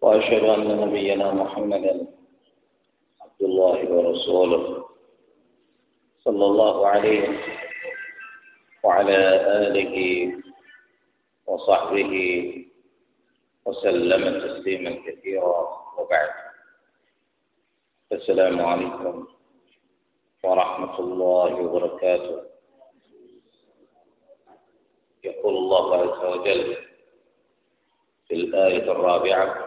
وأشهد أن نبينا محمدا عبد الله ورسوله صلى الله عليه وعلى آله وصحبه وسلم تسليما كثيرا وبعد السلام عليكم ورحمة الله وبركاته يقول الله عز وجل في الآية الرابعة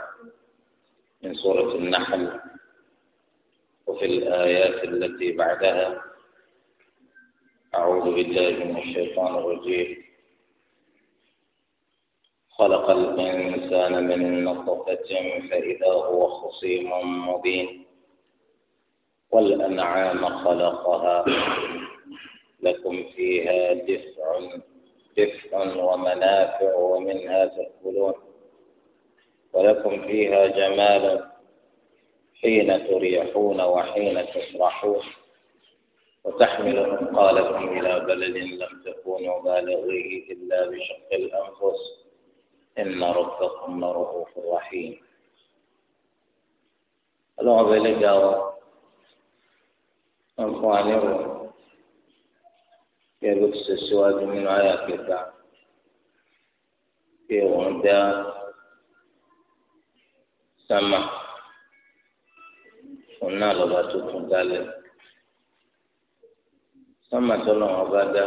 من سورة النحل وفي الآيات التي بعدها أعوذ بالله من الشيطان الرجيم خلق الإنسان من نطفة فإذا هو خصيم مبين والأنعام خلقها لكم فيها دفع دفع ومنافع ومنها تأكلون ولكم فيها جمال حين تريحون وحين تسرحون وتحمل أثقالكم إلى بلد لم تكونوا بالغيه إلا بشق الأنفس إن ربكم لرؤوف رحيم. الله wọn fún wa ní ìwọ kí ẹ bó ti ṣe síwájú nínú àyà kẹta kí wọn dá sámà òun náà lọba tó tún dálẹ sámà tó lọ bá dá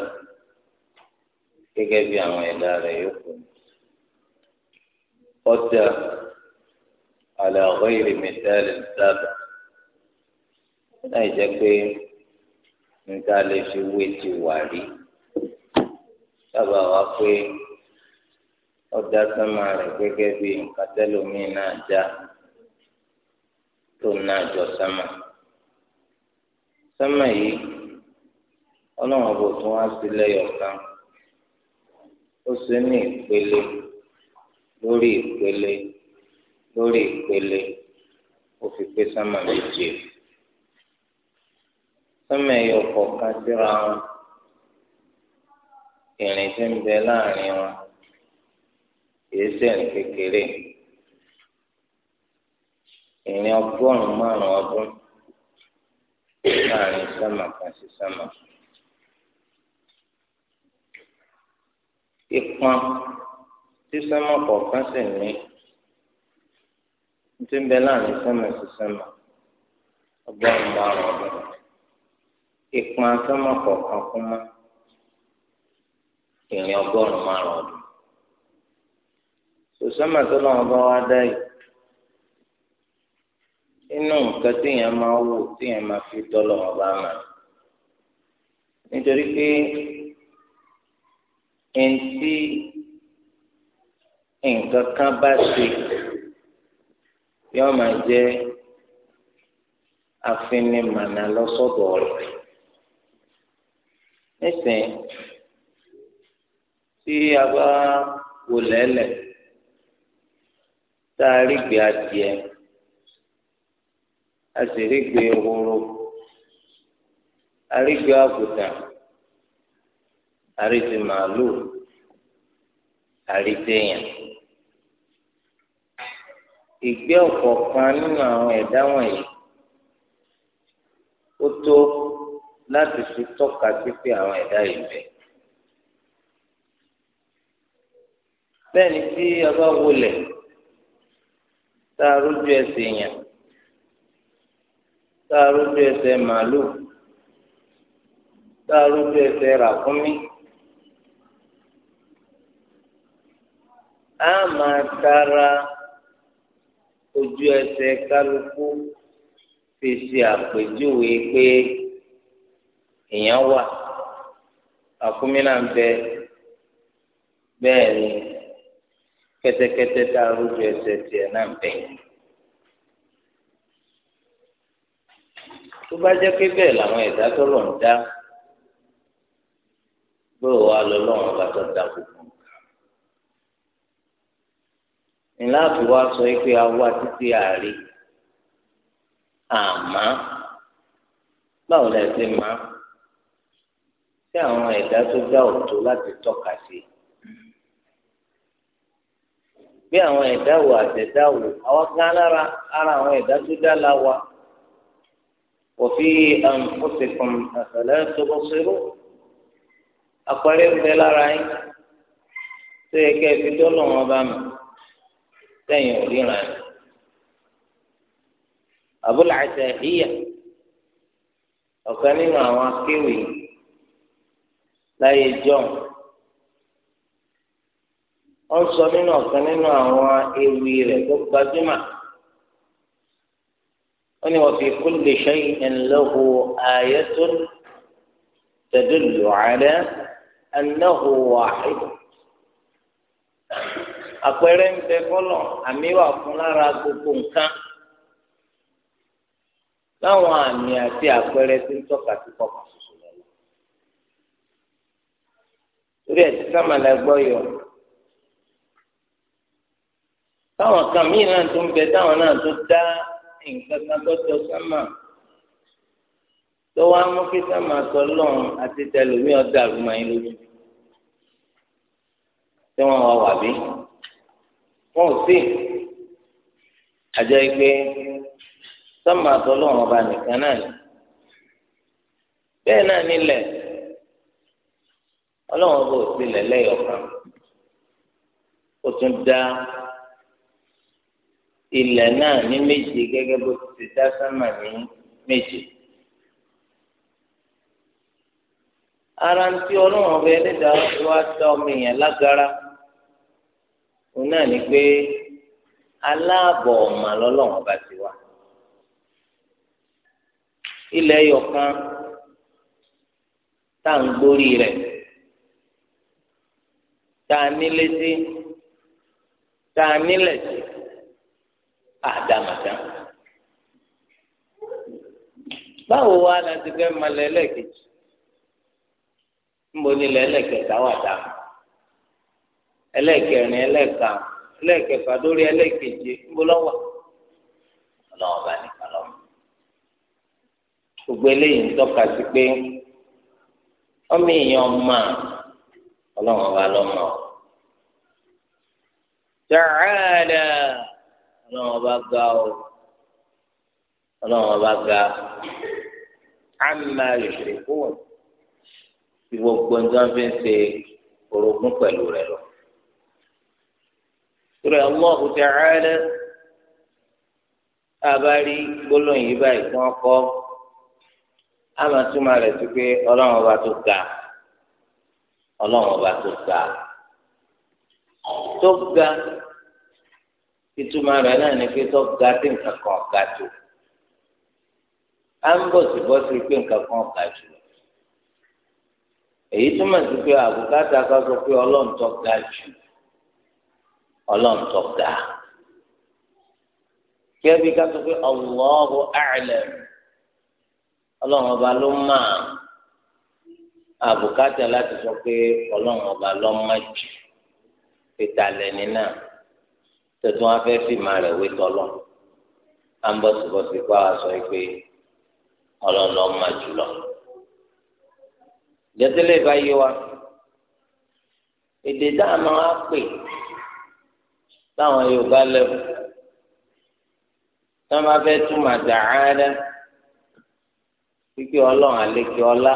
gẹ́gẹ́ bí àwọn ẹ̀dá rẹ yòókù ọjà àlàó ìrìmẹtẹ rẹ dábàá. láì jẹ́ pé níta lè fi wé ti wà rí dábàá wá pé ọ̀dà sánmà rẹ̀ gẹ́gẹ́ bí nǹkan tẹ́lómìn náà já tó náà jọ sánmà sánmà yìí ọlọ́run ọ̀bọ̀ tún wá sí lẹ́yọ̀kan ó sì ní ìpele lórí ìpele lórí ìpele fi pé méje. sọmọ ẹyọ kọ̀ọ̀kan síra wọn ìrìn tí ń bẹ láàrin wọn kìí sẹ́rìn kékeré ìrìn ọgọ́rùn-ún márùn-ún ọdún láàrin sọmọ kan sí sọmọ. ìpọn tí sọmọ kọ̀ọ̀kan sì ní tí ń bẹ ìpọn sọmọ kọ̀ọ̀kan kún mọ́ ìrìn ọgọ́rùn márùn ọdún sọsọmọ tó náà bá wá dá yìí inú nǹkan téèyàn máa wò téèyàn máa fi tọ́lọ̀ ọba mà nítorí pé ẹni nǹkan kan bá ṣe yóò máa jẹ́ afinimànà lọ́sọ̀dọ̀ nísìnyí tí a bá wò lẹ́lẹ̀ tá a rí gbé adìẹ a sì rí gbé ehoro a rí gbé àgùntàn a rí ti màálù a rí téèyàn ìgbé ọ̀kọ̀ọ̀kan nínú àwọn ẹ̀dá wọ̀nyí ó tó. láti fi tọ́ka sí pé àwọn ẹ̀dá yìí bẹ̀. bẹ́ẹ̀ ni tí a bá wọlé tá a rójú ẹsẹ̀ yẹn tá rójú ẹsẹ̀ màálùú tá rójú ẹsẹ̀ ràkúnmí. a máa tara ojú ẹsẹ̀ kálukú fi àpèjúwe pé. èèyàn wà àkúmí ń bẹ bẹ́ẹ̀ ni kẹ́tẹ́kẹ́tẹ́ tá a rújú ẹsẹ̀ tiẹ̀ náà lọ ń dá lọ lọ́wọ́n tó gbogbo nǹkan. sọ pé a wá títí tí àwọn ẹ̀dá tó dá òtó láti tọ́ka sí. bí àwọn ẹ̀dá wo àtẹ̀dá wo àwọn kan lára ara àwọn ẹ̀dá tó dá la wa òfi àǹfọ̀sẹ̀kùn àtàlẹ́ tó bọ́ sẹ́rù àpẹẹrẹ ń bẹ lára yín tó yẹ kẹ́ ẹ fi tó lọ́wọ́ bá mi sẹ́yìn ò ríran ẹ̀. Abul Atahiyya ọ̀kan nínú àwọn akéwì yìí láyé john ó sọ nínú ọ̀kan nínú àwọn ewì rẹ̀ tó gbajúmọ̀ ó ní wọ́n fi kulli shay'in lahu ayatun tadullu ala annahu wahid àpẹẹrẹ ń bẹ fọlọ àmì wà fún lára gbogbo nǹkan láwọn àmì àti àpẹẹrẹ tó ń tọ́ka sí kọ̀ọ̀kan. torí ẹ̀ sísámàlà gbọ́ yọ. táwọn kan míì náà tó ń bẹ táwọn náà tó dá nǹkan kan tó tọ sámà tó wá mú kí sámà sọ lọ́run àti tẹlómi ọ̀dà àrùmọ̀ lójú. tí wọ́n wá wà bí wọn ò sí àjọ ìpè sámà sọ lọ́run ọba nìkan náà bẹ́ẹ̀ náà nílẹ̀ ọlọ́run bò tilẹ̀ lẹ́yọ̀kan ó tún dá ilẹ̀ náà ní méje gẹ́gẹ́ bó ti dá sánmà ní méje. ara ń tí ọlọ́run ọba ẹlẹ́dàá wá dá ọmọ èèyàn lágara òun náà ni pé aláàbọ̀ ọ̀mà lọ́lọ́run ọba ti wá. ilẹ̀ yọ̀kan tá à ń gbórí rẹ̀. tá a ní létí tá a nílẹ̀ àdàmàdà. báwo wá láti fẹ́ máa lẹ lẹ́ẹ̀kejì níbo ni lẹ́ẹ̀kẹta wà lórí ẹlẹ́ẹ̀keje níbo lọ́wọ́ ọlọ́wọ́ bá ọlọ́run ọba lọ́mọ tààdà ọlọ́run ọba ga ọ ọlọ́run ọba ga àmà ìṣòro fún ti gbogbo ní wọn fi ń ṣe orogún pẹ̀lú rẹ lọ. Sura Allah Ta'ala abari gbólóhùn yìí báyìí fún ọkọ àmà túmọ̀ rẹ̀ sí pé ọlọ́run ọba tó ga ọlọ́run ọba tó ga tó ga ìtumọ̀ rẹ̀ náà ni pé tó ga tí nǹkan kan ga tó à ń bọ̀ sí bọ́ sí pé nǹkan kan ga jù èyí túmọ̀ sí pé àbùkátà kan sọ pé ọlọ́run tó ga jù ọlọ́run tó ga kí ẹbí ká sọ pé Allahu a'lam ọlọ́run ọba ló máa àbùkátà láti sọ pé ọlọ́run ọba lọ́mọ́jù pété lẹ́ni náà tẹ̀tún wá fẹ́ fìmà rẹ̀ wé tọ́lọ́ à ń bọ̀sibọ̀sì pa àṣọ pé ọlọ́run lọ́mọ́jù lọ. jẹ́tẹ́lẹ̀ bá yé wa èdè dáàmú á pè táwọn Yorùbá lẹ́wọ̀ tí wọ́n túmọ̀ dàá rẹ́ kíkí ọlọ́run àlékè ọlá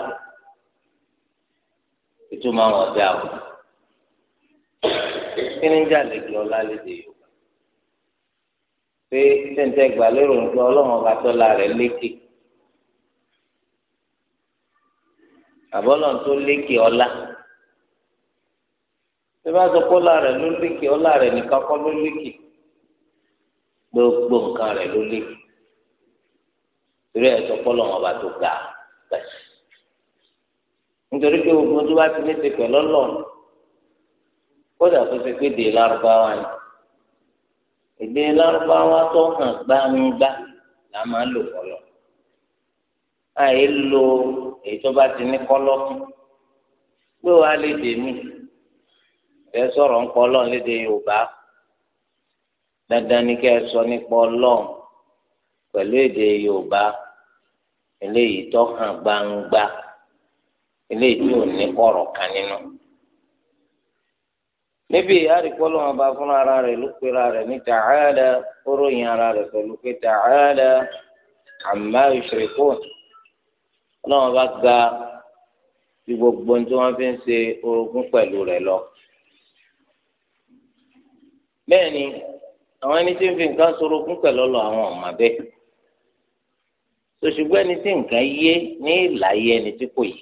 ìtumọ̀ àwọn ọ̀dẹ́ àwọn kí ni jàlè kí ọlá lédè yorùbá pé tẹ̀ǹtẹ̀ gbà lérò ń pé ọlọ́run ọba tọ́lá rẹ̀ lékè àbọ̀lọ́run tó lékè ọlá tí bá sọ pé ọlá rẹ̀ ló lékè ọlá rẹ̀ nìkan kọ́ ló lékè gbogbo nǹkan rẹ̀ ló lékè torí ẹ̀ sọ pé ọba tó ga gbàṣẹ́ nítorí pé ogun tó bá ti ní ti pẹ̀ lọ́lọ́ kódà tó ti pé dè lárúbáwá ni èdè lárúbáwá tó hàn gbangba là máa lò fọlọ àyè lo èyí tó bá ti ní kọ́lọ́ fún pé wàá lè dè mí ẹ sọ̀rọ̀ ń pọ̀ lọ́n Yorùbá dandan ni kẹ́ ẹ sọ nípa Ọlọ́run pẹ̀lú èdè Yorùbá eléyìí tó hàn gbangba eléyìí tí ò ní ọ̀rọ̀ kan nínú. níbi àríkọ́lù wọn bá fún ara rẹ̀ ló pera rẹ̀ ní ta'ala ó ròyìn ara rẹ̀ pẹ̀lú pé ta'ala amma yushrikun ọlọ́wọ́n bá ga ju gbogbo ohun tí wọ́n fi ń ṣe orogún pẹ̀lú rẹ̀ lọ. bẹ́ẹ̀ ni àwọn ẹni tí ń fi nǹkan sorogún pẹ̀lú ọlọ́ àwọn ọ̀mà bẹ́ẹ̀. sòṣùgbọ́n ẹni tí nǹkan yé ní ìlàyé ẹni tí kò yé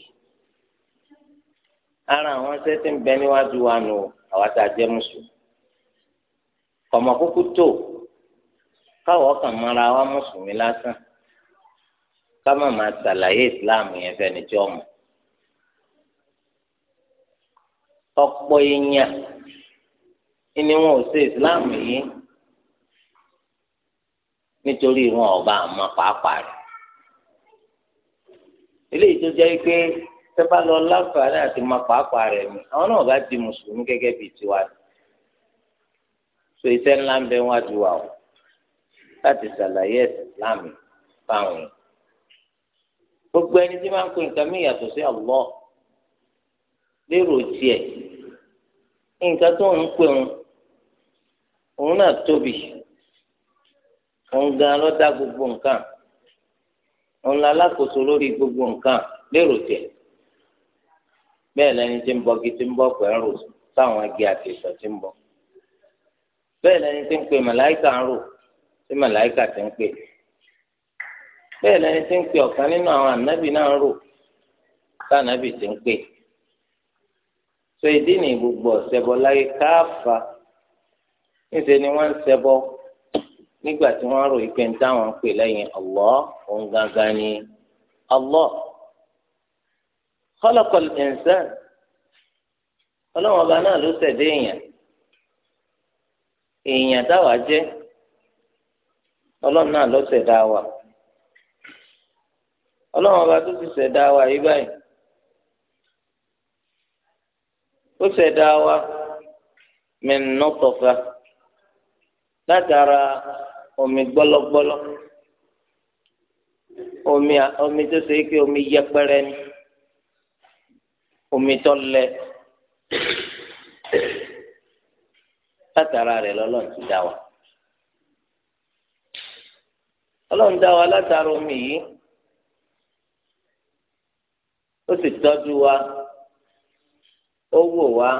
ara àwọn iṣẹ́ tí ń bẹ níwájú wa nù àwa tá a jẹ́ mùsùlùmí kọ̀mọ̀ kúkú tó káwọ́ kàn mọ́ra wa mùsùlùmí lásán ká má máa ṣàlàyé ìsìláàmù yẹn fẹ́ni tí ọmọ ọ̀pọ̀ èèyàn ni wọn ò ṣe ìsìláàmù yìí nítorí wọn ọba àmọ́ pàápàá rẹ̀ eléyìí tó jẹ́ pé tẹ bá lọ láǹfààní àti máa pàápàá rẹ̀ mi àwọn náà bá di mùsùlùmí gẹ́gẹ́ bíi tiwa ni so iṣẹ́ ńlá ń bẹ wájú wa o láti ṣàlàyé ìsìláàmù fáwọn gbogbo ẹni tí máa ń pè nǹkan mí yàtọ̀ sí Allah lérò tiẹ̀ nǹkan tó ń pè wọn òun náà tóbi òun gan ló gbogbo nǹkan òun la lákòóso lórí gbogbo nǹkan lérò tiẹ̀ bẹ́ẹ̀ lẹni tí ń bọ igi tí ń bọ pẹ̀rù sáwọn igi àti ìsọ̀ tí ń bọ bẹ́ẹ̀ lẹni tí ń pe màláìkà ń rò tí màláìkà ti ń pè bẹ́ẹ̀ lẹni tí ń pe ọ̀kan nínú àwọn ànábì náà ń rò tànábì ti ń pè so ìdí ni gbogbo ọ̀sẹ̀bọ láyé káàfà níṣẹ́ ni wọ́n ń ṣẹbọ nígbà tí wọ́n rò ìpè ń táwọn pè lẹ́yìn Allah òun gangan ni Allah khalaqal insan ọlọ́wọ́n ọba náà ló ṣẹ̀dá èèyàn èèyàn dáwà jẹ́ ọlọ́run náà ló ṣẹ̀dá wa ọlọ́run ọba tó ti ṣẹ̀dá wa yìí báyìí ó ṣẹ̀dá wa min nutfa látara omi gbọ́lọ́gbọ́lọ́ omi tó ṣe é pé omi yẹpẹrẹ ni. omi tó lẹ látara rẹ̀ lọ́lọ́run ti da wa Ọlọ́run da wa látara omi yi, ó sì tọ́jú wa ó wò wá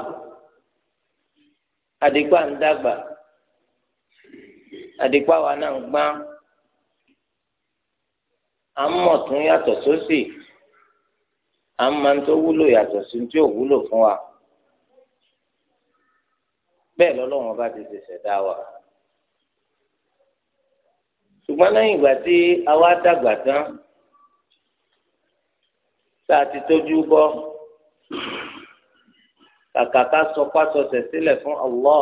àdìpá ń dàgbà wa náà ń gbá à tún yàtọ̀ sósì. So à ń máa ń tó wúlò yàtọ̀ sí tí ò wúlò fún wa bẹ́ẹ̀ lọ́lọ́run bá ti ṣẹ̀ṣẹ̀ dá wa ṣùgbọ́n lẹ́yìn ìgbà tí a wá dàgbà tán tá a ti tójú bọ́ kàkà ká sọ pásọsẹ̀ sílẹ̀ fún Allah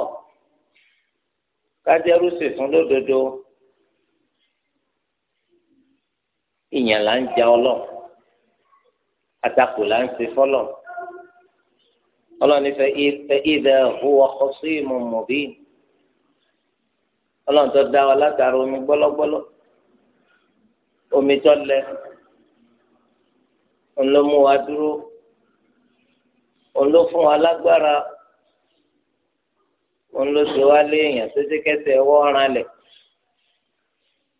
kájẹ́rú sì fún lódodo ìyẹn là ń ja ọlọ́run àtakò là ń ṣe fọlọ ọlọ́ni fẹ́ ìdẹ́ òwò ọkọ̀sí mọ̀mọ́bí ọlọ́run tó dá wa látara omi gbọ́lọ́gbọ́lọ́ omi tó lẹ òun ló mú wa dúró òun ló fún wa lágbára òun ló ṣe wá léèyàn tó ṣe kẹsẹ̀ ẹwọ́ ọ̀ràn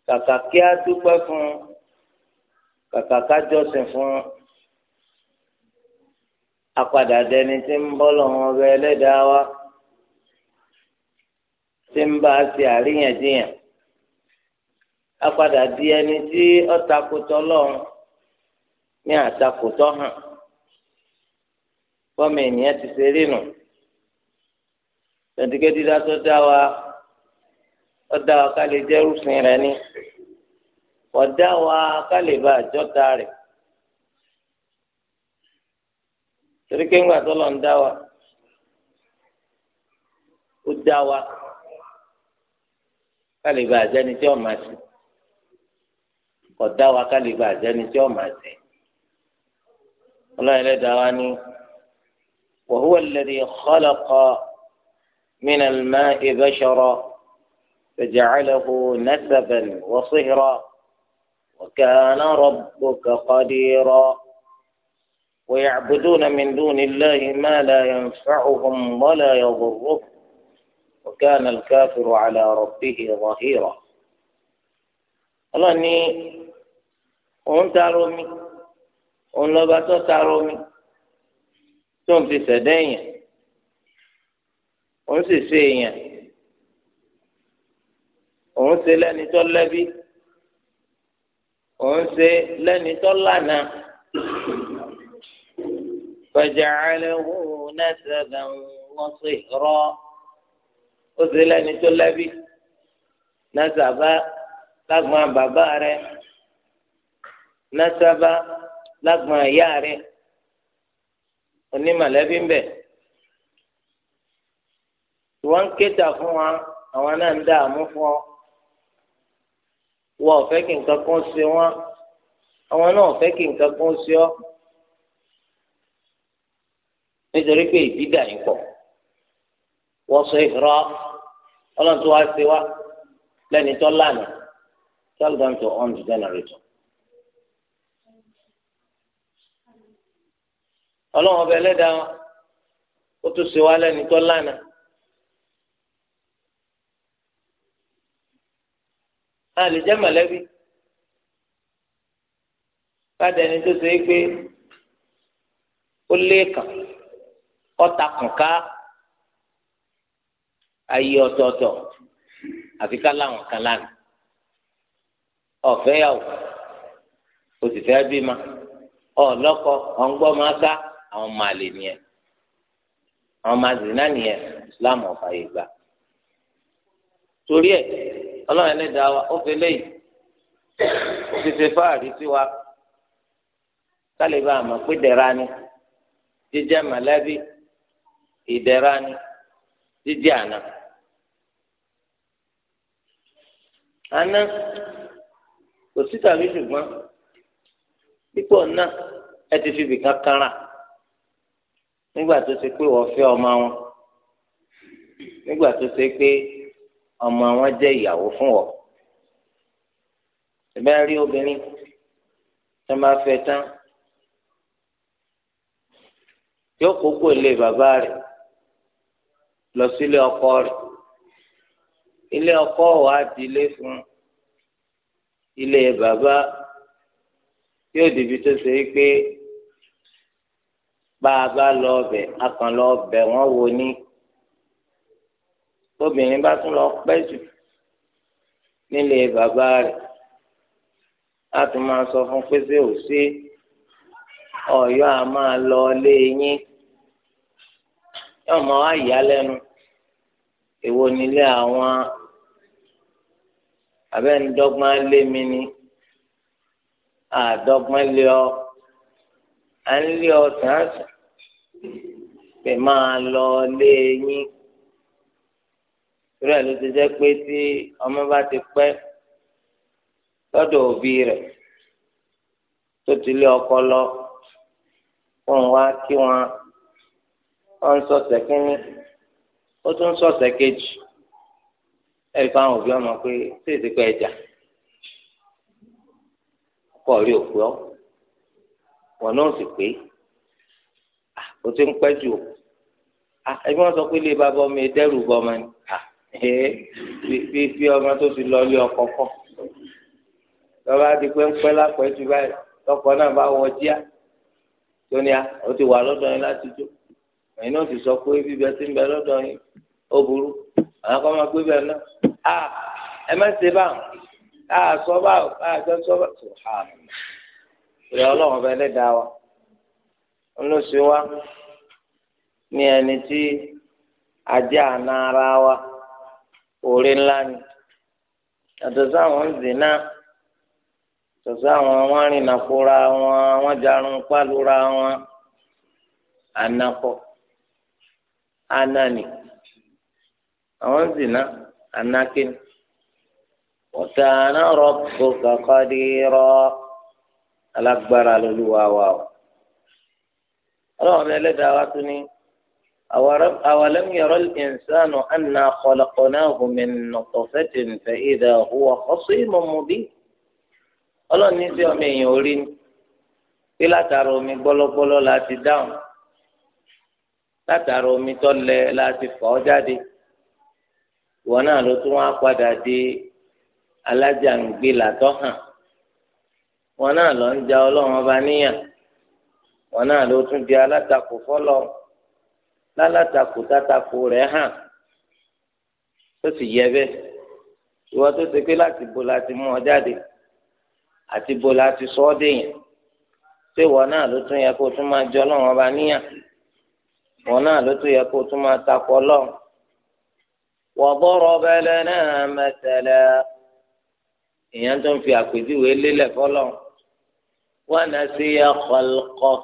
kàkà kí a dúpẹ́ fún kàkà ká jọ́sìn fún apàdà dẹni tí ń bọ́ lọ́wọ́ ọba ẹlẹ́dàá wa tí ń bá a ṣe àríyànjiyàn di ẹni tí ọ̀takùtọ̀ lọ́wọ́ ní àtakùtọ̀ hàn fọ́ọ̀mù ènìyàn ti ṣe rí nù tẹ̀síkẹ́ dídá tó dá wa ó dá wa ká lè jẹ́rú sin torí ké ńgbà tó lọ ń dá wa ó dá wa ká lè kálíba àjẹni tí ọmọ àti kò dá wa ká lè kálíba àjẹni tí ọmọ àti ọlọ́run dá wa ní وهو الذي خلق من الماء بشرا فجعله نسبا وصهرا وكان ربك قديرا ويعبدون من دون الله ما لا ينفعهم ولا يضرهم وكان الكافر على ربه ظهيرا الله ني òun taara omi òun lọba tó taara omi tó ń fi ṣẹ̀dá èèyàn òun sì ṣe èèyàn òun ṣe lẹ́ni tó lẹ́bi òun ṣe lẹ́ni tó lànà. فجعله نسبا وصهرا أزل نتلبي نسبا لقما باباره نسبا لقما ياره onímọ̀lẹ́bí ń به wọ́n ń kéta fún wa àwọn náà ń dààmú fún ọ wọ́n ò fẹ́ kí nǹkan kan ṣe wọ́n àwọn náà ò fẹ́ kí nǹkan kan ṣe ọ́ nítorí pé ìdídà yín pọ̀ wọ́n sọ ìhìrọ́ ọlọ́run tó wá sí wa lẹ́ni tó lánà tell them to on the generator. ọlọ́run ọba ẹlẹ́dàá wọn ó tún sí wa lẹ́ni tó lánà. a lè jẹ́ mọ̀lẹ́bí ká dẹni tó ṣe é pé ó lé kàn. ọta kùnká ayé ọtọọtọ àfi láwọn kan lánàá ọ̀fẹ́ yàwó òsìfẹ́ bímọ ọlọ́kọ ọ̀ngbọ́n máa ká àwọn máa nìyẹn àwọn máa náà nìyẹn Islam ọ̀fà yìí gbà torí ẹ̀ wa ó fi ó fi wa kálíbà pé ni jíjẹ́ ìdẹ̀ra ni jíjẹ àná. àná kò sí tàbí ṣùgbọ́n pípọ̀ náà ẹ ti fi bìkan kára nígbà tó ṣe pé wọ́n fẹ́ ọmọ wọn nígbà tó ṣe pé ọmọ wọn jẹ́ ìyàwó fún ọ. ẹ bá rí obìnrin tó máa fẹ́ tán yóò kókó lé bàbá rẹ̀ lọ sílé ọkọ rẹ̀ ilé ọkọ wa di ilé fún ilé bàbá yóò débi tó ṣe é pé bá a bá lọ ọbẹ̀ a kàn lọ ọbẹ̀ wọ́n wo ní obìnrin bá tún lọ pẹ́ jù nílé bàbá rẹ̀ láti máa sọ fún pé ṣé ò sí ọ̀yọ́ a máa lọ ilé yín yóò máa yà lẹ́nu èwo nílé àwọn abẹ́ńdọ́gbọ́n lé mi ni àdọ́gbọ́n lé ọ à ń lé ọ sàásùn pè máa lọ lé yín rẹ ló ti jẹ́ pé tí ọmọ bá ti pẹ́ lọ́dọ̀ òbí rẹ̀ tó ti lé ọkọ lọ fún wa kí wọn ọ ń sọ sẹkínní ó tún sọ̀sẹ̀ kejì ẹ̀rí fáwọn òbí ọmọ pé tètè pẹ́ ẹja ọkọ rí òkú wọn náà sì pé ó ti ń pẹ́ jù ẹbí wọn sọ pé ilé bàbá ọmọ ẹdẹ́rù bọ́ ni bí bí ọmọ tó fi lọ ilé ọkọ kọ lọ́ba ti pé ń pẹ́ lápẹ́ jù báyìí lọ́kọ náà bá wọ díà tó ní a ó ti wà lọ́dọ̀ yẹn láti jó ẹ̀yin náà ti sọ pé bíbẹ ti ń bẹ lọ́dọ̀ yín ó burú àwọn kan máa gbé bẹ́ẹ̀ náà a ẹ má ṣe bá a sọ bá a jọ sọ bá tó ha ìyá ọlọ́run ọba ẹlẹ́dàá wa ń lọ sí wa ní ẹni tí ajá àna ara wa orí ńlá ni yàtọ̀ sáwọn ń zì náà tọ̀sọ́ àwọn wọn rìnnà kóra wọn wọn jarun pálóra wọn ànakọ̀ anani àwọn zina anakin ọ̀tàna rọ̀bù kàkọ́dìrọ̀ alágbára lóluwà wà o. ọlọ́run ẹlẹ́dàá wa tún ní أولم ير الإنسان أنا خلقناه من نطفة فإذا هو خصيم مبين ọlọ́run ní sí ọmọ èèyàn orí ni pé látara omi gbọ́lọ́gbọ́lọ́ la dáhùn látara omi tó lẹ láti fọ́ jáde ìwọ náà ló tún wá padà di alájàǹgbé làtọ́ hàn wọn náà lọ ń ja ọlọ́run ọba níyà wọn náà ló tún di alátakò fọlọ lálátakò tátakò rẹ̀ hàn tó sì yẹ bẹ́ẹ̀ ìwọ tó ṣe pé láti bo láti mú ọ jáde àti bo láti sọ ọ dèèyàn pé ìwọ náà ló tún yẹ kó tún máa jọ ọlọ́run ọba níyà wọn náà ló tún yẹ kó tún máa takọ lọ. وضرب لنا مثلا ìyẹn tó ń fi àpèjúwe lélẹ̀ fọlọ́ wa nasiya khalqah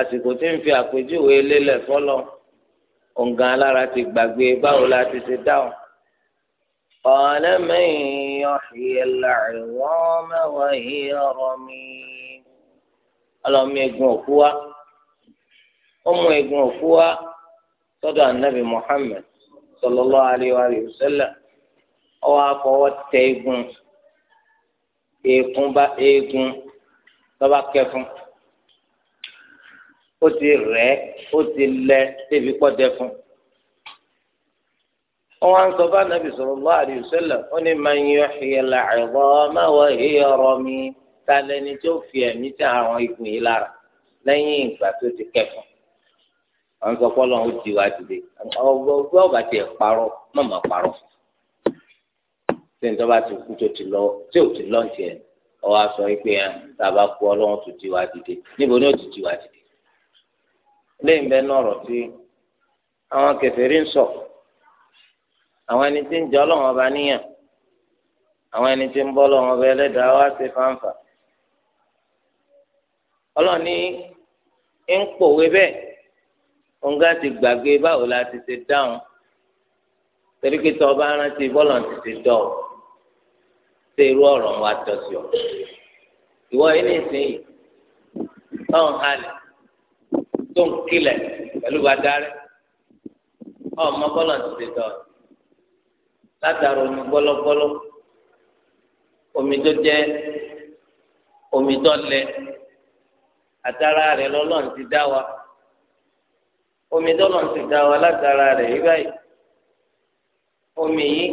àsìkò tí ń fi àpèjúwe lélẹ̀ fọlọ́ òǹgàn alára ti gbàgbé báwo la ti ṣe dáhùn. qala man yuhyil 'idhama wa hiya ramim ọlọ́mọ egun òkú wa ọmọ ẹ̀gbọ́n òfu wa sọ́dọ̀ anabi muhammed sallallahu alayhi wa sallam ọwọ́ afọwọ́ tẹ egun eegun bá eegun lọ́ba kẹfún ó ti rẹ̀ ó ti lẹ débi pọ́ dẹ fún wọ́n ń sọ fún anabi sallallahu alayhi wa sallam ó ní man yuhyil 'idhama wa hiya ramim ta lẹni tó fi ẹ̀mí tí àwọn igun yìí lára lẹ́yìn ìgbà tó ti kẹfún àwọn sọ pé Ọlọ́run ó di wa dìde ọgbẹ ọba tiẹ̀ parọ́ mọmọ parọ́ ṣé nítorí bá ti kú tó ti lọ tí ò ti lọ tiẹ̀ ọwọ aṣọ ìpè yẹn tàbá kú Ọlọ́run tó di wa dìde níbo ni ó ti di wa dìde lẹ́yìn bẹ́ẹ̀ náà ọ̀rọ̀ tí àwọn kèfèrí ń sọ àwọn ẹni tí ń jẹ Ọlọ́run ọba níyàn àwọn ẹni tí ń bọ Ọlọ́run ọba Ẹlẹ́dàá wá ṣe fáńfà Ọlọ́run ń pòwe bẹ́ẹ̀ ònga ti gbàgbé báwo la ti ṣe dáhùn torí pé tọ́ba rántí bọ́ọ̀lù ti ṣe dọ̀ ṣe irú ọ̀rọ̀ wa tọ́ sí ọ. ìwọ yìí nìsín tó ń halẹ̀ tó ń kílẹ̀ pẹ̀lú bàdárẹ́ ọmọ bọ́ọ̀lù ti ṣe dọ̀ látara omi gbọ́lọ́gbọ́lọ́ omi tó jẹ́ omi tó lẹ àtàrà rẹ̀ lọ́lọ́run ti dá wa omi dọ́lọ̀ ti da wa látara rẹ̀ yí báyìí omi yìí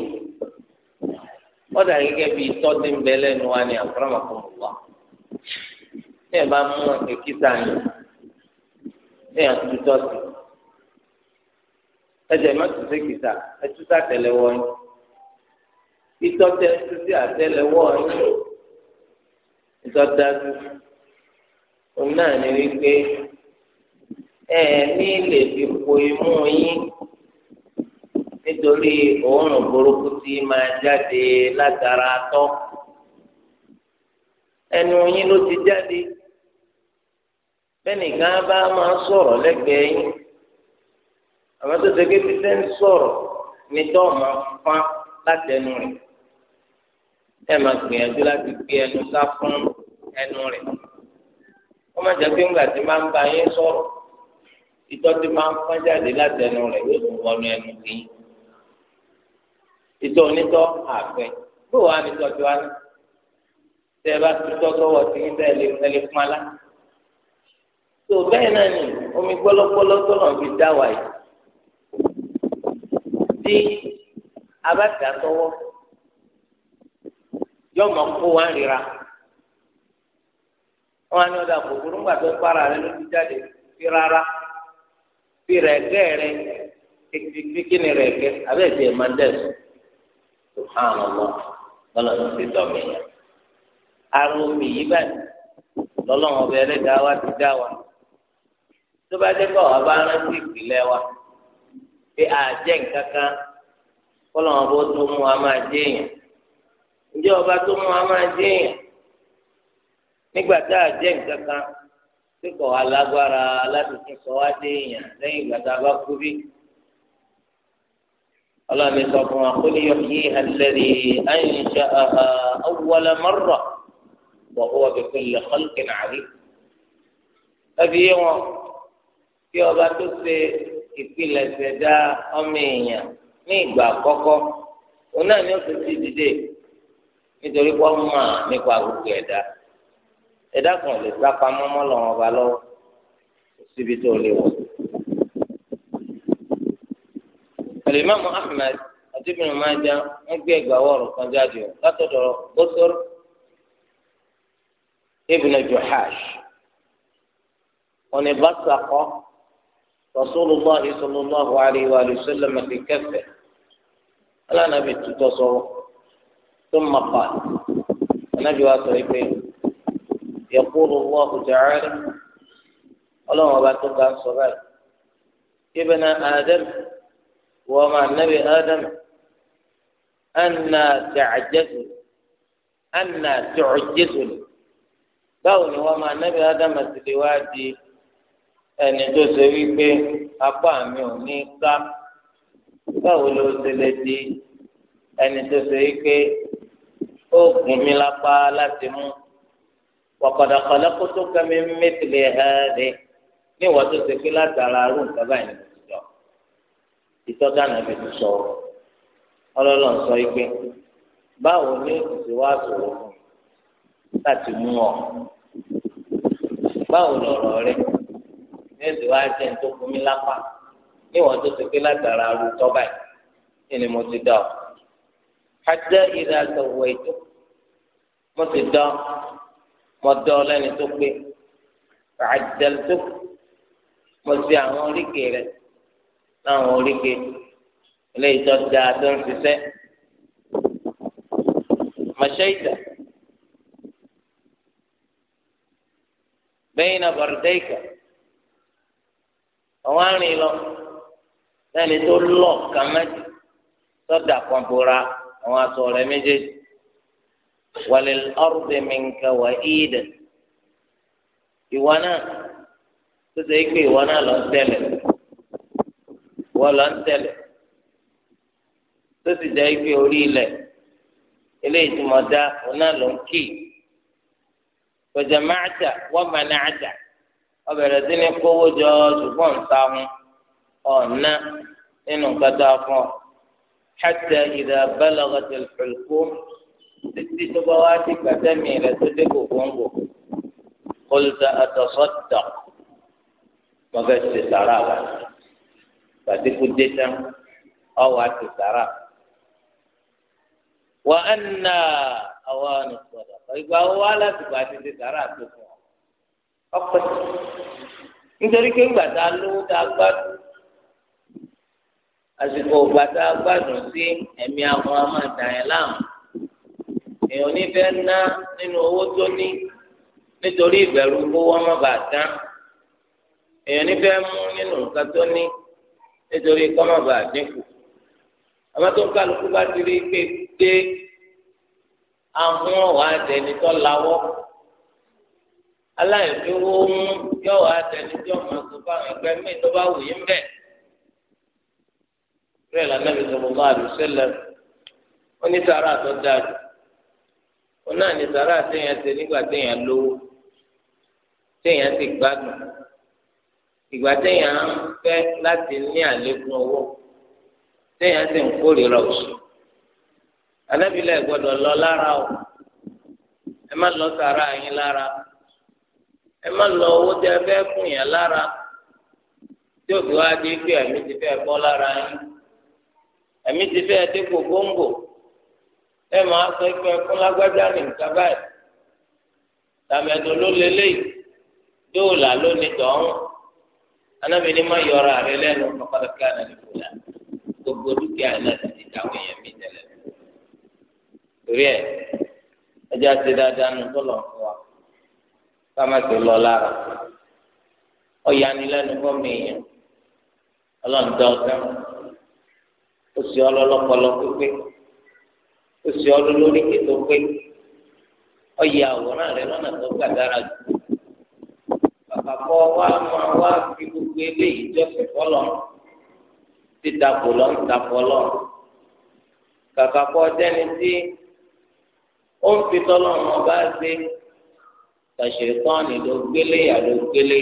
ọ̀dà gẹ́gẹ́ bíi tọ́dí ń bẹ lẹ́nu wa ni àkùrọ̀mọ̀ fún mi wá ní ẹ̀ bá mú èkìtà yìí ní ẹ̀ tọ́sí ẹ̀jẹ̀ má tún sí èkìtà ẹ̀ tún sàtẹ̀lẹ́wọ́ yìí ìtọ́tẹ̀ tún sí àtẹ̀lẹ́wọ́ yìí ìtọ́tẹ̀ tún òun náà ní wípé ẹ̀ẹ́mí lè fi po imú yín nítorí òórùn burúkú tí máa jáde látara tọ́ ẹnu yín ló ti jáde bẹ́nìkan bá máa sọ̀rọ̀ lẹ́gbẹ̀ẹ́ yín àwọn tó ṣe pé ṣe ń sọ̀rọ̀ ní tọ́ máa fán láti ẹnu rẹ̀ ẹ máa gbìyànjú láti gbé ẹnu ká fún ẹnu rẹ̀ wọ́n máa jẹ́ pé ńgbà tí máa ń bá yín sọ̀rọ̀ ìtọ́jú máa ń pọ́n jáde láti ẹnu rẹ̀ yóò tún wọnú ẹnu kì ìtọ́ onítọ́ àfẹ́ bó wàá ní tọ́jú wa ní. ẹ bá tutọ́ sọ́wọ́ sí bẹ́ẹ̀ lè fẹ́ fún alá. tó bẹ́ẹ̀ náà ni omi gbọ́lọ́gbọ́lọ́ tó náà fi dá wa yìí. tí a bá dà sọ́wọ́ yọmọ kó wa ń rira. wọ́n á ní ọ̀dà kòkòrò ńgbà tó ń para rẹ ló ti jáde sí rárá. fi rẹ̀kẹ́ rẹ̀ kíkíni rẹ̀kẹ́ abẹ́ ti ẹ̀ máa dẹ̀sùn subhanallah lọ́nà tó ti dọ̀mí yẹn. ara yìí báyìí lọ́lọ́run ọbẹ̀ ẹlẹ́dàá wa ti dá wa tó bá dé bá bá rántí ìpìlẹ̀ wa pé àjẹ́ bó tó mú wa máa jẹ́ kíkọ alágbára aládùúgbò sọ wá dé èèyàn lẹ́yìn ìgbà tá a bá kú bí. ọlọ́run mi sọ fún wa kó ní yọkí alẹ́rì àyìnṣẹ́ ọ̀wọ́lẹ̀ mọ́rọ̀ wọ́n wọ́n fi kún lè kọ́lùkì nàárí. ẹbí yé wọn kí ọba tó ṣe ìpìlẹ̀ ṣẹ̀dá ọmọ èèyàn ní ìgbà àkọ́kọ́ òun náà ni ó ti ti dìde nítorí pé wọ́n mọ̀ nípa gbogbo ẹ̀dá ẹ̀dá kan lè sá pamọ́ mọ́ lọ́wọ́ ọba lọ́wọ́ síbi tó lè wọ̀. alimami ahmed àti ibn Majah wọ́n gbé ẹgbàáwọ̀ ọ̀rọ̀ kan jáde o látọ̀dọ̀ bọ́sọ̀r ibn Juhash wọ́n bá sàkọ́ rasulillah sallallahu alayhi wa sallam fi kẹfẹ́ alánàbì tutọ́ sọ́wọ́ tó ń pa anábì wa sọ pé. يقول الله تعالى اللهم بارك عن صغير ابن آدم ومع النبي آدم أن تعجزني أن تعجزني báwo ni wọn máa nẹbi ádámà ti lè wá di ẹni tó ṣe wípé apá mi ò ní ká báwo ló ṣe lè di ẹni tó ṣe wípé ó gùn mí lápá láti mú. وقد خلقتك من مثل هذه ní ìwọ tó ṣe pé látara arú nǹkan báyìí ni mo ti jọ ìtọ́jà náà fi ti sọ ọlọ́lọ́ ń igbe báwo ni ti wá sọ̀rọ̀ fún láti mú ọ báwo lọ̀rọ̀ rẹ ní ti wá jẹ́ tó fún mi lápá ní ìwọ tó ṣe pé látara arú ni mo ti dọ̀ ọ́ ajẹ́ ìdá sọ̀wọ́ ètò mo ti dọ̀ mo dán ọ lẹ́ni tó pé àjẹlẹ́tò mo ṣe àwọn oríkè rẹ láwọn oríkè ilé ìtọ́ da tó ń ṣiṣẹ́ mọ̀ṣẹ́ ìjà bẹ́yìn náà bọ̀rọ̀dẹ́ ìkà àwọn arìn lọ lẹ́ni tó lọ kàmẹ́tì sọ́dà kan bora àwọn aṣọ rẹ méjèèjì. وللأرض منك وإيدا ìwọ́nà tó ṣe é pé ìwọ́nà lọ ń tẹ̀lẹ̀ wọ́n lọ ń tẹ̀lẹ̀ tó sì jẹ́ pé orí ilẹ̀ eléyìí tí mo dá ọ̀nà ló ń kì kówó jọ ṣùgbọ́n ń ta hun ọ̀nà fún ọ. حتى إذا بلغت الحلقوم títí tó bá wá ti gbàtẹ́mì rẹ̀ tó dé gògóńgò kólítà àtọ̀sọ́tọ̀ mọ̀gá ti sàrà wà gbàtíkù dé tán ọwọ́ àti sàrà. wà á nà àwọn ànùsọ̀dọ̀ ìgbà wo wá láti ti sàrà tó fún ọ. ọpẹ́ nítorí pé ìgbà tá a lówó tá a gbádùn àsìkò ìgbà tá a gbádùn sí ẹ̀mí àwọn amáǹdà yẹn láàmú èèyàn ní fẹ́ ná nínú owó tó ní nítorí ìbẹ̀rù owó ọmọ bàá tán èèyàn ní fẹ́ mú nínú nǹkan tó ní nítorí kọ́mọ bàá dínkù àmọ́ tó ń kálukú bá ti rí pé dé ahọ́n wàá tẹni tó lawọ́ aláìlówó mú yọ wàá tẹni tó mọ̀ tó fáwọn ẹgbẹ́ mi tó bá wù yín bẹ́ẹ̀ bẹ́ẹ̀ lànà Ànábì sallallahu alaihi wasallam ó ní sàrà tó dáa jù òun náà ní sàrà téèyàn ṣe nígbà téèyàn lówó téèyàn sì gbádùn ìgbà téèyàn ń fẹ́ láti ní àlékún owó téèyàn sì ń kórìíra oṣù alábìlẹ̀ gbọ́dọ̀ lọ lára o ẹ má lọ sàrà yín lára ẹ má lọ owó tí ẹ fẹ́ fún yàn lára tí òbí wa dé pé ẹ̀mí ti fẹ́ bọ́ lára yín ẹ̀mí ti fẹ́ dé kò góńgò ẹ máa sọ pé ẹkún lágbájá ní nǹkan báyìí tàmẹ̀dọ̀ ló lélẹ́yìí dóòlà ló ní tọ̀hún anábìíní má yọra rẹ lẹ́nu ọ̀pọ̀lọpọ̀ ànàlùkù là gbogbo dúkìá náà ti di táwọn èèyàn mi tẹ̀lẹ̀ torí ẹ ẹjọ́ àti dáadáa nù tó lọ fún wa ká má ti lọ lára ọ̀yanilẹ́nu fọ́ọ̀mù èèyàn ọlọ́ọ̀dọ́ọ̀dọ́ ó sì ọlọ́lọ́pọ̀lọ́ pípé ó sì ọdún lórí kìtó pé ọyẹ àwòrán rẹ lọ́nà tó gbà dára jù bàbá kọ́ wa máa wá fi gbogbo eléyìí jọ́sìn fọlọ́ títakò lọ́n takò lọ́n kàkà kọ́ jẹ́ni tí ó ń fi tọ́lọ́ wọn bá ṣe tàṣetọ́ọ̀nì ló gbélé yà gbélé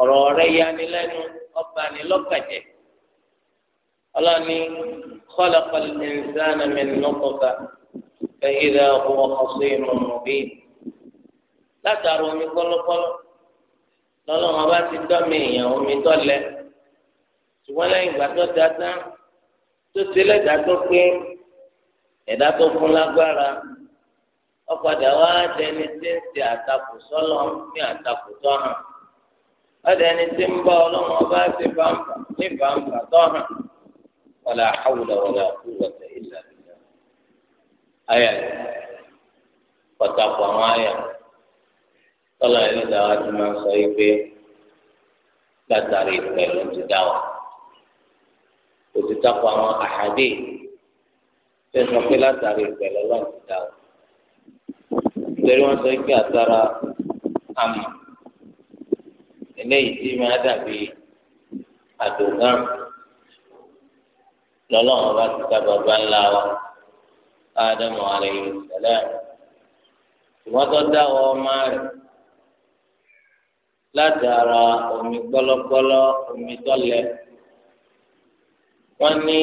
ọ̀rọ̀ rẹ̀ yanilẹ́nu ọba ni lọ́kàjẹ́ ọlọ́ni khalaqa al-insana min nutfa fa idha huwa khasimun omi kọ́lọ́kọ́lọ́ lọ́lọ́wọ́n bá ti dọ́ mi omi tọ́ ṣùgbọ́n lẹ́yìn ìgbà tó da tán tó ti lẹ́dàá tó pé ẹ̀dá tó fún lágbára ọ̀padà wá dẹni tí ń ṣe àtakò sọ́lọ́ ní àtakò ولا حول ولا قوة إلا بالله آية فتقوى آية tọ́lá ẹni dáwà tó máa ń sọ yìí pé látàrí ìpẹ́ ló ti dáwà kò ti takò àwọn àhàdé tó sọ pé látàrí ìpẹ́ lọ́wọ́ ti dáwà nítorí wọ́n sọ pé àtàrà àmà eléyìí tí máa dàbí àdògán. lọ́lọ́run bá ti ká bàbá ńlá wa ádámù alayhi salam ṣùgbọ́n tó dá wọ ọmọ rẹ̀ láti ara omi gbọ́lọ́gbọ́lọ́ omi tọ́lẹ̀ wọ́n ní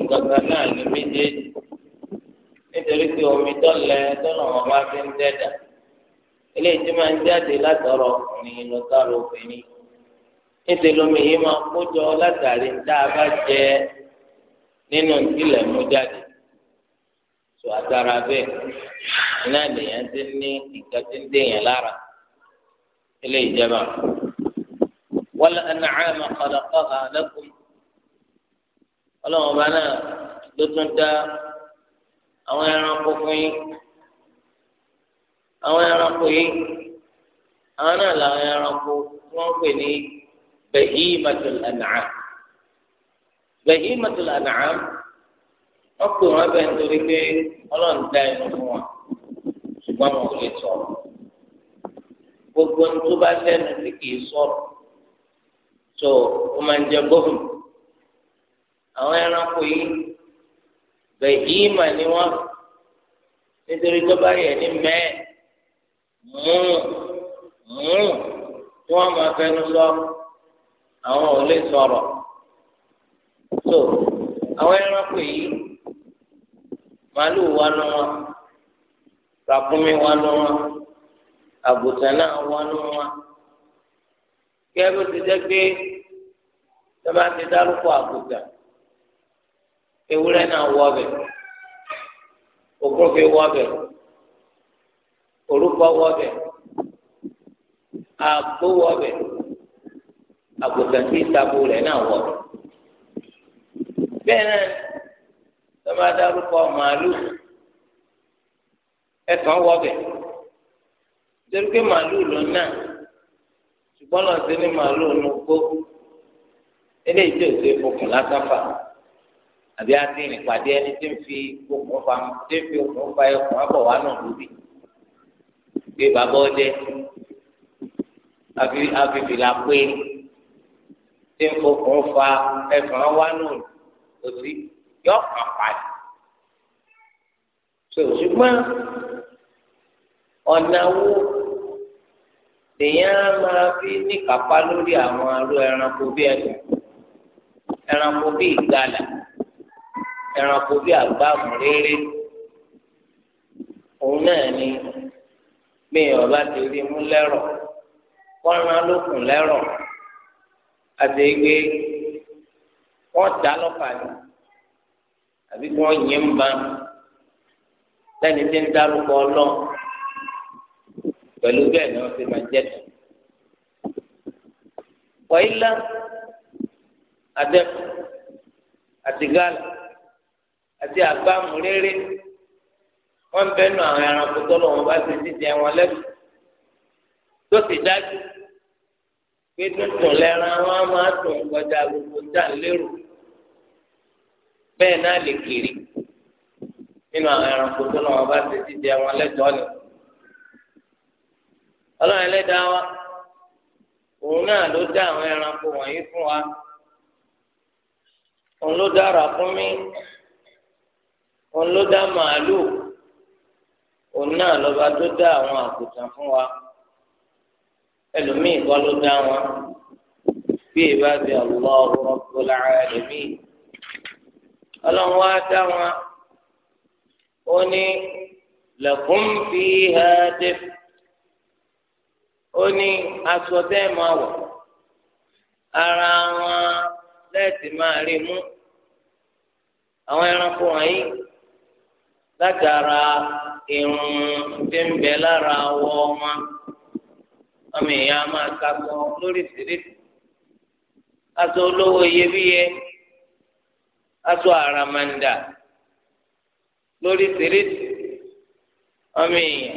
nǹkan kan náà ní méjèèjì nítorí pé omi tọ́lẹ̀ tọ́nà wọn bá fi ń dẹ́dà eléyìí tí máa ń jáde látọ̀rọ̀ ọkùnrin lọ́tàrọ̀ obìnrin nítorí omi yìí máa kó jọ látàrí tá a bá jẹ ẹ́. nínú ìpìlẹ̀ mú jáde tó àtàrà bẹ́ẹ̀ náà lèèyàn ti ní nǹkan tí ń dèèyàn lára ilé ìjẹba wal an'ama khalaqaha lakum ọlọ́run ọba náà ló tún dá àwọn ẹranko fún yín àwọn ẹranko yìí àwọn náà làwọn ẹranko tí wọ́n ń pè ní bahimatul an'am bahimatul an'am wọ́n pè wọ́n bẹ́ẹ̀ nítorí pé ọlọ́run dá inú fún wọn ṣùgbọ́n wọn kò lè sọ̀rọ̀ gbogbo ní tó bá lẹ́nu tí kì í sọ̀rọ̀ tó o máa ń jẹ gbóhùn àwọn ẹranko yìí bẹ̀hìmà ni wọ́n nítorí tó bá yẹ ní mẹ́ẹ̀ mú mú tí wọ́n máa fẹnu sọ àwọn ò lè sọ̀rọ̀. so àwọn ẹranko yìí màálù wà nù wọn ràkúnmí wà nù wọn àgùntàn náà wà wọn bó ti jẹ́ pé sábà ti dárúkọ àgùntàn ewúrẹ́ náà wọ ọbẹ̀ ògúnfe wọ ọbẹ̀ orúkọ wọ ọbẹ̀ àgbo wọ ọbẹ̀ àgùntàn tí ìtàkùn náà wọ bẹ́ẹ̀ náà tó máa dárúkọ màálùú ẹ̀kan wọ́bẹ̀ nítorí pé màálùú ló náà ṣùgbọ́n náà ṣe ní màálùú ló gbó eléyìí tí ò ṣe fokùn lásàfà àbí àtìrìn pàdé ẹni tí ń fi okùn fa tí ń fi okùn fa ẹkùn abọ̀ wá náà lóbi gbé bàbá ọdẹ àfi àfi fìlà pé tí ń fokùn fa ẹkùn wá náà lóbi òsì yọ kàn pàdé so ṣùgbọ́n ọ̀nà wo lèyàn máa fi níkàpá lórí àwọn aró ẹranko bí ẹ̀dùn ẹranko bí ìgalà ẹranko bí àgbàmù rere òun náà ni bí ọba ti rí mú lẹ́rọ̀ kọ́ran lókun lẹ́rọ̀ àti gbé wọ́n dá lọ́fà ni àbí kí wọ́n yẹn ń ba lẹ́ni tí ń dárúkọ ọlọ́ pẹ̀lú bẹ́ẹ̀ ni wọ́n ti máa jẹ́ tó. wọ́yìnlá adẹ́kù àti gàlà àti àgbàmù rere wọ́n bẹ́ẹ̀ nù àwọn ẹranko tọ́lọ̀ wọn bá ti dídì ẹ̀wọ̀n lẹ́nu tó ti dájú pé tuntun lẹ́ran wọn máa tún kọjá gbogbo dá lérò. bẹ́ẹ̀ náà lè kéré nínú àwọn ẹranko tó náà wọn bá ti ti jẹ wọn lẹ́tọ̀ọ́ ni ọlọ́run ẹlẹ́dàá wa òun náà ló dá àwọn ẹranko ọlọ́run wá dá wọn ó ní lakum fiha dif ó ní aṣọ tẹ́ ẹ máa wọ̀ ara wọn lẹ́ẹ̀tì máa rí mú àwọn ẹranko wọ̀nyí látara irun tí ń bẹ lára wọ wọn ọmọ èèyàn máa kakọ lóríṣiríṣi aṣọ olówó iyebíye aṣọ àràmàǹdà lórí tèrèsì ọmọ èèyàn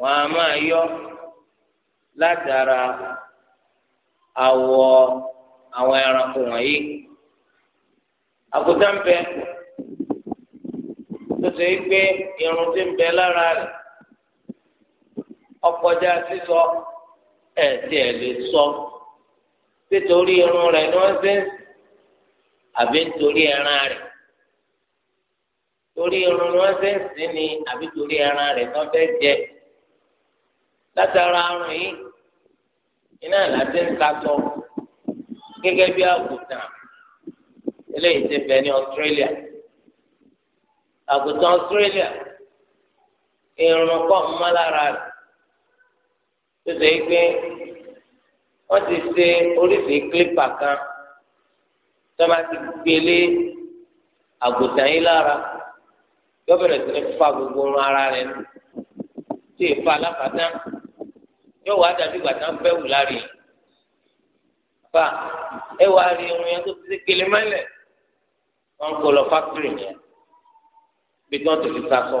wọn a máa yọ látara àwọ àwọn ẹranko wọ̀nyí àkútà ń bẹ tó ṣe é pé irun ti ń bẹ lára rẹ̀ ọkọjá sísọ ẹ tiẹ̀ lè sọ nítorí irun rẹ̀ ni wọ́n ṣe ń àbí nítorí ẹran rẹ̀ torí irun wọn fẹ́ sìn ni àbí torí ẹran rẹ̀ tó fẹ́ jẹ látara àrùn yìí iná láti ń sasọ gẹ́gẹ́ bí àgùntàn eléyìí ti bẹ ní Australia àgùntàn Australia irun kọ́ mọ́lára rẹ̀ tó ṣe é pé wọ́n ti ṣe oríṣìí kílípà kan sábà ti gbélé àgùntàn yín lára yóò bẹ̀rẹ̀ sí ní fa gbogbo orun ara rẹ̀ nù tí èèfà aláfàtà yóò wá dàbí gbàtà ń bẹ́ wù lárí yìí fa ẹ wá rí irun yẹn tó ti gbélé mẹ́lẹ̀ wọn kò lọ fákìrì yẹn bí wọn ti fi sasọ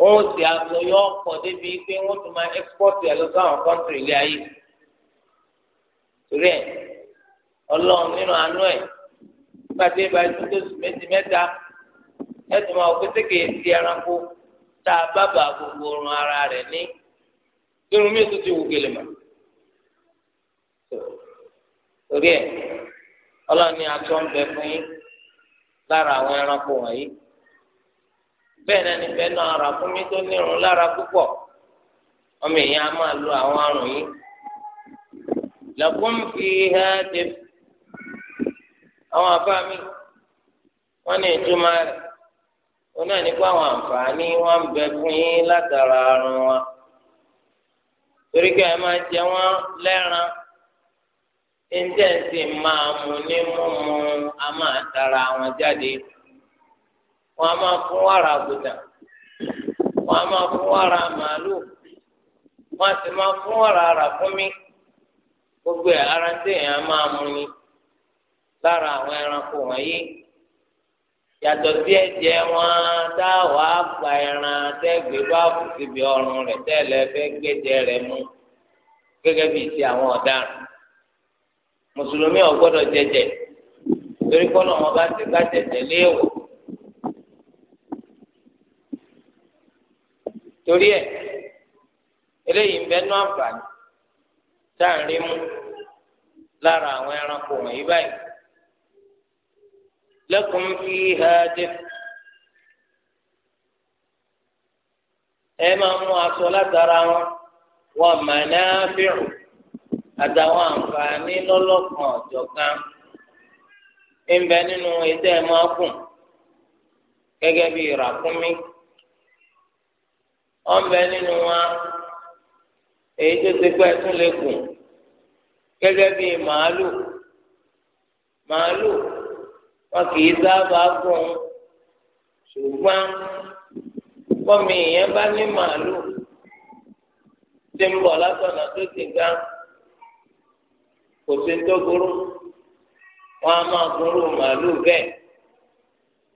wọn ò sì aṣọ yọ ọkọ débi pé wọn tún máa ẹkpọtì ẹ lọ sáwọn kọńtìrì ilé ayé rẹ ọlọ́run nínú àánú ẹ̀ pàṣẹ ìbá ẹtú tó sùn méjì mẹ́ta ẹtù máa kó sékèé ti ẹranko tá a bá bàa gbogbo orun ara rẹ̀ ní irun mi tó ti wù gèlè mọ́ torí ẹ̀ ọlọ́run ní atọ́ ń bẹ fún yín lára àwọn ẹranko wọ̀nyí bẹ́ẹ̀ náà nífẹ̀ẹ́ náà ara fún mi tó nírun lára púpọ̀ ọmọ èèyàn á máa lo àwọn àrùn yìí lakum fiha dẹ́fẹ́. àwọn afáàmì wọn ní ìtumọ̀ rẹ̀ wọn náà nípa àwọn àǹfààní wọn ń bẹ fún yín látara àrùn wa torí ẹ máa jẹ wọn lẹ́ran íńtẹ́ǹsì máa mú ní a máa tara wọn jáde wọn a máa fún wàrà àgùtà wọn a máa fún wàrà màálù wọn a sì máa ara ń a máa mú ni. lára àwọn ẹranko wọ̀nyí yàtọ̀ sí ẹ̀jẹ̀ wọn táwa gba ẹran tẹ́gbẹ́ bá kù síbi ọrùn rẹ̀ tẹ́lẹ̀ fẹ́ gbẹ́jẹ rẹ̀ mú gẹ́gẹ́ bíi ti àwọn ọ̀daràn mùsùlùmí ò gbọ́dọ̀ jẹjẹ torí kọ́nà wọn bá ti bá jẹjẹ léèwọ̀ torí ẹ eléyìí ń bẹ nú àǹfààní tá à ń rí mú lára àwọn ẹranko wọ̀nyí báyìí. لكم فيها دفء ẹ máa mú aṣọ látara wọn wọn mànáfíù àtàwọn àǹfààní lọlọkan ọjọkan ń nínú ẹsẹ máa gẹ́gẹ́ bí ìràkúnmí wọn wọn kì í sábà gùn ṣùgbọ́n bọ́mi ìyẹn bá ní màálù tí ń bọ̀ látọ̀nà tó ti ga kò sí tó burú wọn a máa gúnrú màálù bẹ́ẹ̀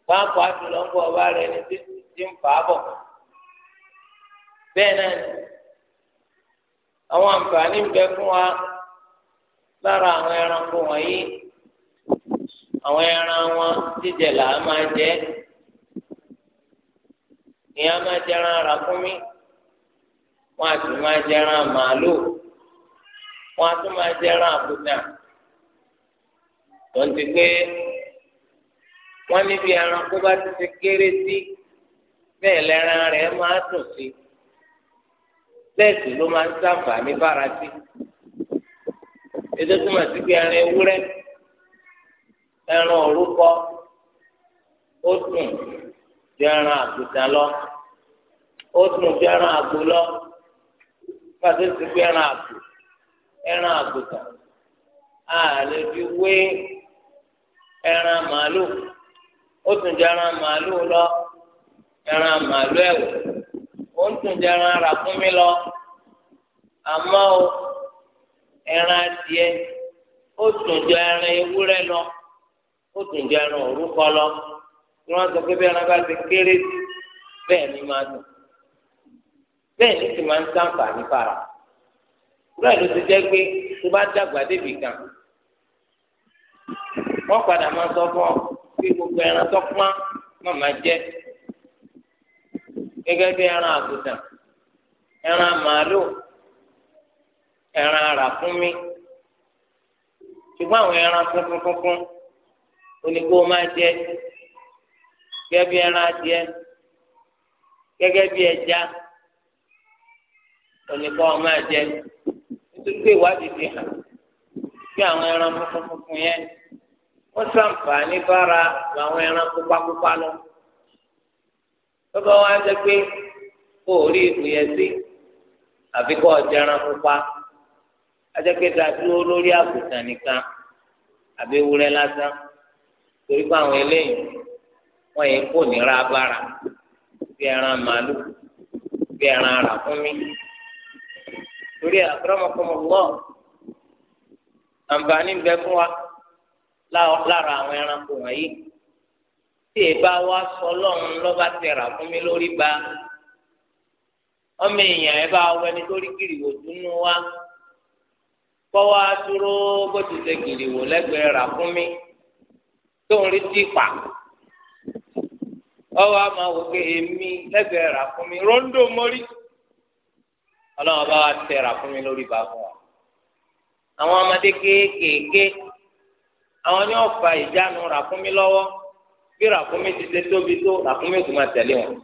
pàápàá jùlọ ń bọ̀ ọba rẹ ní tí ń fà á náà ni àwọn àǹfààní ń bẹ fún wa lára àwọn ẹranko àwọn ẹran wọn jíjẹ là á máa jẹ ìyẹn á máa jẹ ẹran ara fún mi wọn á sì máa jẹ ẹran màálù wọn á tún máa jẹ ẹran àbúdà tó ti pé wọn níbi ẹran kó bá ti ṣe kéré sí bẹ́ẹ̀ lẹ́ran rẹ̀ máa dùn sí bẹ́ẹ̀ sì ló máa ń ṣàǹfààní bára sí ètò tó máa ti gbé ẹran ewúrẹ́. ẹran orúkọ ó dùn bí ẹran àgùtà lọ ó dùn bí ẹran àgbò lọ pàṣẹ ti bí ẹran àgbò ẹran àgùtà a lè fi wé ẹran màálù ó dùn bí ẹran màálù lọ ẹran màálù ó dùn bí ẹran lọ àmọ́ ẹran adìẹ ó dùn bí ẹran ó dùn ju ẹran òrúkọ lọ ni wọ́n sọ pé bí ẹran bá ti kéré sí bẹ́ẹ̀ ni máa dùn bẹ́ẹ̀ ni sì máa ń sàǹfààní fara bẹ́ẹ̀ ló ti jẹ́ pé tó bá dàgbà débì kan wọ́n padà máa sọ fún ọ pé gbogbo ẹran tó pọ́n máa máa jẹ gẹ́gẹ́ bí ẹran àgùntàn ẹran màálù ẹran àràfúnmi ṣùgbọ́n àwọn ẹran funfun funfun òní kó o máa jẹ gẹ́gẹ́ bí ẹran adìẹ gẹ́gẹ́ bí ẹja òní kó o máa jẹ nítorí pé ìwádìí ti hàn bí àwọn ẹran funfun funfun yẹn wọ́n sàǹfààní bára àwọn ẹran pupapupa lọ tọ́ba wa jẹ́ pé kó o rí ìpìyẹ sí àfi kó o jẹran pupa ajẹ́ pé dàdúró lórí àgùntàn nìkan àbí ewúrẹ́ lásán torí pé àwọn eléyìí wọ́n yẹ kó nira bára bí ẹran màálù bí ẹran ràkúnmí torí akramakumullah àǹfààní ń bẹ fún wa lára àwọn ẹranko wọ̀nyí tí èbá wa sọ lọ́run lọ́ba ti rà fún mi lórí ba ọmọ èèyàn ẹ bá wọ ẹni tó rí kìrìwò dúnú wa kọ́ wa dúró bó ti ṣe kìrìwò lẹ́gbẹ̀ẹ́ rà fún mi tó ń rí tìpa ọwọ́ a máa wò pé èmi lẹ́gbẹ̀ẹ́ rà fún mi rọ́ńdò mọ́rí ọlọ́run bá wa tẹ rà fún mi lórí bàbá wa àwọn ọmọdé kéékèèké àwọn ni wọ́n fa ìjánu rà fún mi lọ́wọ́ bí rà fún mi ti ṣe tóbi tó rà fún mi kò máa tẹ̀lé wọn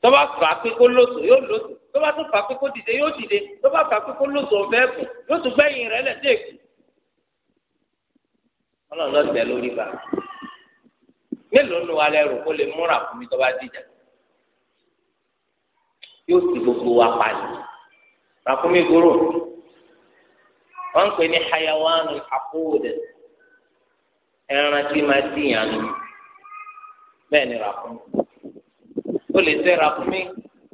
tó fà á pé kó lóso yóò lóso tó tó fà á pé kó dìde yóò dìde tó fà á pé kó lóso ọ̀fẹ́ kù yóò tún gbẹ̀yìn rẹ̀ kù ọlọ́run lọ́ọ́ tẹ̀ lórí bá mélòó nu alẹ́ rò kó lè múra fún mi tó bá dìjà yóò sì gbogbo wa pàdé ràkúnmí gbòòrò wọn ń pè ní hayawaanu àkóòdè ẹran tí máa dìyàn nù bẹ́ẹ̀ ni ràkúnmí ó lè sẹ́ ràkúnmí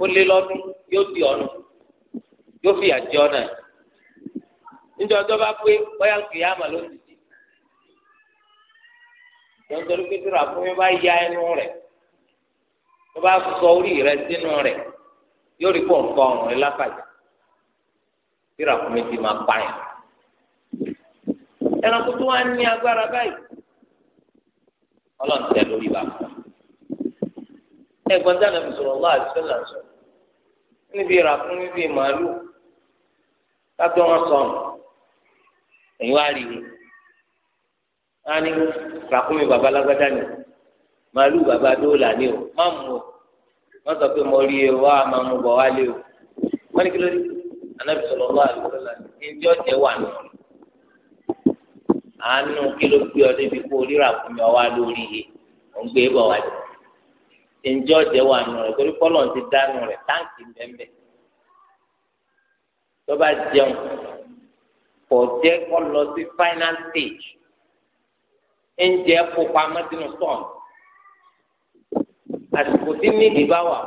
ó lé lọ́dún yóò di ọ̀nà yóò fi àjọ náà níjọ́ tó bá pé bóyá kìí àmà ló ti nítorí pé tí ràkúnmí bá ya ẹnu rẹ̀ tó bá sọ orí rẹ̀ sínú rẹ̀ yóò rí pọ̀npọ̀ ọ̀rùn rẹ̀ lápàjá tí ràkúnmí ti máa pa yẹn. ẹranko tó wá ní agbára báyìí ọlọ́run tẹ lórí bàbá ẹ̀gbọ́n tí a nàbì sọ̀rọ̀ lọ́wọ́ àti sọ́là ń sọ̀rọ̀ níbi ràkúnmí bíi màálù ká tó wọn sọnù èyí wá rí i tani ràkúnmí baba alágbádá ni màálù baba dóòlà ni o má mú o wọn sọ pé mo rí e wá a máa mú bọ wá lé o wọn ní kí ló dé anabi sọlọ lọ àlùfẹlẹ ẹnjẹ ọjẹ wà nù àánú kí ló gbé ọ débi kó rí ràkúnmí ọwá lórí yìí ò ń gbé bọ wá lé ẹnjẹ ọjẹ wà nù rẹ torí kọlọ ti dánù rẹ táǹkì bẹ́ẹ̀ tó bá jẹun kò jẹ́ kó lọ sí final stage oúnjẹ kó pamọ́ sínú stọọmù àsìkò tí níbi bá wà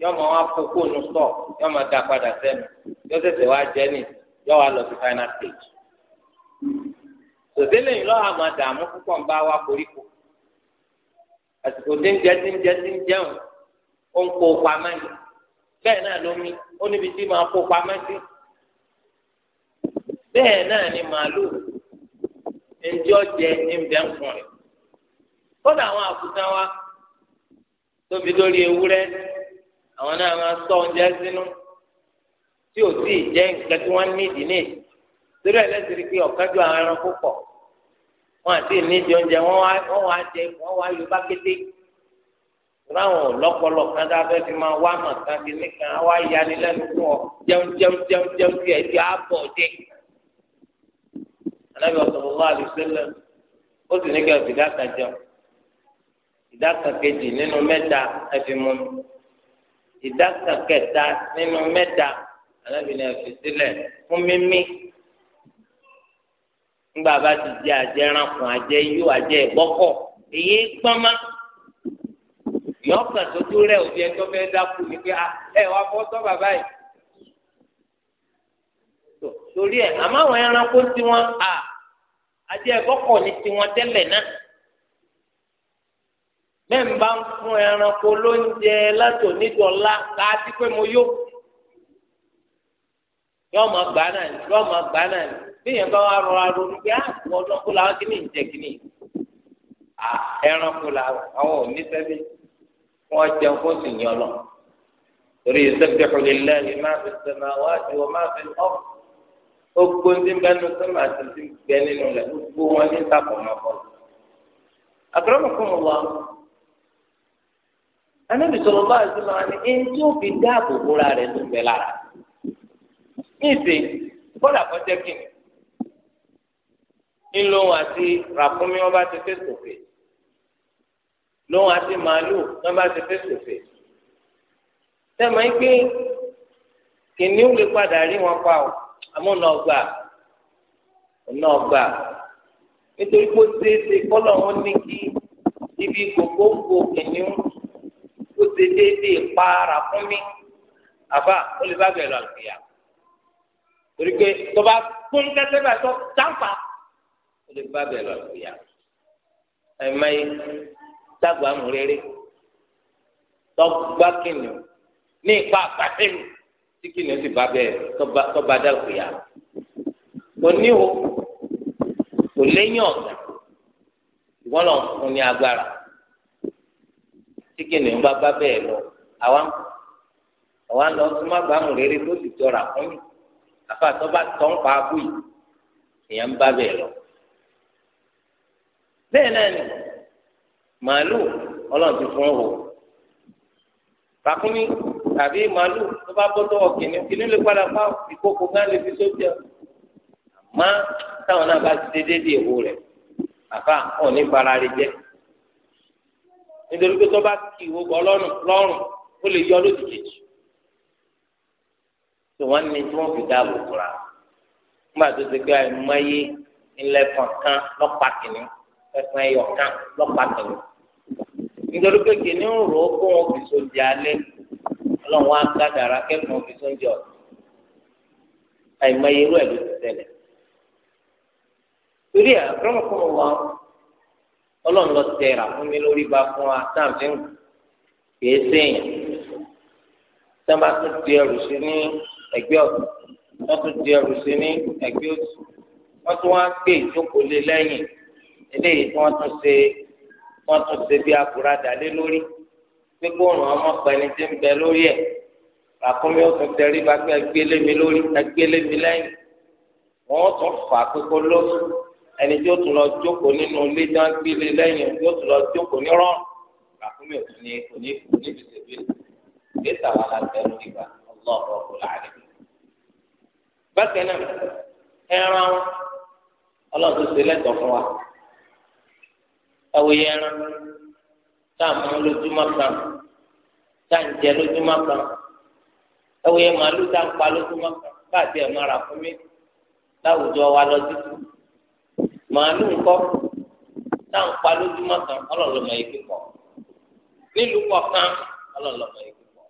yọọ ma wá kó kóònù stọọ yọọ ma dá padà sẹ́nu yọọ ṣẹ̀ṣẹ̀ wá jẹ ní yọọ wá lọ sí final stage tòtẹ́lẹ̀ yìí lọ́wọ́ àmọ́ dààmú púpọ̀ ń bá wa koríko àsìkò tí ń jẹ tí ń jẹ tí ń jẹun ó ń kó pamọ́ ni bẹ́ẹ̀ náà ló mi ó níbi tí máa kó pamọ́ sí bẹ́ẹ̀ náà ni màálù ẹnjẹ ọjẹ ẹnbẹ ńkùn rẹ kódà àwọn àkùtàn wa tóbi lórí ewúrẹ́ àwọn náà máa sọ oúnjẹ sínú tí ò tí ì jẹ nǹkan tí wọn nídìí ní torí ẹ lẹsìrì pé ọ̀kájú àwọn ẹranko pọ̀ wọn àti nídìí oúnjẹ wọn wá jẹ wọn wá yọ bá kété láwọn ọlọpọlọ kan tá a fẹ́ fi máa wá màkàn kí nìkan á wá yanilẹ́nu fún ọ jẹun jẹun jẹun jẹun tí ẹ ti á bọ̀ dé anábì sallallahu alaihi wasallam ó sì ní kí ọ̀sìn ìdáka jẹun ìdáka kejì nínú mẹ́ta ẹ̀fì mu ìdáka kẹta nínú mẹ́ta anábì ní ẹ̀fì sílẹ̀ fún mímí ńgbà bá ti jẹ àjẹ ránkùn àjẹ yó àjẹ ìgbọ́kọ̀ èyí gbọ́nmá yọ̀ọ́kàn tó tó rẹ̀ òjì ẹ̀ tó fẹ́ dákú ni pé ah, ẹ wá fọ́ sọ́ bàbá yìí torí ẹ̀ àmọ́ àwọn ẹranko tiwọn à àti ẹ̀kọ́kọ̀ ní tiwọn tẹ́lẹ̀ náà mẹ́rin bá ń fún ẹranko lóúnjẹ láti onídọ̀ọ́lá káàtì pé mo yó yọ́ọ́ máa gbà náà ni yọ́ọ́ máa gbà náà ni bí yẹn bá wà rọra ronú pé àwọn ọlọ́kùn làwọn kìíní ń jẹ kìíní ẹranko làwọn àwọn ò ní sẹ́bí kó sì yan lọ torí ìsẹ́bí ìhùlẹ̀ lẹ́yìn máa fi sẹ́mà wá ju ọ gbogbo ndí ń bẹ nu sọmọ àti ndí ń bẹ nínú rẹ gbogbo wọn ní sàkómọ bọlọ. àkàràmọ fún wa anábì sọlọ bá àti sọlọ ni ẹni tí ó fi dáàbò bóra rẹ ló ń bẹ lára ní ìsè bọ́dà kọjá kìnnì ńlọrun àti ràkúnmí wọn bá ti fẹ́ sòfè lóhun àti màálù wọn bá ti fẹ́ sòfè sẹ́mi pé kìnnìún lè padà rí wọn pa ọ́ amúnà ọgbà ọ̀nà ọgbà nítorí pé ó ṣeéṣe kọ́lọ̀ wọn ní kí ibi gbogbogbò kìnìún ó déédéé para fún mi àbá ó lè bá bẹ̀rẹ̀ àlùfíà torí pé tó bá kún kẹsẹ́ bá tó dáńfà ó lè bá bẹ̀rẹ̀ àlùfíà ẹ̀mọ́ yìí dàgbà mú rere tọ́gbà kìnìún ní ipa àgbàtẹ́lu tí kìnìún sì bá bẹ́ẹ̀ tọ́ba dàgbé ya kò ní o kò léyìn ọ̀gá ìwọ́n lọ fún ní agbára tí kìnìún bá bá bẹ́ẹ̀ lọ àwa àwa lọ súnmọ́ àgbàmù rere tó sì jọra fún mi àfa tọ́ba tọ́ ń pa abú yìí èèyàn bá bẹ́ẹ̀ lọ bẹ́ẹ̀ náà ni màálù ọlọ́run ti fún ọ ràkúnmí tàbí màálù tó bá bọ́ tọwọ́ kìnìún kìnìún lè padà fáwọn ìkókò gán lè fi sóbì ọ àmọ́ táwọn náà bá ti dé déédéé èwo rẹ̀ àfa ọ̀ ní bara rẹ̀ jẹ́ nítorí pé tó bá kí ìwo bọ́ lọ́rùn lọ́rùn ó lè yọ lójijì tí wọ́n ní tí wọ́n fi dáàbò kura nígbà tó ti gbé àìmọye ńlẹ́fọ̀n kan lọ́pàá kìnìún ẹ̀fọn ẹ̀yọ̀ kan lọ́pàá kìnìún nítorí pé kìnìún rò ó kó wọn fi so di alẹ́ ọlọ́run wá gádàrá kẹ́kọ̀ọ́ fi tó ń jọ àìmọye irú ẹ̀ ló ti ṣẹlẹ̀ torí ẹ̀ àkọ́mọ̀kọ́ wọn ọlọ́run lọ tẹ̀ra fún mi lórí ba fún wa tá à ń fi ń kìí sèyàn tá a bá tún di ẹrù sí ní ẹgbẹ́ ọ̀tún wọ́n tún di ẹrù sí ní ẹgbẹ́ òtún wọ́n tún wá gbé ìjókòó lé lẹ́yìn eléyìí tí wọ́n tún ṣe wọ́n tún ṣe bí aburada lé lórí pé kó ràn ọmọ pẹ̀lú tí ń bẹ lórí ẹ̀ làkúnmí ó tún tẹrí bá pé ẹgbẹ́lé mi lórí ẹgbẹ́lé mi lẹ́yìn wọ́n tún fà pé kó lóṣù ẹni tí ó tún lọ jókòó nínú ilé tí wọ́n gbélé lẹ́yìn tí ó tún lọ jókòó ní rọ́ọ̀n làkúnmí ó tún ní kò ní kò ní bìtẹ̀bí gbèsè àwọn aláṣẹ lórí ìgbà ọlọ́ọ̀rọ̀ ọkọ láàrin. bákan náà ẹran ọlọ́ọ̀tún ṣe lẹ́tọ̀ọ́ fún wa ẹ̀wòye ẹran tá à ń mú lójúmọ́ kan tá à ń jẹ lójúmọ́ kan ẹwọ yẹn màálù tá à ń pa lójúmọ́ kan bá àti ẹ̀ máa rà fún mi láwùjọ wa lọ títí màálù ńkọ́ tá à ń pa lójúmọ́ kan ọlọ́lọ́mọ yìí kíkọ́ nílùú kọ̀ọ̀kan ọlọ́lọ́mọ yìí kíkọ́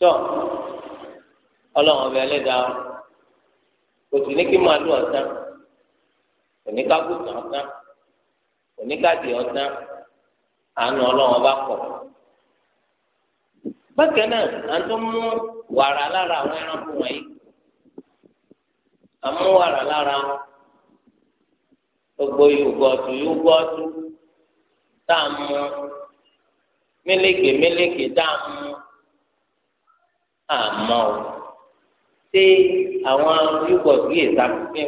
tó ọlọ́run ọbẹ̀ ẹlẹ́dàá kò sì ní kí màálù ọ̀sán kò ní ká gùn sàn oníkàdé ọ̀tán àánú ọlọ́run bá kọ̀. bákan náà à ń tó mú wàrà lára àwọn ẹranko wọ̀nyí àmú wàrà lára wọn gbogbo yògọ̀tù yògọ̀tù tá a mú mílíkì mílíkì tá a mú àmọ́ ṣé àwọn yògọ̀tù yìí sá fún mi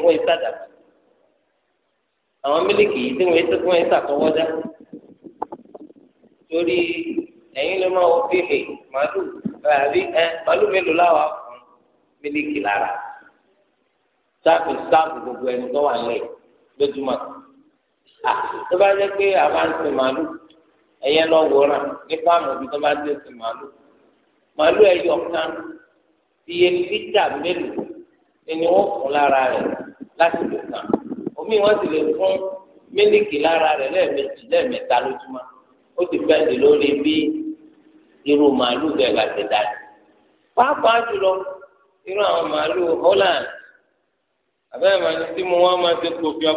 àwọn mílíkì yìí tí wọn ti fún ẹ ṣàtọwọdá torí ẹyin ló máa wọ fílè màálù àbí ẹ màálù mélòó láwa fún mílíkì lára sáàpù sáàpù gbogbo ẹni tó wà lẹ lójúmọ́ à tó bá jẹ pé àbá ń sin màálù ẹyẹ lọ wòran ní fáàmù bí tó bá ti sin màálù màálù ẹ yọ kan iye lítà mélòó ni wọn fún lára rẹ láti lò kàn. míì wọn sì lè fún mílíkì lára rẹ̀ lẹ́ẹ̀mejì lẹ́ẹ̀mẹ́ta lójúmọ́ ó ti fẹ́ẹ̀dì lórí bí irú màálù bẹ́ẹ̀ ti dá pàápàá jùlọ irú àwọn màálù Holland àbẹ́rẹ́ màálù tí mo wọ́n máa ti kófíà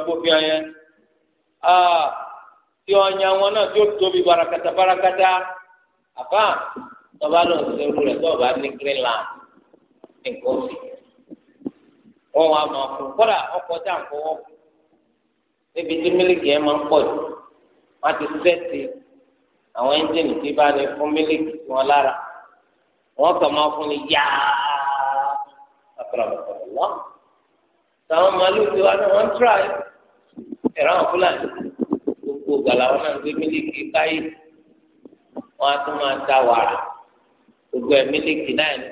tí wọn náà tí ó tóbi barakata barakata àbá tọ́ba lọ sí irú rẹ̀ tọ́ba ní Greenland wọ́n wá máa fún kọ́dà ọkọ̀ tá à níbi tí mílíkì yẹn máa ń pọ̀ jù wọ́n ti sẹ́ẹ̀tì àwọn ẹ́ńjìnì tí bá ní fún mílíkì tí wọ́n lára wọ́n kàn máa fún ni yáá àtàràbọ̀tàrà lọ. táwọn màálù tí wọ́n náà wọ́n ń tíra ẹ̀rọ àwọn fúlàní gbogbo gàlà wọn náà gbé mílíkì káyé wọ́n á tún máa ta wàrà gbogbo ẹ̀ mílíkì náà ní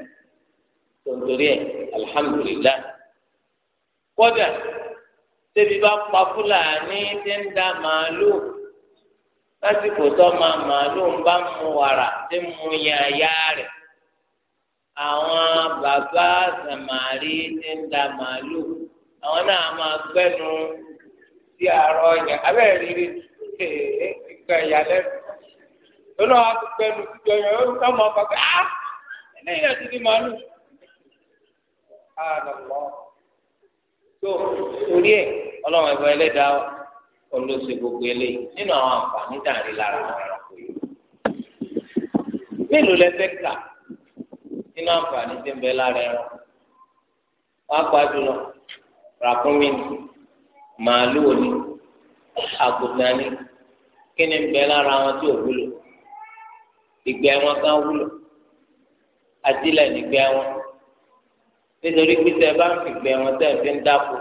tòǹtòrí ẹ̀ alihamudulilayi kódà tẹ́bi bá pa fúlàní tí ń da màálù lásìkò tó máa màálù ń bá mu wàrà tí mu yàyà rẹ̀ àwọn bàbá sàmárì tí ń da màálù àwọn náà máa gbẹ́nu sí àárọ̀ yẹn abẹ́rẹ́ rírí ee ìgbà ìyàlẹ́nu lọ́nà wa ti gbẹ́nu síjọ yẹn ó ká máa bàbá ah ẹ̀lẹ́yìn àti ní màálù tó orí ẹ̀ ọlọ́run ẹ̀fọ́ ẹlẹ́dàá olóṣè gbogbo eléyìí nínú àwọn àǹfààní dàrí lára àwọn ẹranko yìí. mélòó lẹsẹ kà nínú àǹfààní tí ń bẹ lára ẹran wàá pa jùlọ ràkúnmí ni màálùú ni ni kí ni ń bẹ lára wọn tí ò wúlò ìgbẹ́ wọn kan wúlò ajílẹ̀ nígbẹ́ wọn nítorí pé tẹ bá ń fìgbẹ́ wọn tẹ fi ń dáko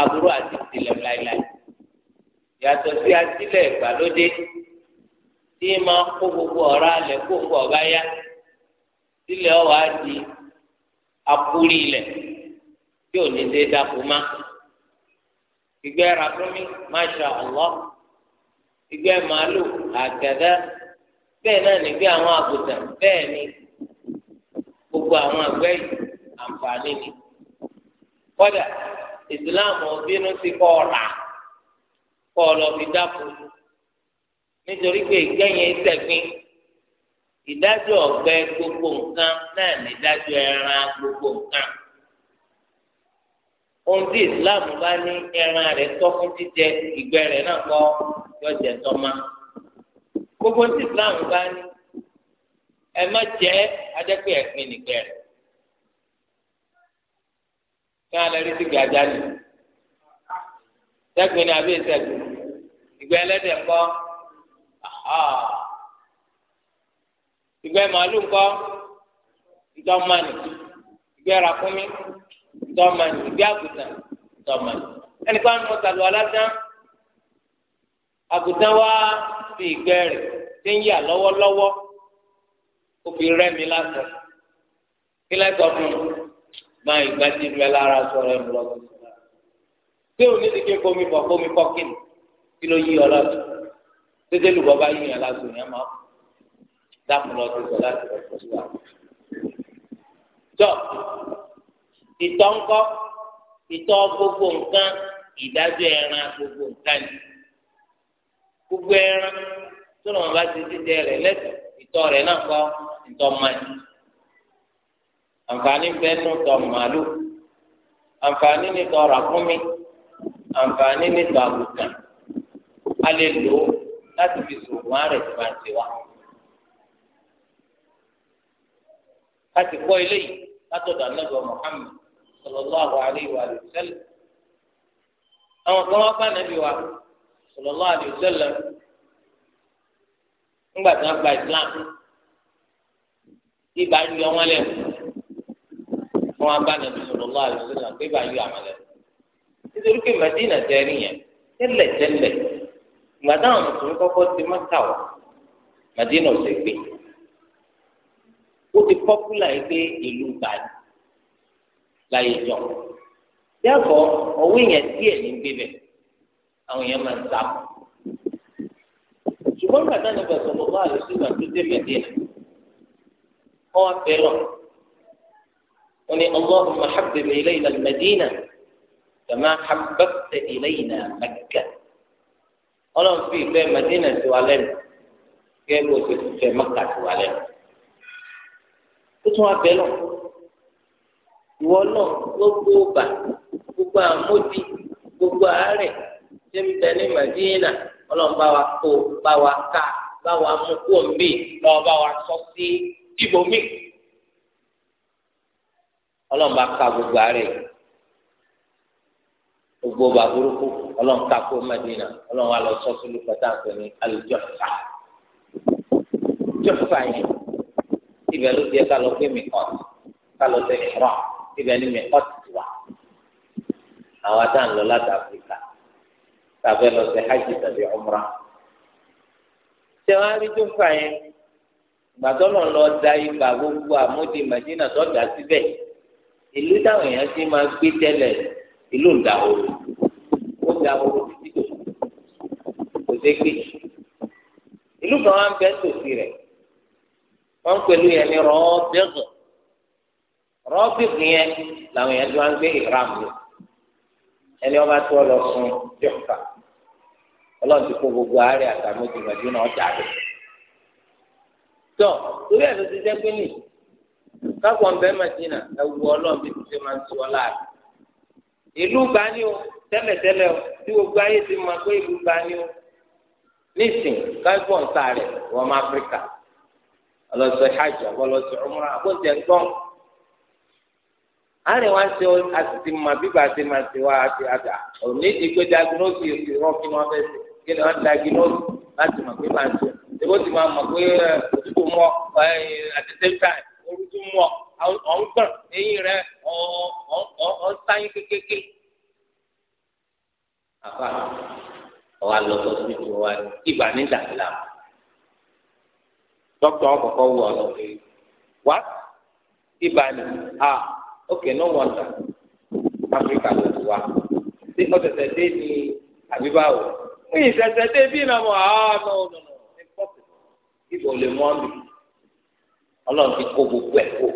aburú àti ìtìlẹ̀ láéláé yàtọ̀ sí ajílẹ̀ ìgbàlódé tí máa kó gbogbo ọ̀rá alẹ̀ kó gbogbo ọ̀bá yá sílẹ̀ ọ̀wá di apúrí ilẹ̀ tí ò ní dé dáko má ìgbẹ́ ra fún mi Allah ìgbẹ́ màálù àgàdá bẹ́ẹ̀ náà nígbẹ́ àwọn àgùntàn bẹ́ẹ̀ ni gbogbo àwọn àgbẹ̀ yìí. àǹfààní ni kódà ìsìláàmù bínú sí kọ́ ọ̀rà kọ́ ọ fi dáko nítorí pé ìgbẹ́yìn gbogbo nǹkan náà ní ìdájọ́ ẹran gbogbo nǹkan ohun tí Islam bá ní ẹran rẹ̀ tọ́ fún jíjẹ ìgbẹ́ gbogbo tí bá ní ẹ kí wọn lè rí sí gbàdá ni sẹgbin ni àbí sẹgbin ìgbà ẹlẹ́dẹ̀ ńkọ́ ìgbà màálù ńkọ́ ntọmani ìgbà ràkúnmí ntọmani ìgbà àgùntàn ntọmani ẹnìkan mọ sàlù aládán àgùntàn wa fi ìgbẹ́ rẹ̀ ti ń yà lọ́wọ́lọ́wọ́ ó fi rẹmi lásán kí lẹsọ fún un gba ìgbà tí ìlú ẹ lára sọ̀rọ̀ ẹ lọ sí sọlá tí o ní kékeré kó mi bọ kó mi kọkìn kí ló yí ọ lọtọ tètè lùbọ bá yí yàn lásán yẹn máa dákun lọ sí sọlá ti lọ sí wa. tọ ìtọ̀ ńkọ́ ìtọ̀ gbogbo nǹkan ìdájọ́ ẹran gbogbo nǹkan ni gbogbo ẹran tó lọ́wọ́ bá ti dídẹ rẹ̀ lẹ́tọ̀ọ́ ìtọ̀ rẹ̀ náà kọ́ ìtọ̀ máa àǹfààní bẹ́ẹ̀ nù tọ́ màálù àǹfààní ní tọ́ ràkúnmí àǹfààní ní tọ́ àgùntàn a lè lò ó láti fi sòògùn àrẹ̀ tó máa ń ti wá. a ti kọ́ eléyìí látọ̀dọ̀ anábọ̀ Muhammad sallallahu alayhi wa sallam àwọn kan wá bá nàbí wa sallallahu alayhi wa ńgbà tí wọ́n gba Islam ibà ń yọ wọn lẹ́nu wọn bá nàbí sallallahu alaihi wasallam pé bá yọ àmàlẹ nítorí pé Madina tẹrí yẹn tẹ́lẹ̀ tẹ́lẹ̀ ìgbà táwọn mùsùlùmí kọ́kọ́ ti Mákà wá Madina ọsẹ gbé ó ti pọpúlà yìí pé ìlú báyìí láyé jọ dẹ́kọ̀ ọ̀wé yẹn díẹ̀ ní gbébẹ àwọn yẹn máa ń sá kù ṣùgbọ́n gbàdánù bẹ̀sọ̀ lọ́wọ́ àlùsílẹ̀ tó dé Madina ọ̀wá fẹ́ lọ́wọ́. وني اللهم حبب إلينا المدينة كما حببت إلينا مكة ọlọ́run fi ìfẹ́ mẹ́dínà tó wa lẹ́nu gẹ́gẹ́ bó ṣe fi ìfẹ́ mẹ́kà tó wa lẹ́nu. ó tún wá bẹ́ẹ̀ lọ ìwọ náà gbogbo ọgbà gbogbo àmódi gbogbo àárẹ̀ ṣé ń bẹ ní mẹ́dínà ọlọ́run bá wa kó bá wa ká bá wa mú kó ń bì lọ́wọ́ bá wa sọ sí ibòmíì ọlọ́run bá ka gbogbo àárẹ̀ gbogbo bá burúkú ọlọ́run ká kó Madina ọlọ́run wa lọ sọ sílùú pátá pé ní alùjọ́fà jọ́fà yẹn ibẹ̀ ló di ẹ ká lọ gbé mi kọ́ ká lọ sí ìrọ̀ ibẹ̀ ni mi kọ́ ti wà àwọn tá ń lọ láti Áfíríkà tàbí lọ sí hajj tàbí umra ṣé wọn rí jọ́fà yẹn gbàtọ́ lọ́n lọ da ibà gbogbo àmúdi Madina tó dà síbẹ̀ ìlú táwọn èèyàn ti máa gbé tẹ́lẹ̀ ìlú ń dahoro ó ń dahoro títí kò kò dé gbé ìlú kan wá ń bẹ tòsí rẹ̀ wọ́n ń pẹ̀lú yẹn ní rọ́ọ̀dẹ́gùn rọ́ọ̀dẹ́gùn yẹn làwọn èèyàn ti máa ń gbé ìram lọ ẹni ọba tó ọ lọ fún jọ̀ǹkà ọlọ́run ti kó gbogbo àárẹ̀ àtàmójì màdínà ọjà tó torí ẹ̀ ló ti jẹ́ nìyí kápọ̀ nbẹ́ Madina ẹ̀wù ọlọ́run bí tuntun máa ń sọ láàrin. ìlú bani o tẹ́lẹ̀tẹ́lẹ̀ o tí gbogbo ayé ti máa pé ìlú bani o nísìn kápọ̀ nta rẹ̀ wọ́n máa Áfíríkà ọlọ́sọ̀ hajj ọlọ́sọ̀ umrah àkóńtẹ̀ ńgbọ́n. àárẹ̀ wá ń ṣe àtìtì mà bíbà àti mà ti wá àti àgà òní ti pé diagnosi ìrọ̀ kí wọ́n fẹ́ kí wọ́n diagnosi láti mọ̀ pé máa ń ṣe. ìbò ti máa mọ̀ pé eh, òtútù mọ́ eh, at the same time orúkú mọ ọ̀ngbọ̀n eyín rẹ ọ̀nsáyín kékeré. àbá ọ̀wá lọ sọ sí ìtò wa ìgbà ní ìdàgbàlá. dókítà ọkọ̀ọ̀kọ̀ wù ọ́ lọ pé wá ibà ni a okay no wonder Africa ló ti wá ṣé ọ̀sẹ̀sẹ̀ dé ni àbí báwo. ìṣẹ̀ṣẹ̀ dé bí nàmọ̀ àánú nínú ìfọ̀sẹ̀ ìbò lè mọ́ mi ọlọ́run ti kó gbogbo ẹ̀ kó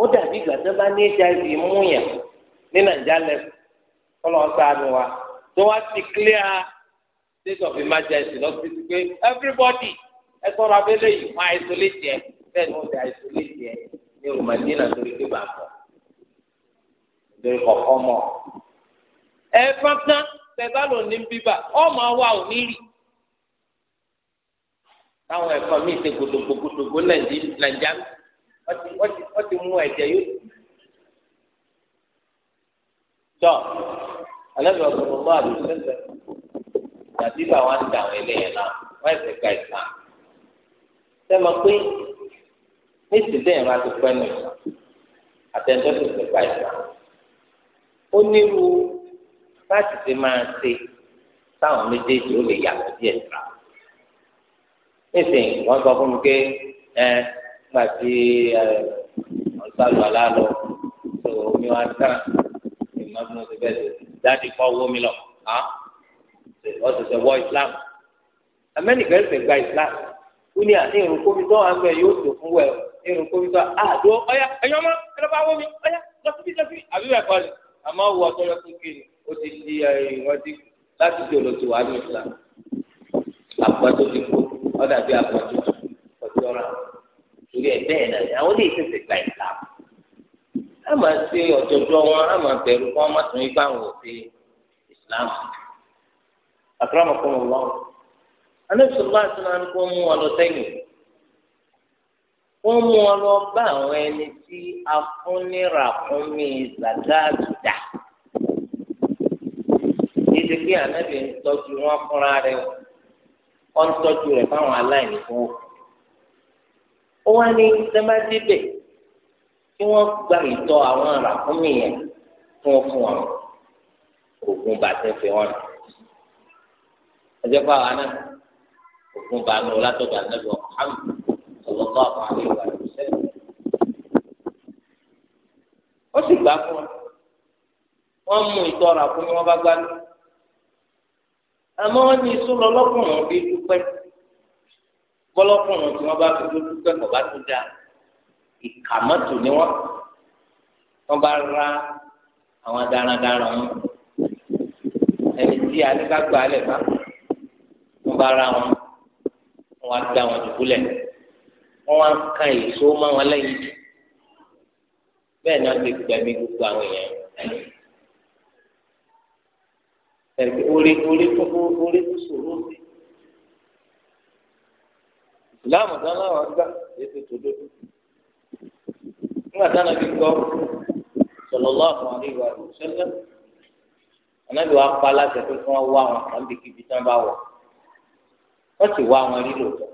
ó dàbí ìgbà tó bá ní hiv múyàn ní nàìjíríà lẹ́kọ̀ọ́ ọlọ́run sáánù wa tó wá ti clear state of emergency lọ sí ti pé everybody ẹ sọ̀rọ̀ abẹ́lé yìí máa isolate ẹ bẹ́ẹ̀ ni wọ́n ti isolate ẹ ní romadina torí pé bàbá torí kọ̀ọ̀kan mọ̀ ẹ fọ́nkán bẹ́ẹ̀ bá lò ní bíbà ọmọ wa ò ní rí táwọn ẹ̀fọ́ mi ṣe gbogbogbò nàìjíríà wọ́n ti mú ẹ̀jẹ̀ yóò tọ́ alẹ́ ọ̀sọ̀rọ̀ bá àdúgbò lẹ́sẹ̀ tàbí báwa ń dàwọn eléyẹn náà wọ́n ẹ̀sẹ̀ ka ìsàn sẹ́mi pé ní ìsìndẹ́yìn bá ti pẹ́ nù ìsàn àtẹ̀jọ́ ti ṣe ka ìsàn ó nílùú láti ti máa ṣe táwọn méjèèjì ó lè yàtọ̀ díẹ̀ síra nísìnyí wọn sọ fún mi pé ẹ nígbà tí ẹ ọsàlù aláàlọ tó omi wa tán ìmọ̀ bí mo tó dáàdi kọ́ owó mi lọ á wọ́n ti islam amẹ́nìkà ẹ̀sẹ̀ gba islam ó ní àní irun kómi tó wà ń bẹ yóò tó fún wẹ̀ irun kómi tó àdó ọ̀yà ẹ̀yọ́ mọ́ ẹ lọ́ bá wọ́ mi ọ̀yà lọ́sibí lọ́sibí àbí wẹ̀ kọ́ ni àmọ́ wọ ọtọ́ yọ fún kiri ó ti di ìrántí láti di olóṣèwà ní islam àpẹtọ́ ti kú wọ́n dàbí àpọ̀jù ọjọ́ a máa ṣe ọ̀jọ̀jọ̀ wọn a máa bẹ̀rù kọ́ ọmọ tó ń gbà wọ́n ṣe kọ́ wọn kó mú wọn lọ sẹ́yìn mú wọn lọ bá àwọn ẹni tí afúnirakúnmi pé ń tọ́jú wọn fúnra wọn ń tọ́jú rẹ̀ fáwọn aláìní fún òkú ó wá ní sẹmátì bẹ kí wọn gba ìtọ̀ àwọn ràkúnmí yẹn fún fún wọn oògùn bàtẹ fi wọn ẹjẹ fáwọn náà oògùn bàánù látọ̀dọ̀ ànábì Muhammad ọlọpàá àwọn àlejò àti sẹlẹ ó sì gbà fún wọn wọn mú ìtọ̀ ràkúnmí wọn bá gbádùn àmọ́ wọn ní ìsúlọ lọkùnrin bíi kọlọkùnrin tí wọn bá fi dúdú pẹpọ bá tó dáa ìkàmọtò ni wọn wọn bá ra àwọn darandaran yìí ẹni tí alẹ́kàgbà alẹ́ bá wọn bá ra wọn wọn á da wọn dùbúlẹ̀ wọn wá ka èso mọ́ wọn lẹ́yìn bẹ́ẹ̀ ni wọ́n ti gbẹ̀mí gbogbo àwọn èèyàn ẹ̀rí orí orí tó orí tó sòrò sí ìsìláàmù dáná wà gbà ètò tòdó nígbà táwọn ibi gbọ́ sọlọlọ àwọn àríwá ìṣẹ̀lẹ̀ anábì wa pa aláṣẹ pé kí wọn wá àwọn kan bí kíbi tán bá wọ wọn sì wá àwọn lílo tọ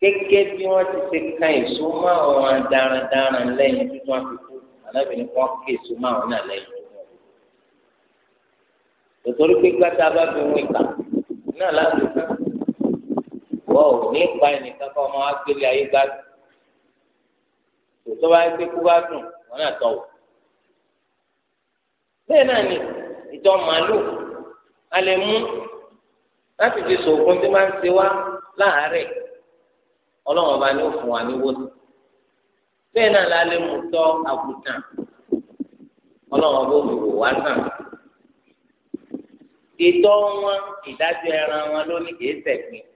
gẹ́gẹ́ bí wọn ti ṣe ka èso mọ́ àwọn darandaran lẹ́yìn tí wọn fi kú anábì ni wọn kí èso mọ́ àwọn náà lẹ́yìn tòtòrí pé gbàtà bá fi wọn ìkà náà láti kú ìwọ ò ní pa ẹnìkan kọ́ ọmọ agbélé ayé gbádùn tòótọ́ bá gbé kú gbádùn wọn náà tọ̀ wò. bẹ́ẹ̀ náà ni ìtọ̀ màálù a lè mú láti fi sòògùn tí máa ń ṣe wá láàárẹ̀ ọlọ́run bá ní ó fún wa ní wọ́n. bẹ́ẹ̀ náà la lè mú tọ́ àgùntàn ọlọ́run bó mi wò wá sàn. ìtọ̀ wọn ìdájọ́ ẹran wọn lónìí kìí ṣẹ̀gbìn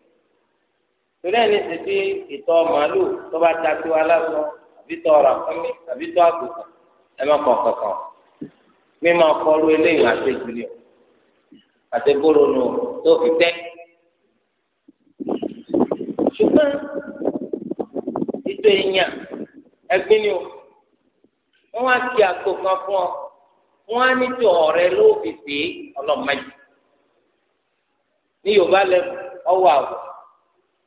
torí ẹni sì fi ìtọ̀ màálù tó bá ta sí wa lásán àbí tọ̀ ọ̀rọ̀ àkọ́mí àbí tọ̀ àgùntàn ẹ má kọ̀ kankan mímọ ọkọ̀ọ́rú eléyìí àti ìjùlẹ̀ àti gbóronù tó fi tẹ́. ṣùgbọ́n ìtò èèyàn ẹgbẹ́ ni o wọ́n wá ti àgbo kan fún ọ wọ́n á ní tí ọ̀rẹ́ ló fi pè é ọlọ́mọdé ní yorùbá lẹ́nu ọwọ́ àwọ̀.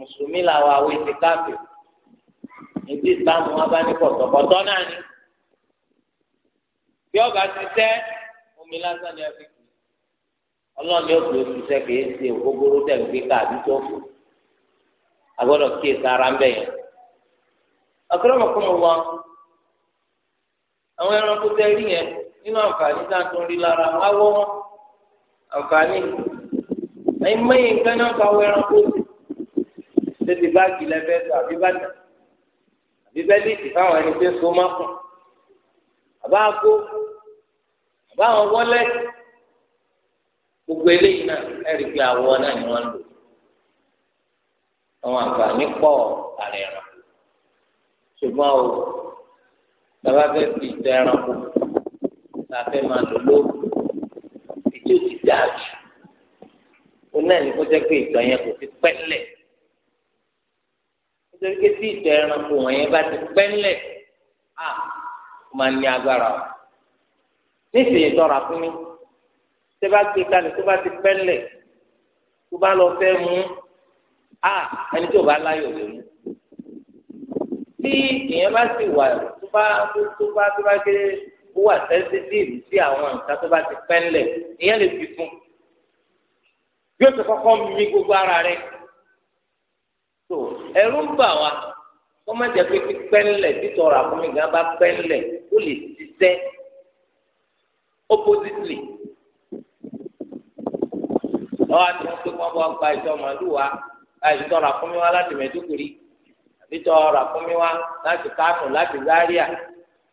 mùsùlùmí làwọn àwọn èsì káfíò ìdí ìsìlámù wọn bá ní pọ̀tọ̀pọ̀tọ̀ náà ni bí ọba ti tẹ́ omi lásán ni ẹbí kì í ọlọ́run ni ó fi òṣìṣẹ́ kìí ṣe ògógóró tẹ̀lé kíkà àbí tó fò àgbọ̀dọ̀ kíyè sára ń bẹ̀ yẹn. àkọ́rọ́mọkùnrin wọn àwọn ẹranko tẹ́ rí yẹn nínú àǹfààní tá à ń tún rí lára wọn á wọ́ wọn àǹfààní ẹ̀yin mẹ́yìn nǹkan náà fa àwọn ẹranko sí tètè báàgì lẹ́fẹ́ tó àbí bàtà àbí bẹ́líìtì fáwọn ẹni tó so má kùn àbá kó àbá àwọn wọlé gbogbo eléyìí náà ẹ̀rí pé àwọn náà ni wọ́n ń lò àwọn àǹfààní pọ̀ àrẹ̀ ẹ̀rọ ṣùgbọ́n o bàbá fẹ́ fi ìtẹ̀ ẹranko la fẹ́ máa lò lóru ètò ti dáa jù ó náà ní kó jẹ́ pé ìtàn yẹn kò fi pẹ́lẹ̀ torí pé tí ìtọ̀ ẹranko wọ̀nyẹn bá ti pẹ́ ńlẹ̀ á máa ní agbára o nísìnyí tọrọ àfúnmi tó bá gbé kalẹ̀ tó bá ti pẹ́ ńlẹ̀ tó bá lọ fẹ́ mú á ẹni tó bá láyọ̀ lè mú tí ìyẹn bá sì wà tó bá tó bá tó bá gbé ó wà sẹ́ńsítìfì sí àwọn nǹkan tó bá ti pẹ́ ńlẹ̀ ìyẹn lè fi fún yóò tó kọ́kọ́ mi gbogbo ara rẹ̀ ẹ̀rù ń bà wá kó má jẹ́ pé pípẹ́ ńlẹ̀ títọrọ àfúnmi gan bá pẹ́ ńlẹ̀ ó lè ṣiṣẹ́ oppositely lọ́wọ́ àti wọn pé wọ́n bọ́ gba ìtọ́ màlúù wa ìtọ́ ràkúnmí wa láti mẹ́dúkùrí ìtọ́ ràkúnmí wa láti kánù láti záríà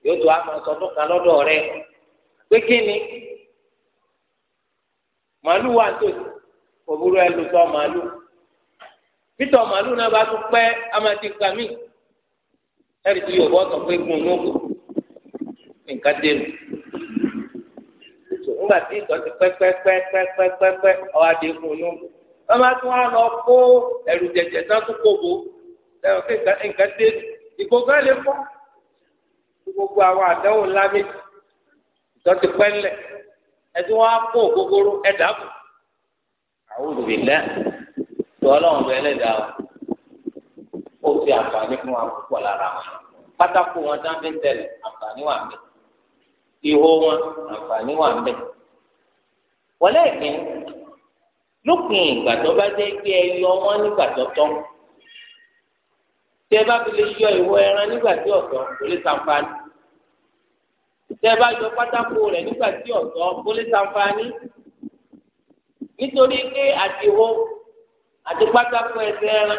yóò tó àmọ́ sọdún kan lọ́dọ̀ rẹ pé kí ni màlúù wa tó òbúrò ẹ lò sọ màlúù. títọ̀ màálù náà bá tún pẹ́ amadi gbàmí ẹ̀rí tí yóò bọ́ sọ pé gun onóko nǹkan dénú nígbà tí ìtọ́ ti pẹ́ pẹ́ pẹ́ pẹ́ pẹ́ pẹ́ pẹ́ ọ̀hà dé gun onóko wọ́n bá tún wá lọ kó ẹ̀rù jẹ̀jẹ̀ náà tún kóbo ẹ̀rọ pé nǹkan ẹ̀ lè ti pẹ́ á kó ọlọ́run bẹ ẹlẹ́dàá o ó fi àǹfààní fún wa púpọ̀ lára wọn pátákó wọn tá a fi ń tẹ̀lé àǹfààní wà mẹ́ ihò wọn àǹfààní wà mẹ́ wọlé ìpín lópin ìgbà tó bá dé pé ẹ yọ wọn nígbà tó tọ́ tẹ bá fi lè yọ ìwọ ẹran nígbà tí ọ̀tọ̀ kò lè ṣàǹfààní tẹ bá yọ pátákó rẹ̀ nígbà tí ọ̀tọ̀ kò lè ṣàǹfààní nítorí pé àtiwọ́ àti pátákó ẹsẹ̀ ẹran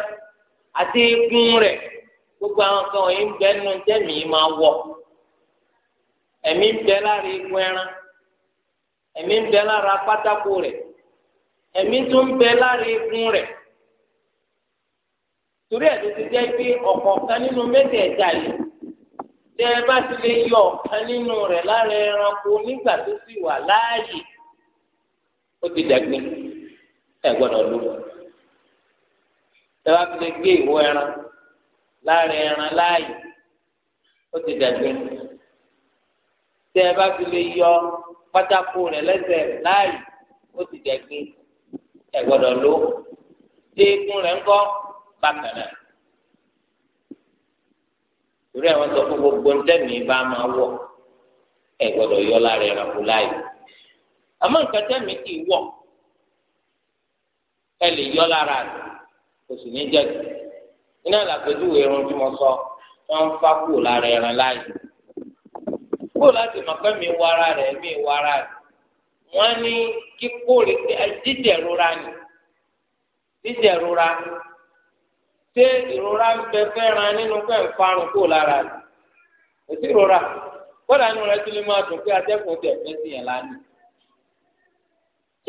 àti igun rẹ̀ gbogbo àwọn kan wọ̀nyí ń bẹ nínú jẹ́mi máa wọ̀ ẹ̀mí ń bẹ lára igun ẹran ẹ̀mí ń bẹ lára pátákó rẹ̀ ẹ̀mí tún ń bẹ lára igun rẹ̀ torí ẹ̀ ló ti jẹ́ pé ọ̀kọ̀ọ̀kan nínú mẹ́tẹ̀ẹ̀ta yìí tẹ́ ẹ bá ti lè yọ ọ̀kan nínú rẹ̀ lára ẹranko nígbà tó sì wà láàyè ó ti dàgbé ẹ gbọ́dọ̀ lóko tẹ́lá ti lè gé ìwọ ẹran láàrin ẹran láàyè ó ti dẹ̀gbẹ́ tẹ́ ẹ bá fi lè yọ pátákó rẹ̀ lẹ́sẹ̀ láàyè ó ti dẹ̀gbẹ́ ẹ gbọ́dọ̀ ló déékún rẹ̀ ńkọ́ bákan náà torí àwọn sọ fún gbogbo ntẹ́mi bá máa wọ̀ ẹ gbọ́dọ̀ yọ lára ẹranko láàyè àmọ́ nǹkan tẹ́mi kì í ẹ lè yọ lára rẹ̀ kò sì ní jẹ́ iná làpèjúwe irun tí mo sọ wọ́n ń fá kúrò lára ẹran láàyè kúrò láti mọ̀ pé mi wọ ara rẹ̀ mi wọ ara rẹ̀ wọ́n ní kíkórè jíjẹ̀rora ni jíjẹ̀rora ṣé ìrora ń bẹ fẹ́ràn nínú pé ń farun kúrò lára rẹ̀ kò sí ìrora kódà inú rẹ̀ tún lè máa dùn pé atẹ́kùn tẹ̀ fẹ́ sí yẹn lánàá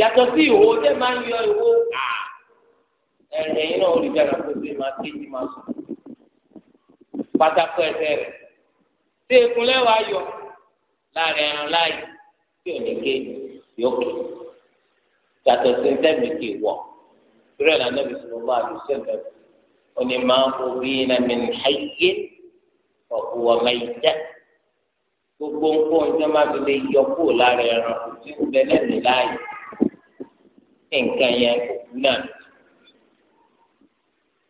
yàtọ̀ sí ìwo tẹ́ máa ń yọ ìwo àá ẹ̀yìn náà ó rí bí ẹranko sí máa kéjì máa sùn pátákó ẹsẹ̀ rẹ̀ tí ekun lẹ́wọ̀ ayọ̀ láàrin ẹran láàyè tí òní ké yókè yàtọ̀ sí sẹ́mi kì í wọ̀ rẹ̀ náà nàbì sọ̀rọ̀ bá a lù sẹ́mi òní máa ń fobi iná mi ní ayé ọ̀pọ̀ ọ̀mọ ìjẹ́ gbogbo nǹkan tí wọ́n máa fi lè yọ kúrò láàrin ẹran tí ó bẹ lẹ́nu láàyè nǹkan yẹn kò kú náà.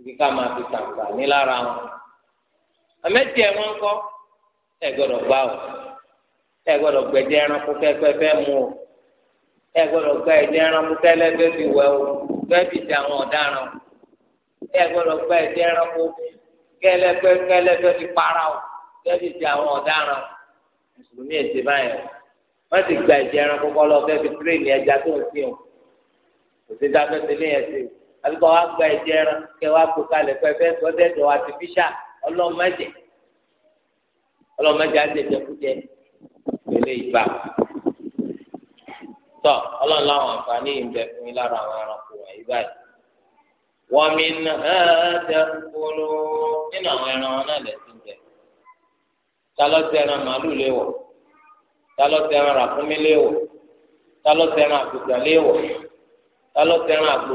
ibi ká máa fi tàǹgbà ní lára wọn àmẹ́tì ẹ̀ wọ́n kọ́ ẹ gbọ́dọ̀ gbá o ẹ gbọ́dọ̀ gbẹ̀dẹ̀ ẹranko fẹ́fẹ́fẹ́ mu o ẹ gbọ́dọ̀ gba ẹ̀jẹ̀ ẹranko tẹ́lẹ́fẹ́ fi wẹ̀ o fẹ́ẹ́ fi ti àwọn ọ̀daràn ẹ gbọ́dọ̀ gba ẹ̀jẹ̀ ẹranko kẹ́lẹ́fẹ́ kẹ́lẹ́fẹ́ fi para o fẹ́ẹ́ fi ti àwọn ọ̀daràn mùsùlùmí ètè báyẹn wọ́n ti gba ẹ̀jẹ̀ ẹranko kọ́ lọ fẹ́ẹ́ fi tírèèni ẹja tó ń fi hàn òṣèjá fẹ́ẹ́ àbíkọ wa gba ẹ̀jẹ̀ ẹran kẹ wa kó kalẹ̀ pẹ fẹ sọdẹ tó àtìfíṣà ọlọmọdé ọlọmọdé àtẹjẹ kújẹ pẹ̀lẹ́ ìgbà tọ Ọlọ́run láwọn àǹfààní yìí ń bẹ fún yín lára àwọn ẹranko wọ̀nyí báyìí wọn mi nà á dẹkùnú nínú àwọn ẹran wọn náà lẹsìn jẹ talọsẹ màálù léwọ̀ talọsẹ ràkúnmí léwọ̀ talọsẹ àkùtà léwọ̀ talọsẹ ẹran àgbò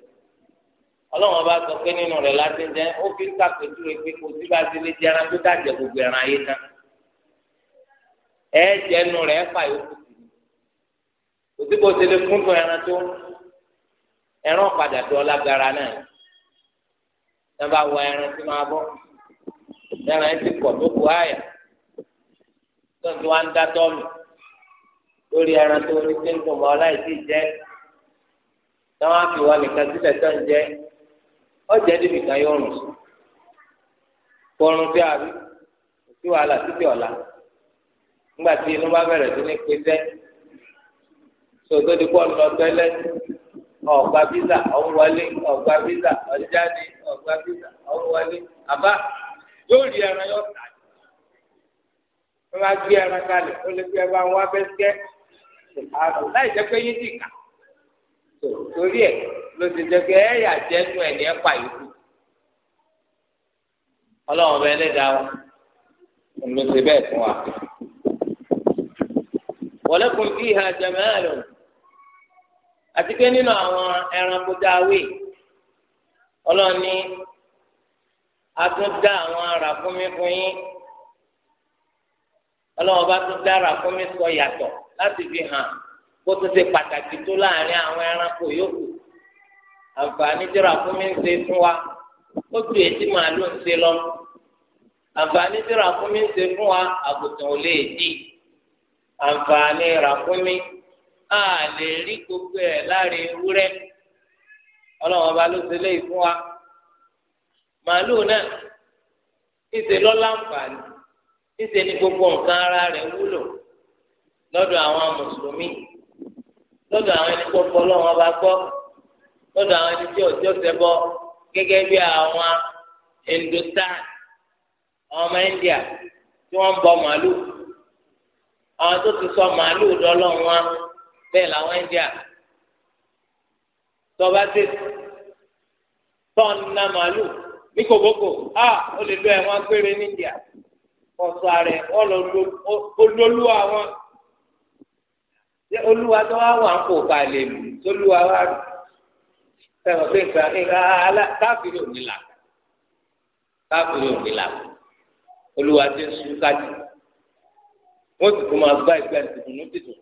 ọlọ́run bá sọ pé nínú rẹ̀ láti jẹ́ ó fi ń sàpèjúwe pé kò sí bá ti lè jẹ ẹran tó dàjẹ́ gbogbo ẹran ayé tán ẹ jẹ ẹnu rẹ̀ fà yókù sí i kò sí bó ti lè fún tó ẹran tó ẹran padà tó ọlágara náà ẹ bá wọ ẹran tí máa bọ́ ẹran ẹ ti pọ̀ tó kù àyà tó wá ń dá tọ́lù lórí ẹran tó ní tí ń tò mọ́ ọláìsí jẹ́ táwọn á fi wọ nìkan sílẹ̀ tó ń jẹ́ ọjà ẹdínwó kan yóò rùn sùn kọrun tí a rí kò sí wàhálà títí ọ̀la nígbà tí inú bá bẹ̀rẹ̀ sí ní pété sọdọ́dí kọ́ lọ tẹ́lẹ̀ ọ̀gbà físà ọ̀wọ́lé ọ̀gbà físà ọ̀jáde ọ̀gbà físà ọ̀wọ́lé àbá yóò rí ẹran yóò tà wọ́n máa gbé ẹran kalẹ̀ ó lè fi ẹ bá wọn abẹ́sẹ́ láì jẹ́ pé yín ti torí ẹ̀. ló ti jẹ́ pé ẹ̀yà jẹ́nu ẹ̀ ní ẹ̀pà yòókù ọlọ́run ọba ẹlẹ́dàá wa ló ti bẹ́ẹ̀ fún wa. walakum fiha jamalun àti pé nínú àwọn ẹranko dáwé ọlọ́run ní a tún dá àwọn ara fún mi fún yín ọlọ́run bá tún dá ara fún mi sọ yàtọ̀ láti fi hàn bó tún ṣe pàtàkì tó láàrin àwọn ẹranko yòókù. àǹfààní tíra fún mi ń ṣe fún wa ó tu ètí màálù ń ṣe lọ àǹfààní tíra fún mi ń ṣe fún wa àgùntàn ò lè dì àǹfààní rà fún mi a lè rí gbogbo ẹ̀ láre ewúrẹ́ ọlọ́run ọba ló ṣe léyìí fún wa màálù náà ìṣe lọ́la àǹfààní ìṣe ni gbogbo nǹkan ara rẹ̀ wúlò lọ́dọ̀ àwọn mùsùlùmí lọ́dọ̀ àwọn ẹni tó fọ́ ọlọ́run gbọ́ lọ́dọ̀ àwọn ẹni tí ọ̀sẹ̀ ọ̀sẹ̀ bọ́ gẹ́gẹ́ bí àwọn Hindustan ọmọ India tí wọ́n ń bọ màálù àwọn tó ti sọ màálù lọ́lọ́run wa bẹ́ẹ̀ làwọn India tọba tẹ tọ́ọ̀nù náà màálù ní kòbókò a ó lè lo ẹ̀wọ̀n péré ní India ọ̀sọ̀ rẹ̀ olólù àwọn olúwa tó wá wà ń kó balẹ̀ lù tó lù wá wá rù sẹ́wọ̀n pé nǹkan ala káfíìrì ò ní là káfíìrì ò ní là olúwa ti ń sun kájí wọ́n ti tún máa gbá ìgbẹ́ ìtùtùnú tìtù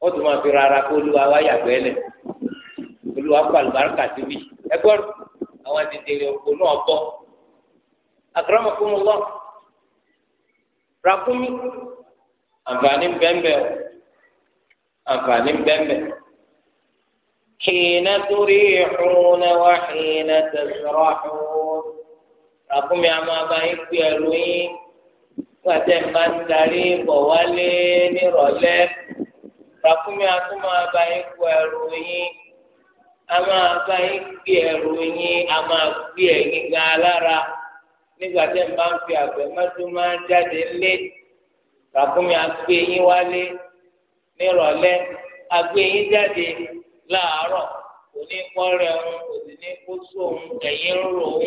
wọ́n tún máa fi rárá kó olúwa wá yàgbẹ́ lẹ̀ olúwa kó àlùbáríkà sí bí ẹgbọ́n àwọn àtẹ̀tẹ̀rẹ̀ òkú náà bọ́ àkàràmọ̀ fún mi lọ ràkúnmí àǹfààní bẹ́ẹ̀ bẹ́ẹ̀ àǹfààní bẹ́ẹ̀ bẹ́ẹ̀. حين تريحون وحين تسرحون أقوم يا ماما يكوي pàtẹ́ máa ń darí bọ̀ wálé nírọ̀lẹ́ ràkúnmí a tún máa bá yín kó ẹrù yín a máa bá yín gbé ẹrù yín a máa gbé ẹ̀yìn gan alára nígbà tẹ́ ń bá ń fi àgbẹ̀ mọ́tò máa ń jáde lé ràkúnmí a gbé yín wálé nírọ̀lẹ́ a gbé yín jáde láàárọ̀ kò ní kọ́rẹ́ òun kò sì ní kó sóun ẹ̀yìn rò òun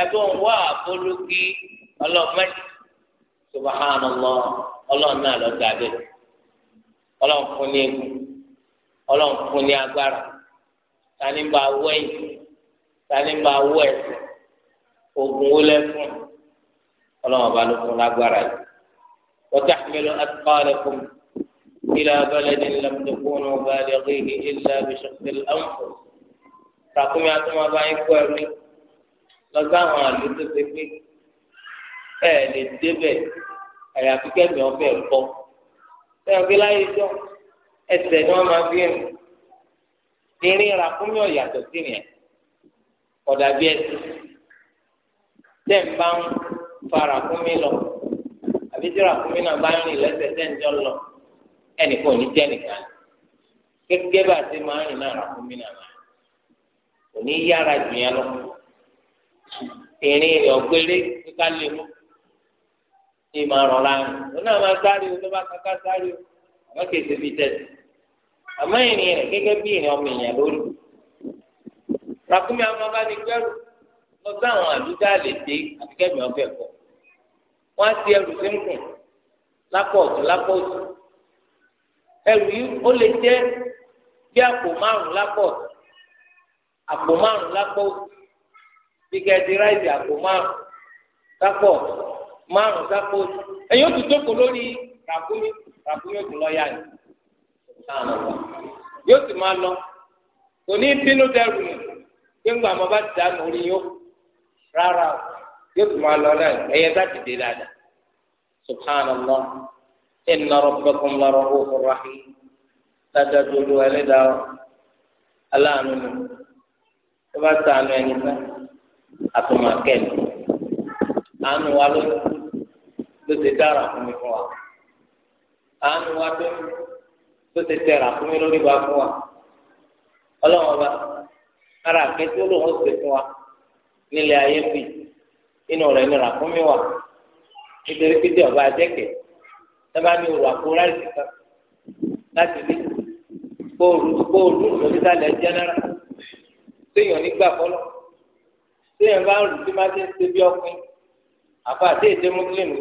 ẹ̀bùn wà bólúkí ọlọ́mọdé subahana lọ ọlọ́run náà lọ gàdé ọlọ́run fún ní egun ọlọ́run fún ní agbára tani bá wọ tani bá wọ ogun wo lẹ́fún ọlọ́run ọba ló fún lágbára yìí wọ́n ti àmì ẹ̀ka ọ̀rẹ́ fún mi. إلى بلد لم تكونوا بالغيه إلا بشق الأنفس takumi atuma bá yín kó ẹrú lọ sáwọn àlù tó ṣe pé ẹ lè débẹ̀ àyàfi kẹmí ọbẹ kọ sẹ́yìn pé láyé jọ ẹsẹ̀ ni wọn máa fi rìn irin ràkúnmí ọyàtọ̀ sí rìn ẹ ọdà bí ẹsẹ̀ tẹ́ ń bá ń fa ràkúnmí lọ àbí tí ràkúnmí náà bá ń rìn lẹ́sẹ̀ tẹ́ ń jọ lọ ẹnìkan ò ní jẹ́ nìkan gẹ́gẹ́ bá a ti máa ń rìn náà fún mi náà kò ní yára jù yẹn lọ ìrìn rẹ̀ ọ̀gbẹ́rẹ́ kíkà lè mú ní máa rọ̀ láàrin òun náà máa sáré o tó bá kankan sáré o àmọ́ kìí ṣe bíi tẹ̀sí àmọ́ ìrìn rẹ̀ gẹ́gẹ́ bí ìrìn ọmọ èèyàn lórí ràkúnmí àwọn ọba ní gbẹ́rù lọ sí àwọn àdúgbò àlè àti kẹ́mi ọbẹ̀ kọ wọ́n á ti ẹrù sínkù lápọ̀ ọ̀tún lápọ̀ ọ̀tún ẹrù o ó lè jẹ́ bí àpò márùn lápọ̀ àpò márùn lápọ̀ bí kẹ́ẹ̀dì ráìsì àpò márùn lápọ̀ márùn lápọ̀ ẹ̀yin ó ti jókòó lórí ràkúnmí ràkúnmí ó lọ yá ni yóò ti máa lọ kò ní bínú dẹrù ni pé ńgbà máa bá ti dànù orí yó rárá yóò ti máa lọ náà ẹ̀yẹ sá ti dé dáadáa subhanallah. إن ربكم لرؤوف رحيم dájọ́dúró ẹlẹ́dàá aláàánú ni tó bá sànù ẹni fẹ́ àtùmọ̀kẹ́ni àánú wa ló ló ti dára fún mi fún wa àánú wa tó ló ti tẹ̀ra fún mi lórí wa fún wa ọlọ́wọ́n bá ara àkẹ́tí olóhùn ṣe fún wa nílẹ̀ ayé bì inú rẹ̀ nira fún mi wà nítorí pé tí ọba ajẹ́kẹ̀ẹ́ sábà ní òwò àpò ráìsì kan láti lé kóòlù kóòlù lórísàlẹ̀ jẹ́nẹ́rà séèyàn nígbà fọlọ́ séèyàn bá ń rù sí máa ti ń ṣe bí ọkùnrin àfa àti èdè mùsùlùmí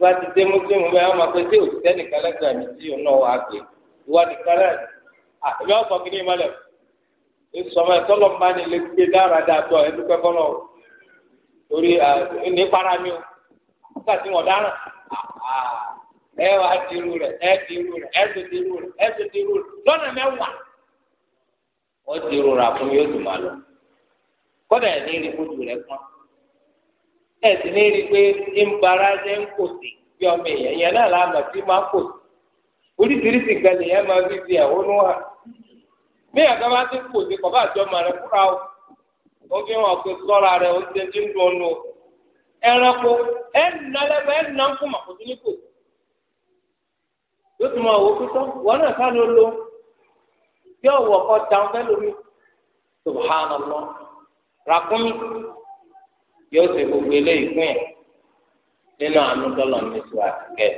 bá ti dé mùsùlùmí bẹ́ẹ̀ wọ́n máa pẹ́ sí òṣìṣẹ́ nìkan lẹ́gbẹ̀ẹ́ mi tí òun náà wà á gbé ìwádìí kárẹ́ àbí ọ̀sán kìíní ìmọ̀lẹ̀ ìsọmọ ẹ̀sọ́lọ̀ máa ní ilé gbé dáradára tó ẹ̀dúpẹ́ fọlọ́ torí ní Ah, ẹ wá dirú rẹ ẹ dirú rẹ ẹ tó dirú rẹ ẹ tó dirú rẹ lọ́nà mẹ́wàá dirú rà fún yóò dùn lọ rẹ sì ní rí pé ń bara jẹ́ ń kò sí bí ọmọ èèyàn yẹn náà láàmà tí máa kò sí oríṣiríṣi máa fi fi bí bá ti kò sí ẹranko ẹnna lẹba ẹnna ń kó màkòtò ní kò yóò tún máa wò pípọ́ wọn náà ká ló lo bí ọ̀wọ̀ kọ dáhùn fẹ́ lómi subhanallah ràkúnmí yóò ṣe gbogbo eléyìí fún yẹn nínú àánú dọ́lọ̀ ní ìṣúra kẹ́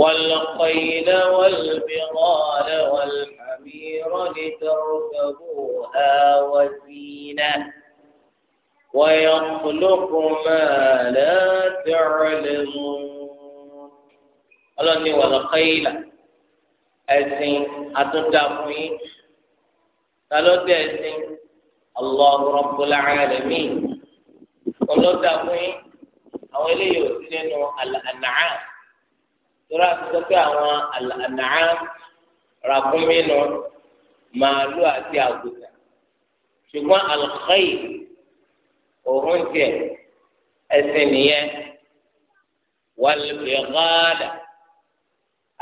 والقيل والبغال والحمير لتركبوها وزينه ويخلق ما لا تعلمون الله ني والخيل ẹsìn atúndàfín talọ́dẹ ẹsìn Allahu Rabbul Alamin ọlọ́dàfín àwọn eléyìí ò sí nínú al-an'am lórí àtúntò pé àwọn al-an'am ràkúnmínú màálù àti àgùtà ṣùgbọ́n al-khayl òun tiẹ̀ ẹ̀sìn nìyẹn wàlùbẹ̀gàdà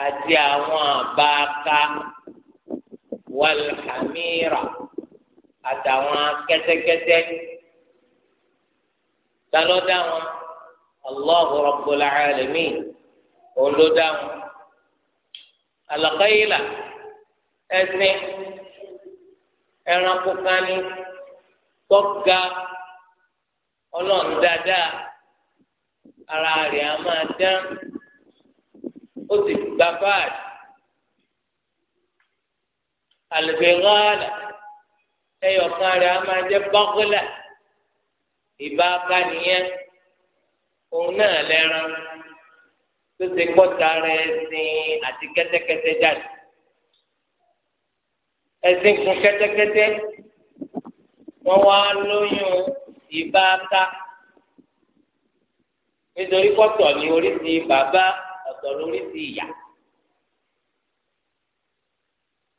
àti àwọn àbáka wàlùhàmíra àtàwọn kẹ́tẹ́kẹ́tẹ́ ta ló dá wọn allahu rabbul alamin òun wọn alakayila ẹsìn ẹranko kan ní ọlọ́run dáadáa ara rẹ̀ á máa dán ó sì gba báàdì àlùbẹ̀rọ̀là ẹyọ̀kan rẹ̀ á máa jẹ́ bọ́kúlà ìbáka nìyẹn òun náà lẹ́ran tó ti gbọ́ta rẹ̀ ẹ̀sìn àti kẹ́tẹ́kẹ́tẹ́ jáde ẹ̀sìn kún kẹ́tẹ́kẹ́tẹ́ wọ́n wá lóyún ìbáka nítorí pọ́tọ̀ ní oríṣi bàbá ọ̀tọ̀ lóríṣi ìyá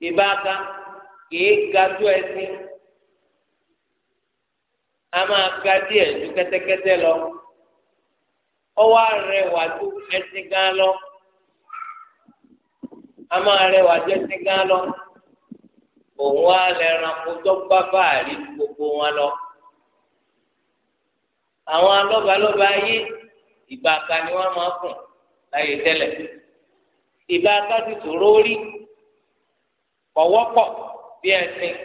ìbáka kìí ga tó ẹsìn a máa ga díẹ̀ ju kẹ́tẹ́kẹ́tẹ́ lọ ọwọ́ arẹwà tó ẹsìn gan lọ a máa rẹwà tó ẹsìn gan lọ òun á lẹ́ran kó tó bá báàrí gbogbo wọn lọ àwọn alọ́balọ́ba ayé ìbàkà ni wọ́n máa kùn láyé tẹ́lẹ̀ ìbàkà ti tòró rí ọ̀wọ́pọ̀ bí ẹ̀sìn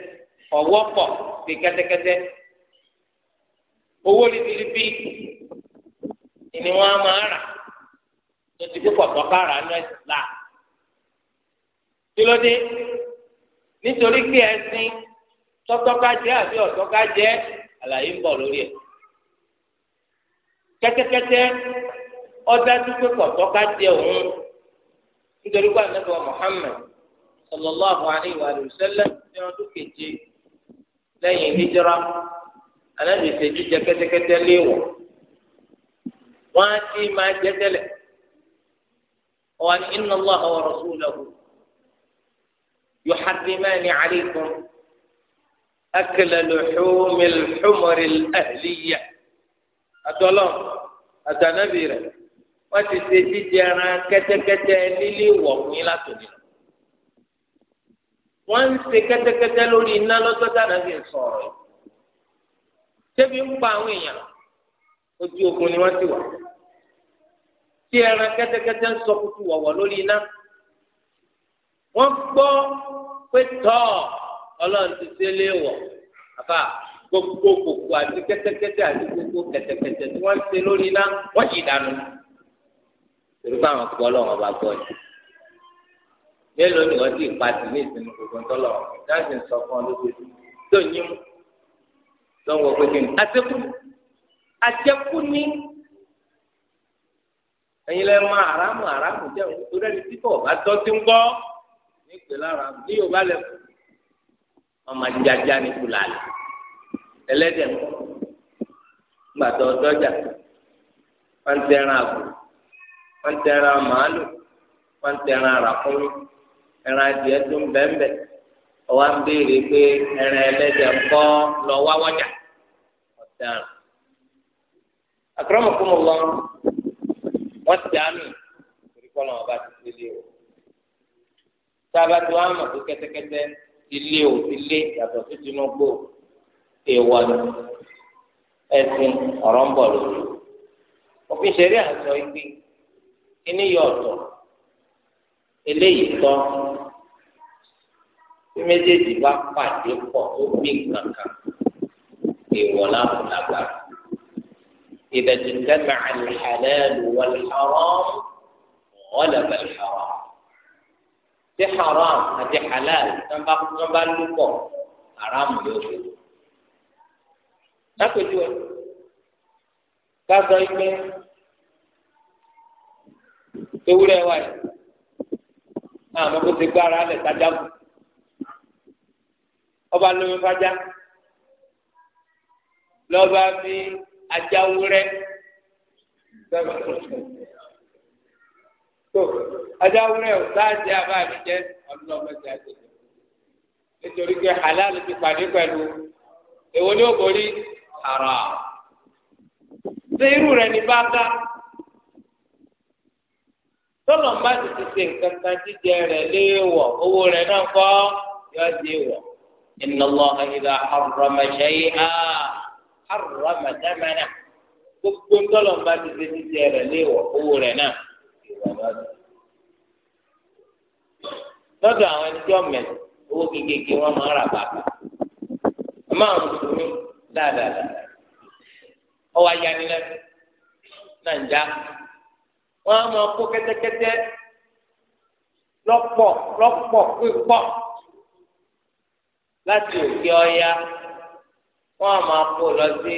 ọ̀wọ́pọ̀ bí kẹ́tẹ́kẹ́tẹ́ owó ribiribi ni wọ́n máa rà tó ti púpọ̀ tọ́kára ní ẹ̀sìlá kí ló dé nítorí pé ẹ̀sìn tọ́tọ́ká jẹ́ àbí ọ̀tọ́ká jẹ́ àlàyé ń bọ̀ lórí ẹ̀ kẹ́tẹ́kẹ́tẹ́ ọjà dúpẹ́ pọ̀tọ́ ká jẹ òun nítorí pé ànábọ̀ Muhammad sallallahu alayhi wa sallam ní ọdún keje lẹ́yìn hijira ànábì ṣe jíjẹ kẹ́tẹ́kẹ́tẹ́ léèwọ̀ wọ́n á ti máa jẹ tẹ́lẹ̀ wọ́n inna Allaha wa rasulahu yuharrimani alaykum akla luhumil humuril àtọlọ àtànàbì rẹ wọn ti ṣe jíjẹ ẹran kẹ́tẹ́kẹ́tẹ́ líle wọ fún yín látòmí wọn ń ṣe kẹ́tẹ́kẹ́tẹ́ lórí iná lọ́jọ́ tànàbì sọ̀rọ̀ yìí ṣébi ń pa àwọn èèyàn ojú ogun ni wọn ti wà tí ẹran kẹ́tẹ́kẹ́tẹ́ ń sọ kúkú wọwọ lórí iná wọn gbọ́ pé tọ Ọlọ́run ti ṣe léèwọ̀ àbá gbogbo kòkò àti kẹ́tẹ́kẹ́tẹ́ àti gbogbo kẹ́tẹ́kẹ́tẹ́ tí wọ́n ṣe lórí iná wọ́n yìí dànù. torí pé àwọn gbọ́ lọ́wọ́ bá gbọ́ yìí. mélòó ni wọ́n ti pa sí ní ìsinmi gbogbo ń tọ́lọ̀ dáhùn sọ fún ọ lóṣù tó ń yín tó ń wọ pé kí ni. àtẹkù àtẹkù ni ẹ̀yin lẹ máa àràmù àràmù jẹ́ òun torí ẹni tí kò bá tọ́ sí ń gbọ́ ní ìpè lára ní Yorùbá lẹ ọmọ ajájá ní kùlà lẹ. ẹlẹ́dẹ̀ ń gbàtọ̀ ọ̀dọ́jà wọ́n àgbò wọ́n màálù wọ́n ti ẹran adìẹ tó ń bẹ́ẹ̀nbẹ́ ọwọ́ ń béèrè pé ẹran ẹlẹ́dẹ̀ kọ́ lọ wá wọ́jà ọ̀daràn. àkàràmọ̀kúmọ̀ lọ wọ́n ti o èèwọ̀ ni ẹ̀sìn ọ̀rọ̀ ń bọ̀ lórí òfin ṣẹlẹ àṣọ igbe kíní yọ ọ̀tọ̀ eléyìí tọ tí méjèèjì bá pàdé pọ̀ tó bí kankan èèwọ̀ láàbùn lágbára ìdajì dẹ́mẹ̀ àlùhàlẹ́lù wàlùhàrọ́ ọ̀lẹ́bẹ̀ lùhàrọ́ tí haram àti halal tí wọ́n bá lù pọ̀ haram yóò fi kú lápẹjù ẹ kásọ ìpè ewúrẹ́ wa yìí àmọ́ kó ti gbára lẹ sájà kù ọba lómi fájà lọba fi ajá wúrẹ́ tó ajá wúrẹ́ o sáàjì àbá mi jẹ ọdún ọmọdé àjẹjẹ nítorí pé halal ti pàdé pẹ̀lú èwo ni ó borí. haram ṣé irú rẹ̀ ní bá ká tọ́lọ̀ má ti ti ṣe nǹkan kan jíjẹ owó náà inna Allaha idha harrama shay'an harrama thamana gbogbo tọ́lọ̀ má ti ti jíjẹ rẹ̀ léèwọ̀ owó rẹ̀ náà lọ́dọ̀ àwọn ẹni tí wọ́n mẹ̀ owó ma dáadáa ọwọ́ ayanilẹ náà ń já wọn á máa kó kẹ́tẹ́kẹ́tẹ́ lọ́pọ̀ lọ́pọ̀ láti òkè ọya wọn á máa kó lọ sí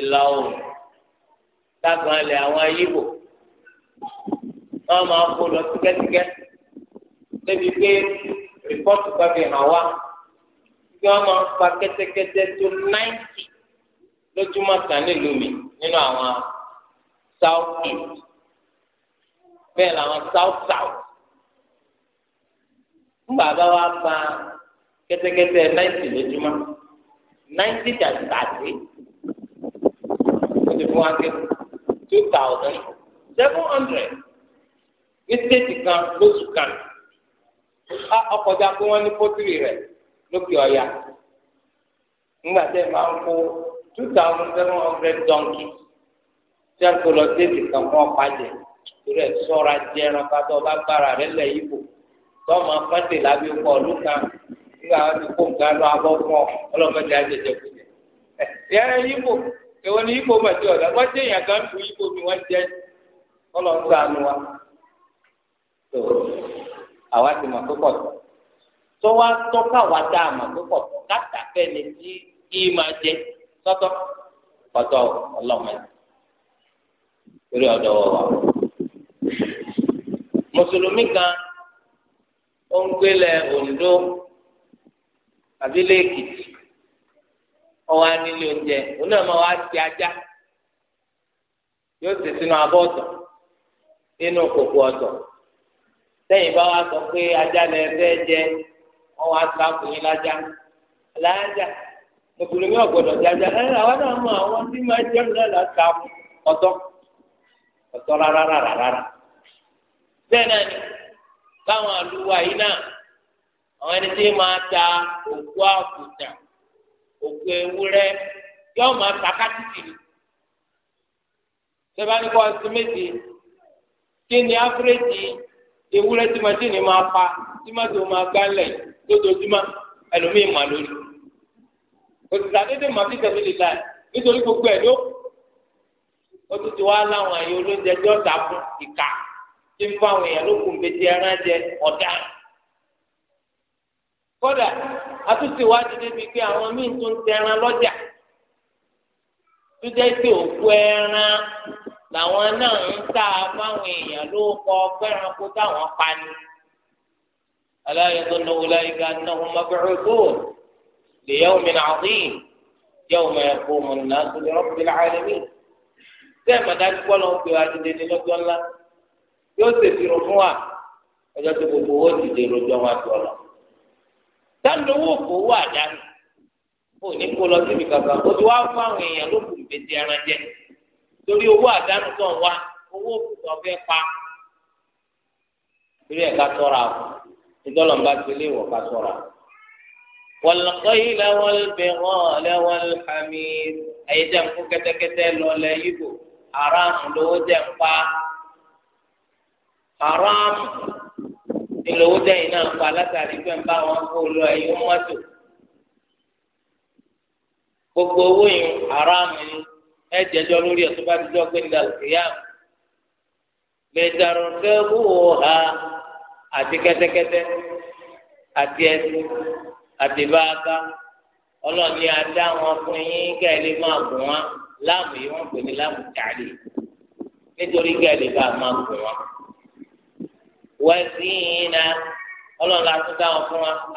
ìlà oòrùn dágbọn alẹ àwọn ayíbò wọn á máa kí wọ́n máa pa kẹ́tẹ́kẹ́tẹ́ tó náìtì lójúmọ́ kan nílùú mi nínú àwọn south east bẹ́ẹ̀ làwọn south south ń bàbá wa pa kẹ́tẹ́kẹ́tẹ́ náìtì lójúmọ́ náìtì dàgbàdì ó ti fún wa kẹ́ two thousand seven hundred ní stéètì kan lóṣù kan ọkọjà pé wọ́n ní pọ́tìrì rẹ̀. lókè ọ̀yà ńgbà tẹ́ máa ń kó two thousand seven hundred donkey tí a kò lọ sí èdè kan fún ọ̀pá jẹ sọ́ra jẹ́ ẹranko àti ọba rẹ̀ lẹ̀ yìí bò tọ́mọ lábẹ́ ọkọ̀ kan nígbà wọn ti kó nǹkan lọ abọ́ fún ọ ọlọ́mọdé kù ni mà ti ọ̀dà wọ́n jẹ́ èèyàn kan fún mi wọ́n jẹ́ ọlọ́mọdé àánú wa. àwa ti mọ̀ tó pọ̀ tó wá tọ́ka wá dá àmọ́ púpọ̀ káta fẹ́ni ne kí máa jẹ sọ́tọ́ pọ̀tọ́ mùsùlùmí kan ó ń gbélé ondo àbílẹ̀ Èkìtì ọwọ́ anílé oúnjẹ òun náà máa ti ajá yóò sì sínú nínú wọn wá sá kò yín lájà lájà mùsùlùmí ọ̀gbọ̀dọ̀ jájá ẹ àwọn náà mọ àwọn tí máa jẹ́ mi náà là sá ọ̀tọ̀ ọ̀tọ̀ rárá rárá rárá bẹ́ẹ̀ náà ni báwọn àlùwà yìí náà àwọn ẹni tí máa ta òkú àkùtàn òkú ewúrẹ́ yóò máa ta kátìtì ni sẹ́fà ní kọ́ ọ́ méje kí ni áfírèjì. ewúrẹ́ tí màṣíìnì máa pa tí màṣíìnì máa gbálẹ̀ lójoojúmọ́ ẹlòmíì mà lórí òtítà dédé màbí tẹ̀lé lè láì nítorí gbogbo ẹ̀ ló ó tún ti wá láwọn àyè olóúnjẹ tí ọ̀tà fún ìka tí ń fáwọn èèyàn ló kùn bẹ́tẹ̀ ẹran jẹ ọ̀daràn kódà àtúntì wá ti débi pé àwọn míín tó ń tẹ lọ́jà tó jẹ́ pé òkú ẹran làwọn náà ń ta fáwọn èèyàn ló kọ pẹ́ranko táwọn pa ni. aláyọ̀ tó náwó láyé ga náà mọ́bìrì tó lè yẹ́wò mi náà rí yẹ́wò mi kó mọ̀ náà tó lè rọ́pò nílẹ̀ ààrẹ mi. bẹ́ẹ̀ màdájú bọ́lá ń pè wá dídé ní ńlá yóò ṣèṣirò fún wa ọjọ́ tó gbogbo owó dìde lọ́jọ́ wa tó lọ. sáńdọ̀ owó kò wà dání. ó ní kó lọ síbi kankan ó ti wá fún èèyàn ló torí owó àdánù tó ń wá owó òkùnkùn ọ̀fẹ́ pa torí ẹ̀ ká sọ́ra o ìdọ́lọ́mbà ti lé wọ̀ ká sọ́ra o. والخيل والبغال والحمير أي جنب كتا كتا لولا يبو حرام لو جنب حرام لو جينا فلا تعرفين باوان قولوا أي أمته gbogbo owó yìí haram ni ẹ jẹjọ lórí ẹtọ bá dídọ pé nígbà lókèyà lè dàrú kẹwù ha àti kẹtẹkẹtẹ àti ẹsẹ àti báàgá ọlọ́ọ̀ni adá wọn fún yín kẹ́ ma máa gùn wọn láàmù yìí wọ́n pè ní láàmù tààlì nítorí kẹ́ na ọlọ́ọ̀ni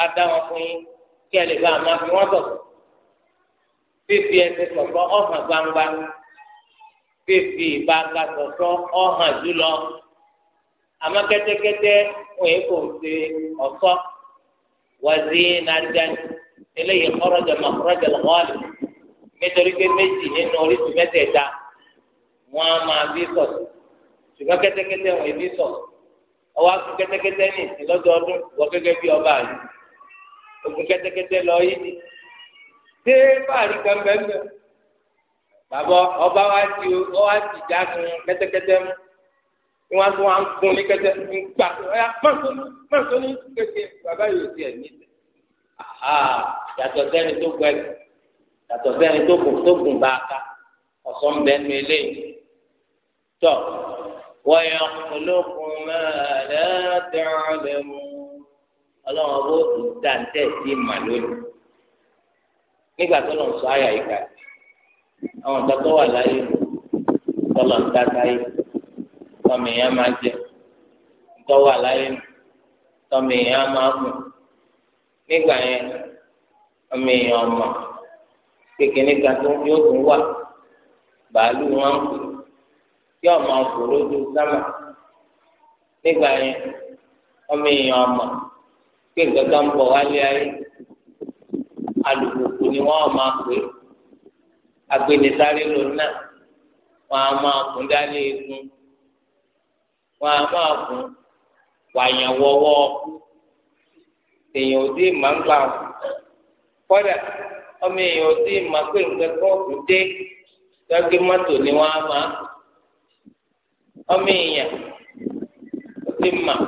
adá wọn fún fífi ẹsẹ̀ sọ̀tọ̀ ọ̀hàn gbangba fífi ìbáka sọ̀tọ̀ ọ̀hàn jùlọ àmọ́ kẹ́tẹ́kẹ́tẹ́ wọn yìí kò ṣe ọ̀tọ̀ wàzí nàdán eléyìí kọ́rọ́jà màkúrọ́jà lọ́wọ́lì nítorí pé méjì nínú oríṣi mẹ́tẹ̀ẹ̀ta wọn a máa bí sọ̀tọ̀ ṣùgbọ́n kẹ́tẹ́kẹ́tẹ́ wọn yìí bí sọ̀tọ̀ ọwọ́ akú kẹ́tẹ́kẹ́tẹ́ ní ìsìn lọ́dọọdún wọ gẹ́gẹ́ bí ọba yìí ogun kẹ́tẹ́kẹ́tẹ́ lọ yìí ṣé báàrí kan bẹ́ẹ̀ bẹ́ẹ̀ bàbá ọba wa ti ọ wa ti já sun kẹ́tẹ́kẹ́tẹ́ mu ni wọn tún wá ń gun ní kẹ́tẹ́ ń gbà ọyà mọ̀nsóní mọ̀nsóní kékeré bàbá yóò tiẹ̀ ní ìtẹ̀ aha yàtọ̀ sẹ́ni tó gbẹ yàtọ̀ sẹ́ni tó gùn tó gùn bá a ká ọ̀sọ́ ń bẹ́ẹ̀ nu eléyìí tọ́ wọ́yọ̀ olókun máa lẹ́ẹ̀dẹ́rẹ́ lẹ́mu ọlọ́run ọgbó ìdáǹtẹ̀ sí màlúù nígbà tó lọ sọ àyà ìka àwọn nǹkan tó wà láyé tọlọ ń dákáyé tọmọ èèyàn máa jẹ tó wà láyé tọmọ èèyàn máa mú nígbà yẹn ọmọ èèyàn ọmọ kékeré kan tó yóò tún wà bàálù wọn kù kí ọmọ òkúrò ju sámà nígbà yẹn ọmọ èèyàn ọmọ kí nǹkan kan bọ̀ wálé ayé. alùpùpù ni wọ́n máa pè agbẹnisáré lòun náà wọ́n á máa kún dání wọ́n a máa kún wàyàn wọ́wọ́ èèyàn ò tí ì máa ń gbà ọmọ èèyàn ò tí ì máa pè nǹkan wọ́n a máa ọmọ èèyàn ò tí ì máa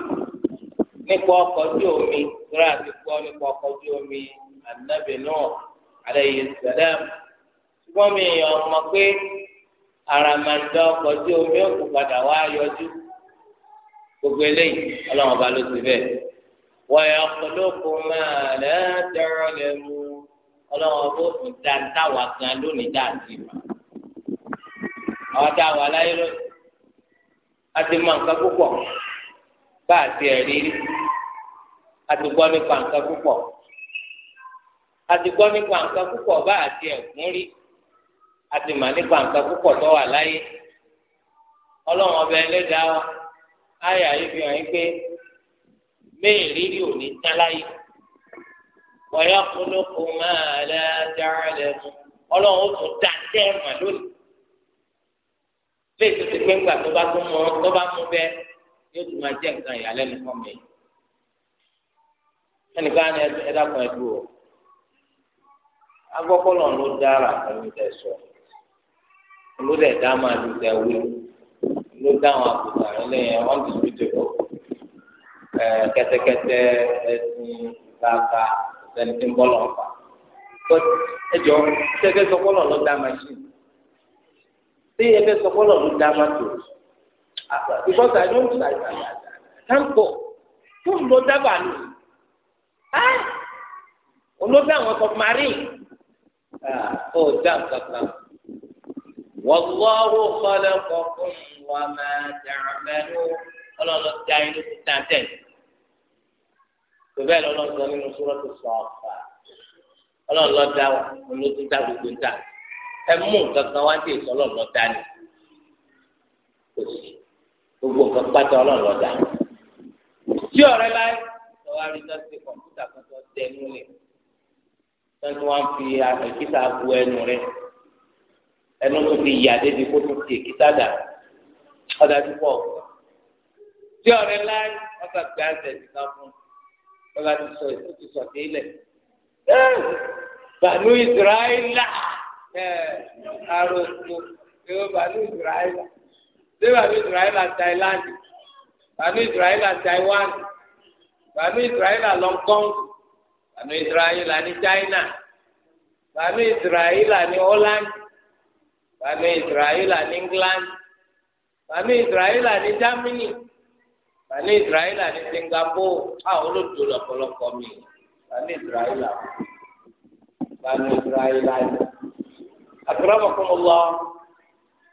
nípa omi rárá ti nípa omi anabi Nuh alayhi salam ṣùgbọ́n mi yàn ọmọ pé aramanda ọkọ̀ tí omi òkú padà wá yọjú gbogbo eléyìí ọlọ́run ọba ló ti bẹ́ẹ̀ wọ́yà ọ̀pọ̀lọpọ̀ máa lẹ́ẹ̀dẹ́rọ̀ lẹ́nu ọlọ́run ọba òkú dáńtàwá gan lónìí dáàtì mọ́ ọ̀dà wà láyé lónìí a ti mọ nǹkan púpọ̀ bá a ti rí a ti gbọ́ nípa nǹkan púpọ̀ àti gbọ́ nípa nǹkan púpọ̀ bá àti ẹ̀kún rí àti mà nípa nǹkan púpọ̀ tó wà láyé ọlọ́run ọba ẹlẹ́dàá wa àyà yìí fi hàn yín pé méèrírí ò ní tán láyé wọ́yá kúlókù máa lẹ́ dáhàlẹ́ mu ọlọ́run ó tún dá tẹ́ẹ̀mà lónìí léètò ti pé ńgbà tó bá tún mú tó bá mú bẹ́ẹ̀ yóò tún máa jẹ́ nǹkan ìyàlẹ́nu fún mi ẹnìkan ẹ̀dá kan ẹ̀dùn o agbọ́kọ́lọ́ ló dára pẹ̀lú tẹ̀ sọ ló dẹ̀ dá máa lu tẹ̀ wí ló dá àwọn àkùtà ilé yẹn wọ́n ti fi tèkó kẹ́tẹ́kẹ́tẹ́ ẹ̀sìn kàkà ẹni tí ń bọ́ lọ́n fà but ẹjọ́ ṣẹ́fẹ́ sọ́kọ́lọ́ ló dá machine ṣé ẹfẹ́ sọ́kọ́lọ́ ló dá mọ́tò because I don't I can't go fún ló dábàá nù olóògbé àwọn submarine ó dá nǹkan kan. wàlúwàhù kọ́lẹ̀ kọ̀ọ̀kan wà máa dàmẹ́nu ọlọ́run já inú ti tán tẹ̀. bẹ́ẹ̀ lọ́lọ́run sọ nínú sọ́rọ́tù sọ ọ̀fà ọlọ́run ló dá wa ló ti dá gbogbo ń dà ẹ mú nǹkan kan wá dé ìsọlọ́run ló dá ni gbogbo nǹkan pátá ọlọ́run dá. tí ọ̀rẹ́ láyé lọ́wọ́ àrídájú kọ̀ǹpútà kan tó tẹnu lẹ̀ sẹ́ńtì wọn fi èkìtà bu ẹnu rẹ ẹnu tó fi yà débi kó tó fi èkìtà dà ọ̀dà tó pọ̀ tí ọ̀rẹ́ láì ọ̀gá gbé àṣẹ ìdíkà fún ọ̀gá ti sọ èso ti sọ sí ilẹ̀ bàánú ìsirayílà ẹ̀ àròsọ ìwọ bàánú ìsirayílà ṣé bàánú ìsirayílà Thailand bàánú ìsirayílà Taiwan bàánú ìsirayílà Hong Kong bànú Israel, ní china bànú Israel, ní holland bànú Israel, ní england bànú Israel, ní germany bànú Israel, ní singapore àwọn olóòtú lọ́pọ̀lọpọ̀ mi bànú israẹla bànú israẹla ní. akramakumullah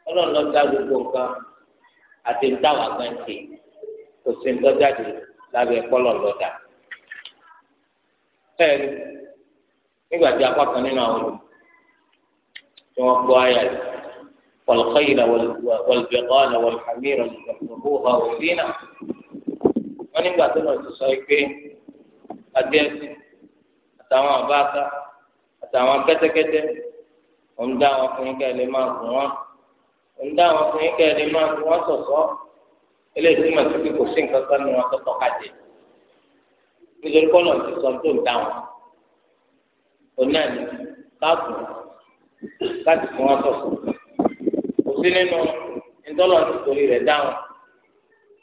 ọlọ́run lọ́ọ́ dá gbogbo nǹkan àti ń dáwà gan ṣe kò sí ń lábẹ́ kọ́lọ̀ lọ́dà ẹ̀rí nígbà tí apá kan nínú àwọn olùkọ́ tí wọ́n gbọ́ ayà rẹ̀ والخيل والبغال والحمير لتركبوها وزينة wọ́n nígbà tó lọ sí sọ pé adéǹsì àtàwọn àbáta àtàwọn kẹ́tẹ́kẹ́tẹ́ ń dá wọn fún yín kẹ́lẹ́ máa fún wọn ń dá wọn fún kẹ́lẹ́ máa fún wọn sọ̀sọ́ eléyìí tí màtí kò sí nǹkan kan ní wọn tó tọ́ka jẹ́ nítorí kọ́nà ti sọ tó ń dáhùn oní àná káàkó láti fún wọn sọ̀tọ̀ kò sí nínú ìtọ́lọ̀ ti torí rẹ̀ dáhùn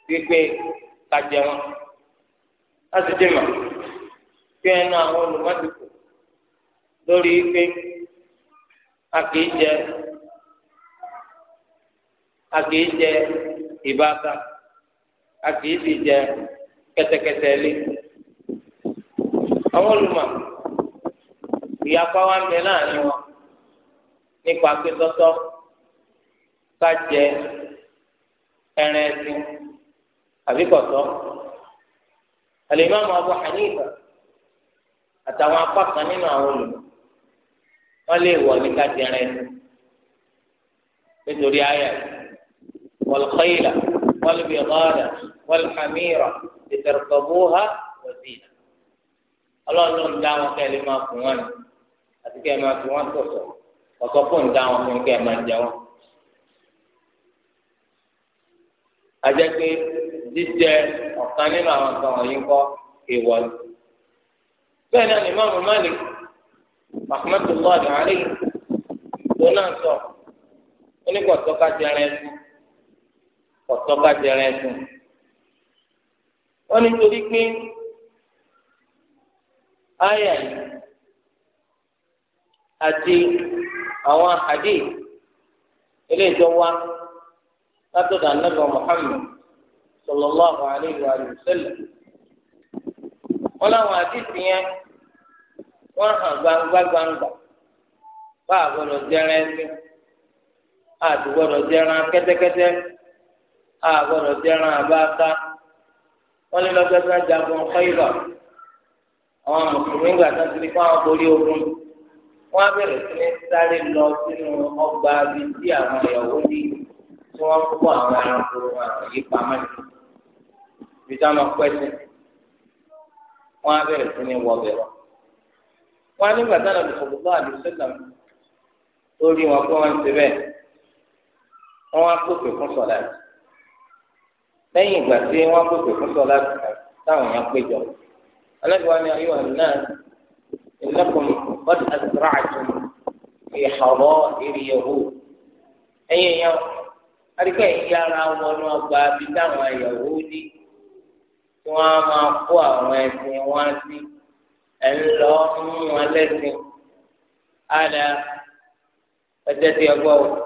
wípé ká jẹ wọn láti dì mà kí ẹnu àwọn olùmọ́tìkù lórí wípé a kìí jẹ a kìí jẹ ìbáta a kìí sì jẹ kẹtẹkẹtẹ lé àwọn olùmọ̀ ìyapa wa ń bẹ láàrin wọn nípa pé tọ́tọ́ ká jẹ ẹran ẹsìn àbí kọ̀tọ́ alimami Abu Hanifa àtàwọn apá kan nínú àwọn olùmọ̀ wọn lè wọ ní ká jẹ ẹran ẹsìn nítorí ayẹ wal khayla wal bighala wal ọlọ́run ló ń dá wọn kẹ́ ẹ lè máa fún wọn ni àti kẹ́ ẹ máa fi wọn sọ̀sọ̀ ọ̀sọ́ fún ń dá wọn fún kẹ́ ẹ máa jẹ wọn. ajẹ́ pé jíjẹ ọ̀kan nínú àwọn nǹkan wọ̀nyí ń kọ́ èèwọ̀ ni. bẹ́ẹ̀ náà ni mọ́mú Malik rahmatulahi alayhi tó náà sọ oníkọ̀tọ́ka jẹrẹ ẹ̀sùn kọ̀tọ́ka jẹrẹ ẹ̀sùn. wọ́n ní torí pé. àyà yìí àti àwọn àdé ilé tó wá látọ̀dọ̀ anábọ̀ Muhammad sallallahu alayhi wa sallam wọn làwọn àdìsí yẹn wọn hàn gbangba gbangba bá a ẹsẹ a ti gbọdọ jẹrẹ kẹtẹkẹtẹ a abáta wọn lè àwọn mùsùlùmí gbà tán ti ní kó àwọn borí ogun wọn bẹ̀rẹ̀ sí ní sáré lọ sínú ọgbà bíi tí àwọn ìyàwó ní tí wọn kó àwọn ẹranko àwọn yìí pamọ́ ní ibi tí wọn lọ pẹ́ sí wọn bẹ̀rẹ̀ sí ní wọ bẹ̀rẹ̀ wọn nígbà tán lọ sọ̀rọ̀ bá àdùsẹ́lẹ̀ lórí wọn pé wọn ti bẹ́ẹ̀ wọn wá pòpè fún sọ̀lá lẹ́yìn ìgbà tí wọn pòpè fún sọ̀lá táwọn yẹn péjọ. ألدواني أيها الناس إنكم قد أسرعتم في حضائر يهود أي يوم أركي يا رامون وباب دم يهودي وما قوى واسي واسي اللهم ولسي على فجأت يقول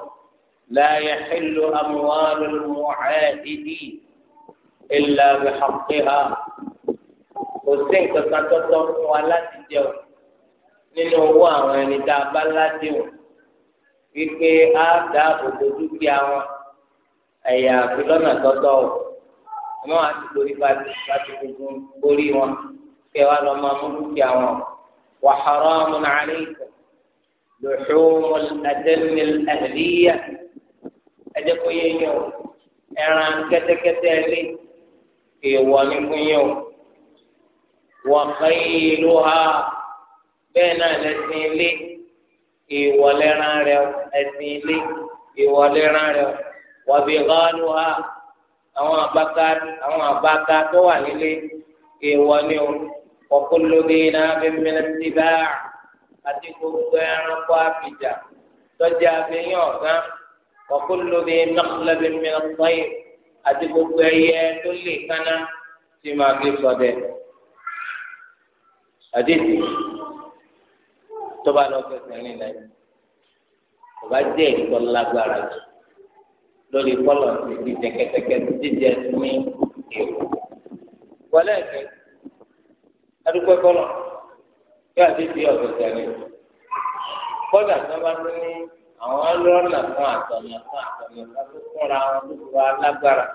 لا يحل أموال المعاهدين إلا بحقها kò sí nǹkan kan tọ́tọ́ fún wa láti jẹ o nínú owó àwọn ẹni tá a bá láti wò wípé á dá òkò dúkìá wọn ẹ̀yà àfi lọ́nà tọ́tọ́ o ọmọ àti torí bá ti gbogbo borí wọn kẹ wa lọ máa mú dúkìá wọn wa haramun alaykum luhumul adamil ahliya ẹ jẹ́ kó yẹ o ẹran kẹ́tẹ́kẹ́tẹ́ lé èèwọ̀ ni fún yín o wàkàyèlóha bẹ́ẹ̀ náà lẹ́sìn ilé ìwọlẹ́ran rẹ̀ ẹ̀sìn ilé ìwọlẹ́ran rẹ̀ wàbíhánúha àwọn àbáká àwọn àbáká tó wà nílé ìwọlé o ọ̀kúlódé náà bẹ́ẹ̀ ti bá àti gbogbo ẹranko àbíjà tọ́jà abẹ́yẹn ọ̀gán ọ̀kúlódé náà bẹ́ẹ̀ ti bá àti gbogbo ẹyẹ tó lè kánná tí màá fi sọ̀dẹ̀ àdéhùn tọ́ba lọ fẹsẹ̀ rìn lẹ́yìn ọba jẹ́ ìtọ́ lágbára jù lórí kọ́lọ̀ ti jẹ kẹ́kẹ́kẹ́ jíjẹ ní èrò wọlé ẹ̀fẹ́ adúgbò kọ́lọ̀ kí àdéhùn yọ fẹsẹ̀ rìn kọ́dà tó bá tún ní àwọn ọlọ́ọ̀nà fún àtọ̀nà fún àtọ̀nà fún fúnra wọn tó fún wa lágbára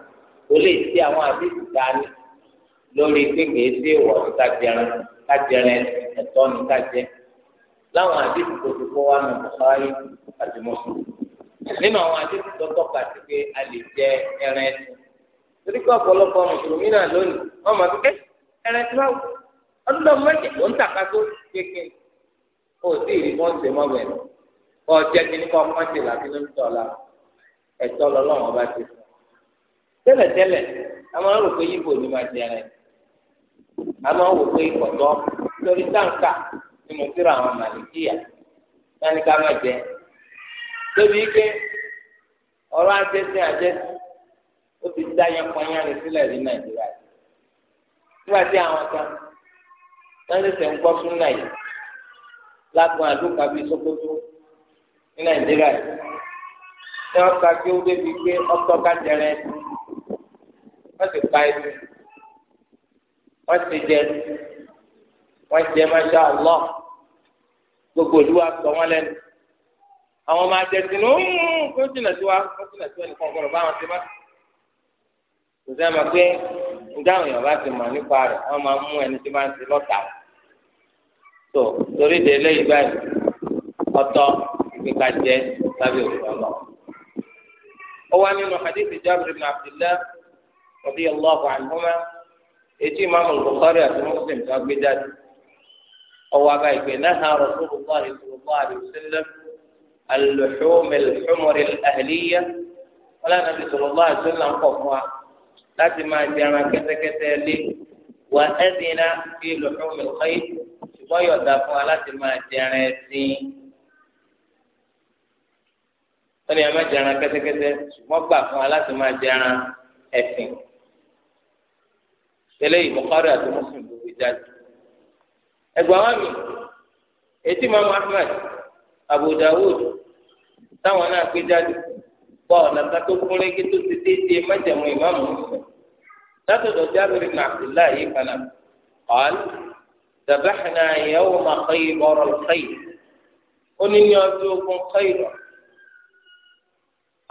kò lè ṣe àwọn àdéhùn dání lórí pé kìí ṣe ìwọ̀n tàbí ẹran kájẹrẹ ẹ̀tọ́ ní kájẹ láwọn àdéhùn tó ti kó wa nù bùkárí àti mùsùlùmí nínú àwọn àdéhùn tó tọ́ka sí pé a lè jẹ ẹran ẹ̀sìn torí pé ọ̀pọ̀lọpọ̀ mùsùlùmí náà lónìí wọ́n máa fi ẹ́ ẹran ẹ̀sìn báwo ọdún lọ́mọ mẹ́jẹ̀ ló ń tàka tó kéèké ó sì rí wọ́n ṣe mọ́ bẹ̀rẹ̀ kọ́ jẹ́ kí ní kọ́ pọ́ńtì làbí la ti fún ní máa jẹ ẹran àmọ́ wò pé ìkọ̀tọ́ lórí táǹkà ni mo ti ra àwọn màlìkíyà láti ká má jẹ tóbi ike ọ̀rọ̀ ajẹ́sìn ajẹ́sìn ó ti dá yanpanyanrin sílẹ̀ ní nàìjíríà nígbà tí àwọn kan lọ́sẹ̀sẹ̀ ń gbọ́ súnà yìí lágbọn àdúgbò àbí sokoto ní nàìjíríà ní ka kí ó débi pé ká jẹrẹ wọ́n pa wọ́n ti jẹ wọ́n jẹ masha allah gbogbo olúwa sọ wọn lẹ́nu àwọn ọmọ àjẹsìn ló ń kó jìnnà sí wa kó jìnnà sí wa nìkan gbọ́dọ̀ bá wọn ti má kò sẹ́yìn máa pé nígbà àwọn èèyàn bá ti mọ̀ nípa rẹ̀ wọ́n máa mú ẹni tí máa ń ti lọ́tà tó torí de eléyìí báyìí ọ̀tọ̀ ìgbéga jẹ sábẹ́ òfin ọlọ. ó wá nínú hadith Jabir ibn Abdillah radiyallahu anhuma etí imaamu Bukhari àti Muslim ká gbé jáde ọwọ́ àgbà ìgbẹ́ náà Rasulullah sallallahu alaihi wasallam al-luhum al-humr al-ahliyya wọn lànà bí sallallahu alaihi wasallam kọ̀ fún wa láti máa di ara kẹ́tẹ́kẹ́tẹ́ lé wà ẹ́dínà bí luhum al-khayl ṣùgbọ́n yọ̀dà fún wa láti máa di ẹ̀sìn wọn ni a máa di kẹ́tẹ́kẹ́tẹ́ ṣùgbọ́n gbà fún wa láti máa di ẹ̀sìn eléyìí Bukhari àti Muslim ló fi jáde ẹgbẹ́ wa mi etí ma Muhammad Abu Dawud táwọn náà gbé jáde bọ́ ọ̀nà kan tó kún lẹ́gẹ́ tó ti déédéé májàmú ìmáàmù Muslim látọ̀dọ̀ Jabir ibn yìí kan náà qal dabahna yawma Khaybar al-Khayl ó ọdún ogun Khaybar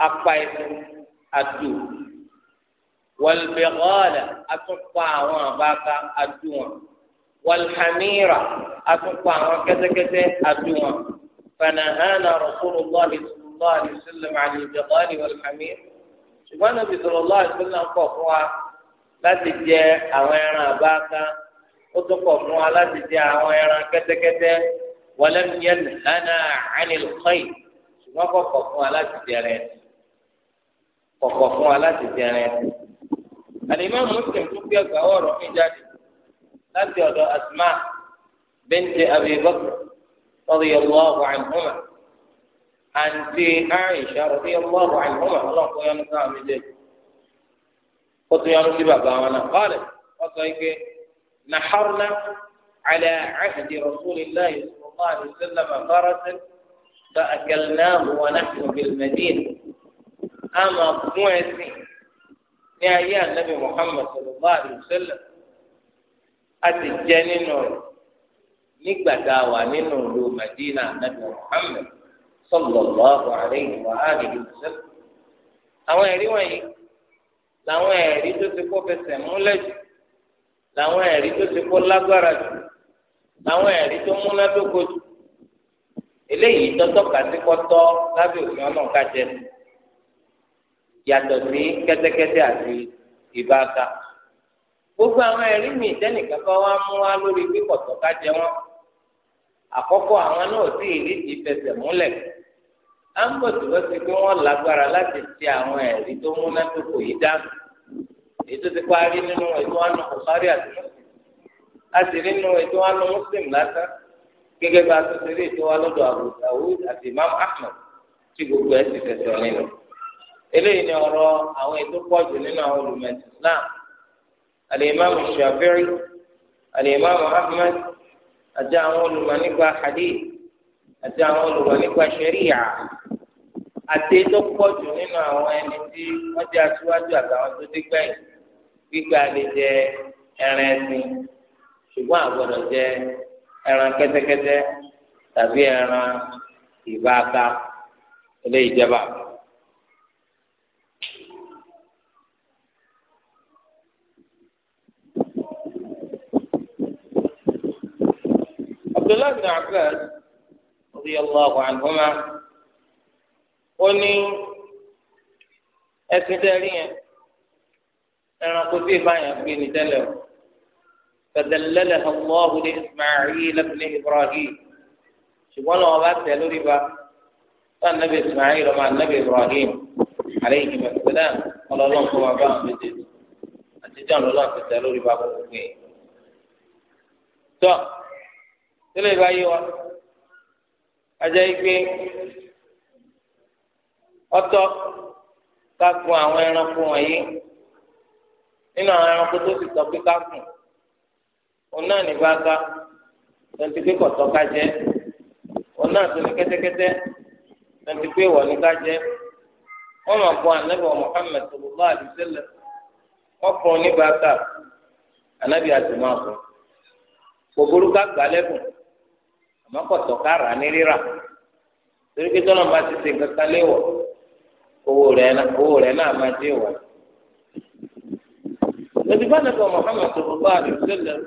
apá ẹ̀sìn àdúgbò wàlbẹ̀gọ́ọ̀lẹ̀ atúpa àwọn àbáka adúwọ̀n wàlhàmíra atúpa àwọn kẹ́tẹ́kẹ́tẹ́ adúwọ̀n fanahana rasulillah sallallahu alayhi wa sallam ali jabali walhamir ṣùgbọ́n nàbì sallallahu alayhi wa sallam kọ̀ fún wa láti jẹ àwọn ẹran àbáka ó tún kọ̀ fún wa láti jẹ àwọn ẹran kẹ́tẹ́kẹ́tẹ́ wàlẹ́mìyẹn lánà ànilkọ́yì ṣùgbọ́n kọ̀ fún wa láti jẹ rẹ̀ kọ̀ fún wa láti jẹ الإمام مسلم توفي فهو في جاده láti ọ̀dọ̀ asma bẹ́ńtì abibakar radiyallahu anhuma àǹtí aisha radiyallahu anhuma ọlọ́kọ̀ yanu ká mi dé kó tún yanu sí bàbá wọn náà kọ́lẹ̀ wọ́n sọ pé naharna على عهد رسول الله صلى الله عليه وسلم فرسا فأكلناه ونحن بالمدينة أما قوة ní ayé anabi muhammed sallallahu alayhi wa sallam a ti jẹ nínú rẹ̀ nígbà tá a wà nínú ìlú madina anabi muhammed sallallahu alayhi wa alihi wa sallam àwọn ẹ̀rí wọ̀nyí làwọn ẹ̀rí tó ti kó fẹsẹ̀ múlẹ̀ jù làwọn ẹ̀rí tó ti kó lágbára jù làwọn ẹ̀rí tó múnádóko jù eléyìí tọ́tọ́ kàtíkọ́tọ́ lábẹ́ òfin ọlọ́ọ̀ká jẹ́ nù yàtọ̀ sí kẹ́tẹ́kẹ́tẹ́ àti ìbáka gbogbo àwọn ẹ̀rí mi ìtẹ́nìkan kan wá mú wá lórí pípọ̀tọ̀ ká jẹ wọn àkọ́kọ́ àwọn náà sì rí ti fẹsẹ̀ múlẹ̀ à ń bọ̀ síbẹ̀ sí pé wọ́n lágbára láti ti àwọn ẹ̀rí tó múnádókò yìí dáhùn èyí tó ti parí nínú ètò àánú Bukhari àti Muslim a sì rí nínú ètò àánú Muslim lásán gẹ́gẹ́ bá a tó ti rí ètò wa lọ́dọ̀ eléyìí ni ọ̀rọ̀ àwọn ètò pọ̀jù nínú àwọn olùmẹ̀tì islam alimami shafi'i alimami ahmed àti àwọn olùmọ̀ nípa hadith àti àwọn olùmọ̀ nípa sharia àti ètò pọ̀jù nínú àwọn ẹni tí wọ́n jẹ́ aṣíwájú àtàwọn tó dé gbẹ̀yìn gbígbà lè jẹ ẹran ẹsìn ṣùgbọ́n àgbọ̀dọ̀ jẹ ẹran kẹ́tẹ́kẹ́tẹ́ tàbí ẹran ìbáka eléyìí jẹba. abdullahi bin abbas radiyallahu anhuma ó ní ẹsìn tẹ́rí yẹn ẹranko tí ì bá yẹn gbé ní tẹ́lẹ̀ o fẹ̀dẹ̀lẹ́lẹ̀ allah ní ismail ibn ibrahim ṣùgbọ́n náà wọ́n bá tẹ̀ lórí ba fún anabi ismail ọmọ anabi ibrahim aleyhi masalam ọlọ́lọ́n kọ́ wa bá wọn méjèèjì àti john lọ́lọ́n ti tẹ̀ lórí ba kó gbé. tọ́ tẹ́lẹ̀ bá yé wa ajá ikpe ọtọ kakun àwọn ẹranko wọ̀nyí nínú àwọn ẹranko tó ti tọ́ pé kakun òun náà ní bàtà tonti pé tó ní kẹ́tẹ́kẹ́tẹ́ tonti pé wọ̀ ní ká anabi wa anabi àti ká àmọ́ kára ní torí pé ti ṣe nǹkan kan léwọ̀ owó rẹ̀ náà máa dé wọ̀. lọ́sí bá nàbẹ̀ Muhammad sallallahu alaihi wasallam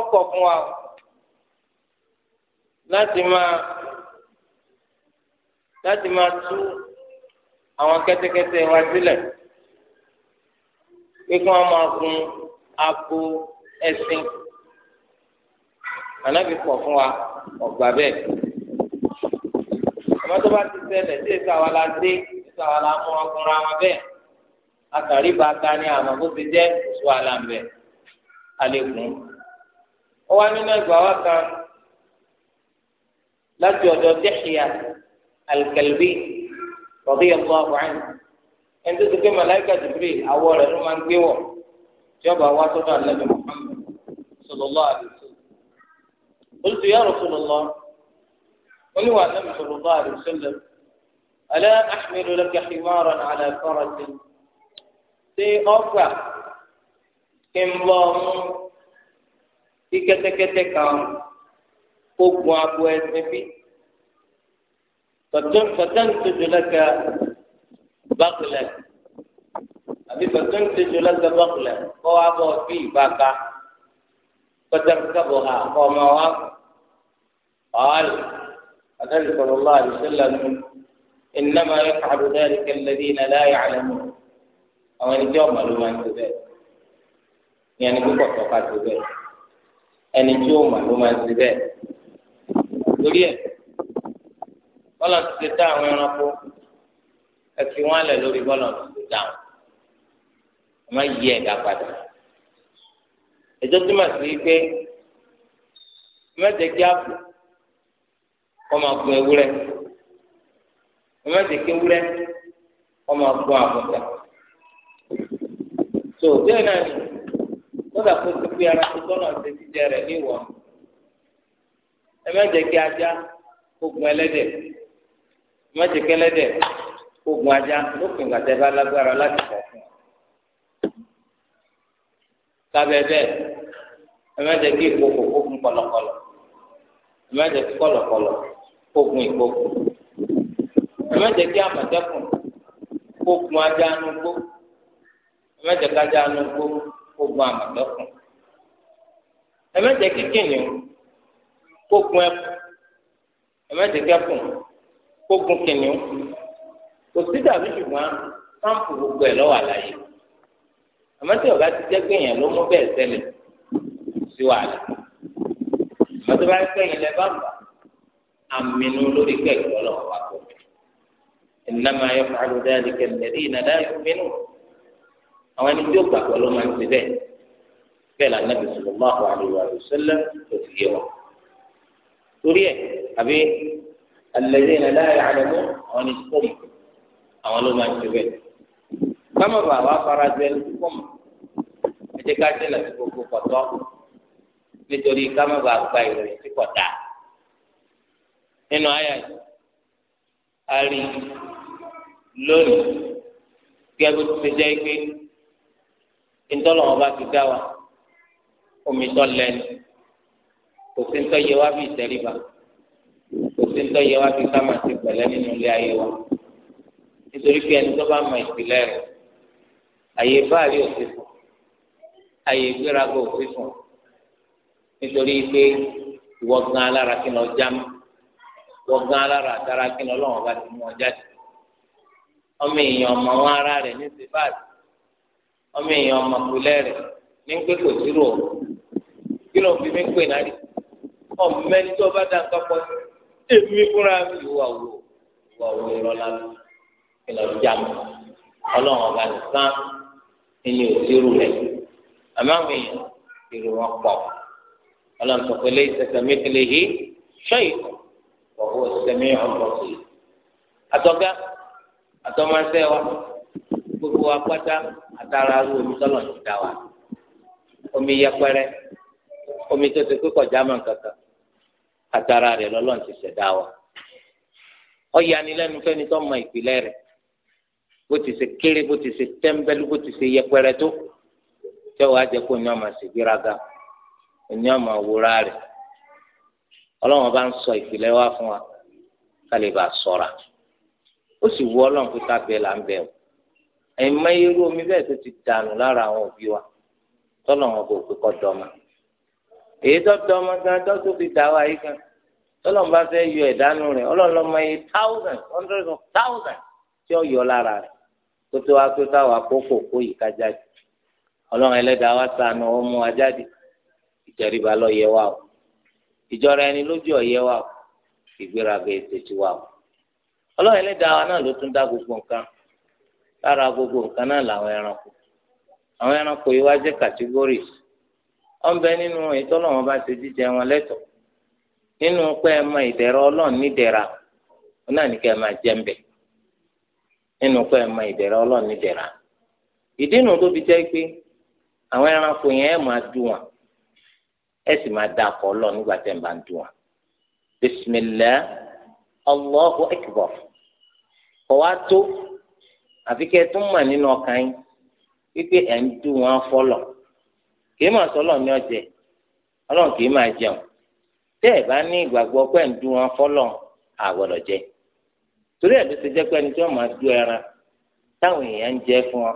ọkọ̀ fún wa láti máa láti máa tú àwọn kẹ́tẹ́kẹ́tẹ́ wa sílẹ̀ pé ànábì pọ̀ fún wa ọ̀gbà bẹ́ẹ̀. àmọ́ tó bá ti ṣẹlẹ̀ sí èso àwa la dé èso àwa la mú ọkùnrin àwọn bẹ́ẹ̀ akàrí bá ta ni àmọ́ bó ti jẹ́ oṣù àlàmbẹ̀ alẹ́kùn. ó wá nínú ìgbà wa kan láti ọ̀dọ̀ Dihya al-Kalbi radiyallahu anhu ẹni tó ti pé màláìka Jibril àwọ̀ ló máa ń gbé wọ̀ tí ọba wa tó dà lẹ́nu Muhammad sallallahu alaihi قلت يا رسول الله ولو النبي صلى الله عليه وسلم ألا أحمل لك حمارا على فرس سي أرفع كم بام في كتكتك أقوى فتنتج لك بغلا أبي فتنتج لك بغلا هو أبو بقى فتركبها وما وقع قال أدل صلى الله عليه وسلم إنما يفعل ذلك الذين لا يعلمون أو أن يجوم ألوان تبير يعني كيف أفقات تبير أن يجوم ألوان تبير تبير ولا تستطيع أن يقول أكيوان لوري ولا تستطيع ما يجيك أفقاتك ẹjọ́ tí màá sí pé mẹjẹ kí àpò kọ́ máa gun ewúrẹ́ mẹjẹ kí ewúrẹ́ kọ́ máa gun àbùtà tó bẹ́ẹ̀ náà ni kódà kó tó fi ara tó tọ́nà ṣe jíjẹ rẹ̀ níwọ̀ ẹ mẹjẹ kí ajá kó gun ẹlẹ́dẹ̀ mẹjẹ kí ẹlẹ́dẹ̀ kó gun ajá lópin ìgbà tẹ́ bá lágbára láti kọ̀ fún un. sábẹ́ bẹ́ẹ̀ ẹ má jẹ́ kí ìkókò kó gun kọ̀lọ̀kọ̀lọ̀ ẹ má jẹ́ kí kọ̀lọ̀kọ̀lọ̀ kó gun ìkókò ẹ má jẹ́ kí àmọ̀tẹ́kùn kó gun ajá anugbó ẹ má jẹ́ kí ajá anugbó kó gun àmọ̀tẹ́kùn ẹ má jẹ́ kí kìnìún kó gun ẹkùn ẹ má jẹ́ kí ẹkùn kó gun kìnìún dàbí ṣùgbọ́n sáǹpù gbogbo ẹ̀ lọ́wọ́ àlàyé àmọ́ tí ọba ti jẹ́ pé èèyàn ló mú bẹ́ẹ̀ ṣẹlẹ̀ sí wàhálà mọ́tò bá pẹ́ yín lẹ́ bá mọ́ àmínú lórí pẹ́ ìfọlọ́wọ́ wa kọ́ ìnáma ayọ́ fàálù dáadé kẹ́lẹ́dé ìnàdá ìfúnmínú àwọn ẹni tí ó gbàgbọ́ ló máa ń ti bẹ́ẹ̀ bẹ́ẹ̀ la nàbì sallallahu alaihi wa sallam tó ti yé wọn. torí ẹ̀ àbí alladhina la ya'lamun àwọn ẹni tó mọ̀ àwọn ló máa ń ti bẹ́ẹ̀. kámọ̀ bàbá fara jẹ́ ló kọ́ mọ̀ ẹ jẹ́ ká jẹ́ làtí gbogbo pọ̀tọ́ nítorí ká má gba ìròyìn tí nínú àyà yìí lónìí gẹ́gẹ́ bó ti jẹ́ pé ntọ́lọ́wọ́n bá ti dá wa omi tọ́ lẹ́nu kò sí ntọ́ yẹ wá bí ìtẹ́ríba kò sí ntọ́ yẹ wá bí ká máa ti pẹ̀lẹ́ nínú ilé ayé wa nítorí pé ẹni tó bá mọ ìpìlẹ̀ rẹ̀ àyè báàrí òfin fún àyè ìgbéraga òfin fún nítorí pé ìwọ gan alára kí lọ já mọ ìwọ gan alára àtàrà kí lọ lọ́wọ́ bá ti mú ọ jáde ọmọ èèyàn ọmọ wọn ara rẹ ní sífàtì ọmọ èèyàn ọmọ kulẹ rẹ ní pé kò sírò kí ló ń fi mí pè náà ọmọ ẹni tó bá dá nǹkan pọ sí èmi fúnra mi ìwà wò ìwà wò ìrọlá mi kí lọ já mọ Ọlọ́run ọba nìkan ẹni ò sírò rẹ àmọ́ àwọn èèyàn èrò wọn pọ̀ ọlọ́run sọ pé lẹ́yìn sẹ́sẹ̀ mẹ́tẹ́lẹ́ yìí ṣẹ́yìn ọ̀hún sẹ́mi ọ̀rọ̀ sí i. àtọ́gá àtọ́mọ́sẹ́ wa gbogbo wa pátá àtàrà arú omi sọ́lọ̀ ní ìdá wa omi yẹpẹrẹ omi tó ti pé kọjá mọ́ kankan àtàrà rẹ̀ lọ́lọ́run ti ṣẹ̀dá wa. ọ̀yanilẹ́nu fẹ́ni tó mọ ìpìlẹ̀ rẹ̀ bó ti ṣe kéré bó ti ṣe tẹ́ńbẹ́lú bó ti ṣe yẹpẹrẹ tó tẹ́wọ́ á kó ní ọmọ ṣègbéraga ẹni ọmọ àwòrán rẹ ọlọ́run bá ń sọ ìpìlẹ̀ wá fún wa ká lè bá a sọ̀ra ó sì wú ọlọ́run pé kábẹ́ là ń bẹ̀ o ẹ̀yìn mọ irú omi bẹ́ẹ̀ tó ti dànù lára àwọn òbí wa tọ́lọ̀ wọn kò pé kọ́ dọ́mọ èyí tó dọ́mọ gan tó tó fi dà wá yìí gan tọ́lọ̀ bá fẹ́ yọ ẹ̀dánù rẹ̀ ọlọ́run lọ́mọ yìí thousand hundred of thousand tí ó yọ lára rẹ̀ tó tó wá pé káwa kókò kó yìí ká jáde ọlọ́run ẹlẹ́dàá wá sànù ọmọ wa ìtẹríba ló wa o ìjọra ẹni lójú ó wa o ìgbéraga ti wa o ọlọ́run ẹlẹ́dàá wa náà ló tún dá gbogbo nǹkan lára gbogbo nǹkan náà làwọn ẹranko àwọn ẹranko yìí wá jẹ́ bẹ nínú bá ṣe jíjẹ wọn nínú pé ẹ mọ ọlọ́run nídẹ̀ra wọn náà ní kẹ́ ẹ máa jẹ́ nínú pé ẹ mọ ọlọ́run nídẹ̀ra ìdí tó fi jẹ́ pé àwọn ẹranko yẹn ẹ̀ máa dùn ẹ sì máa dá akọ lọ nígbà tẹ́ ń bá ń dùn wọn. bisimilá allahu akbar kò wá tó àfi kẹ́ ẹ mà nínú ọkàn yín wípé ẹ̀ ń dùn wọn ní kìí máa jẹun tẹ́ ẹ̀ bá ní pé ń jẹ torí ẹ̀ ló ti jẹ́ pé ẹni tí máa ẹran fún wọn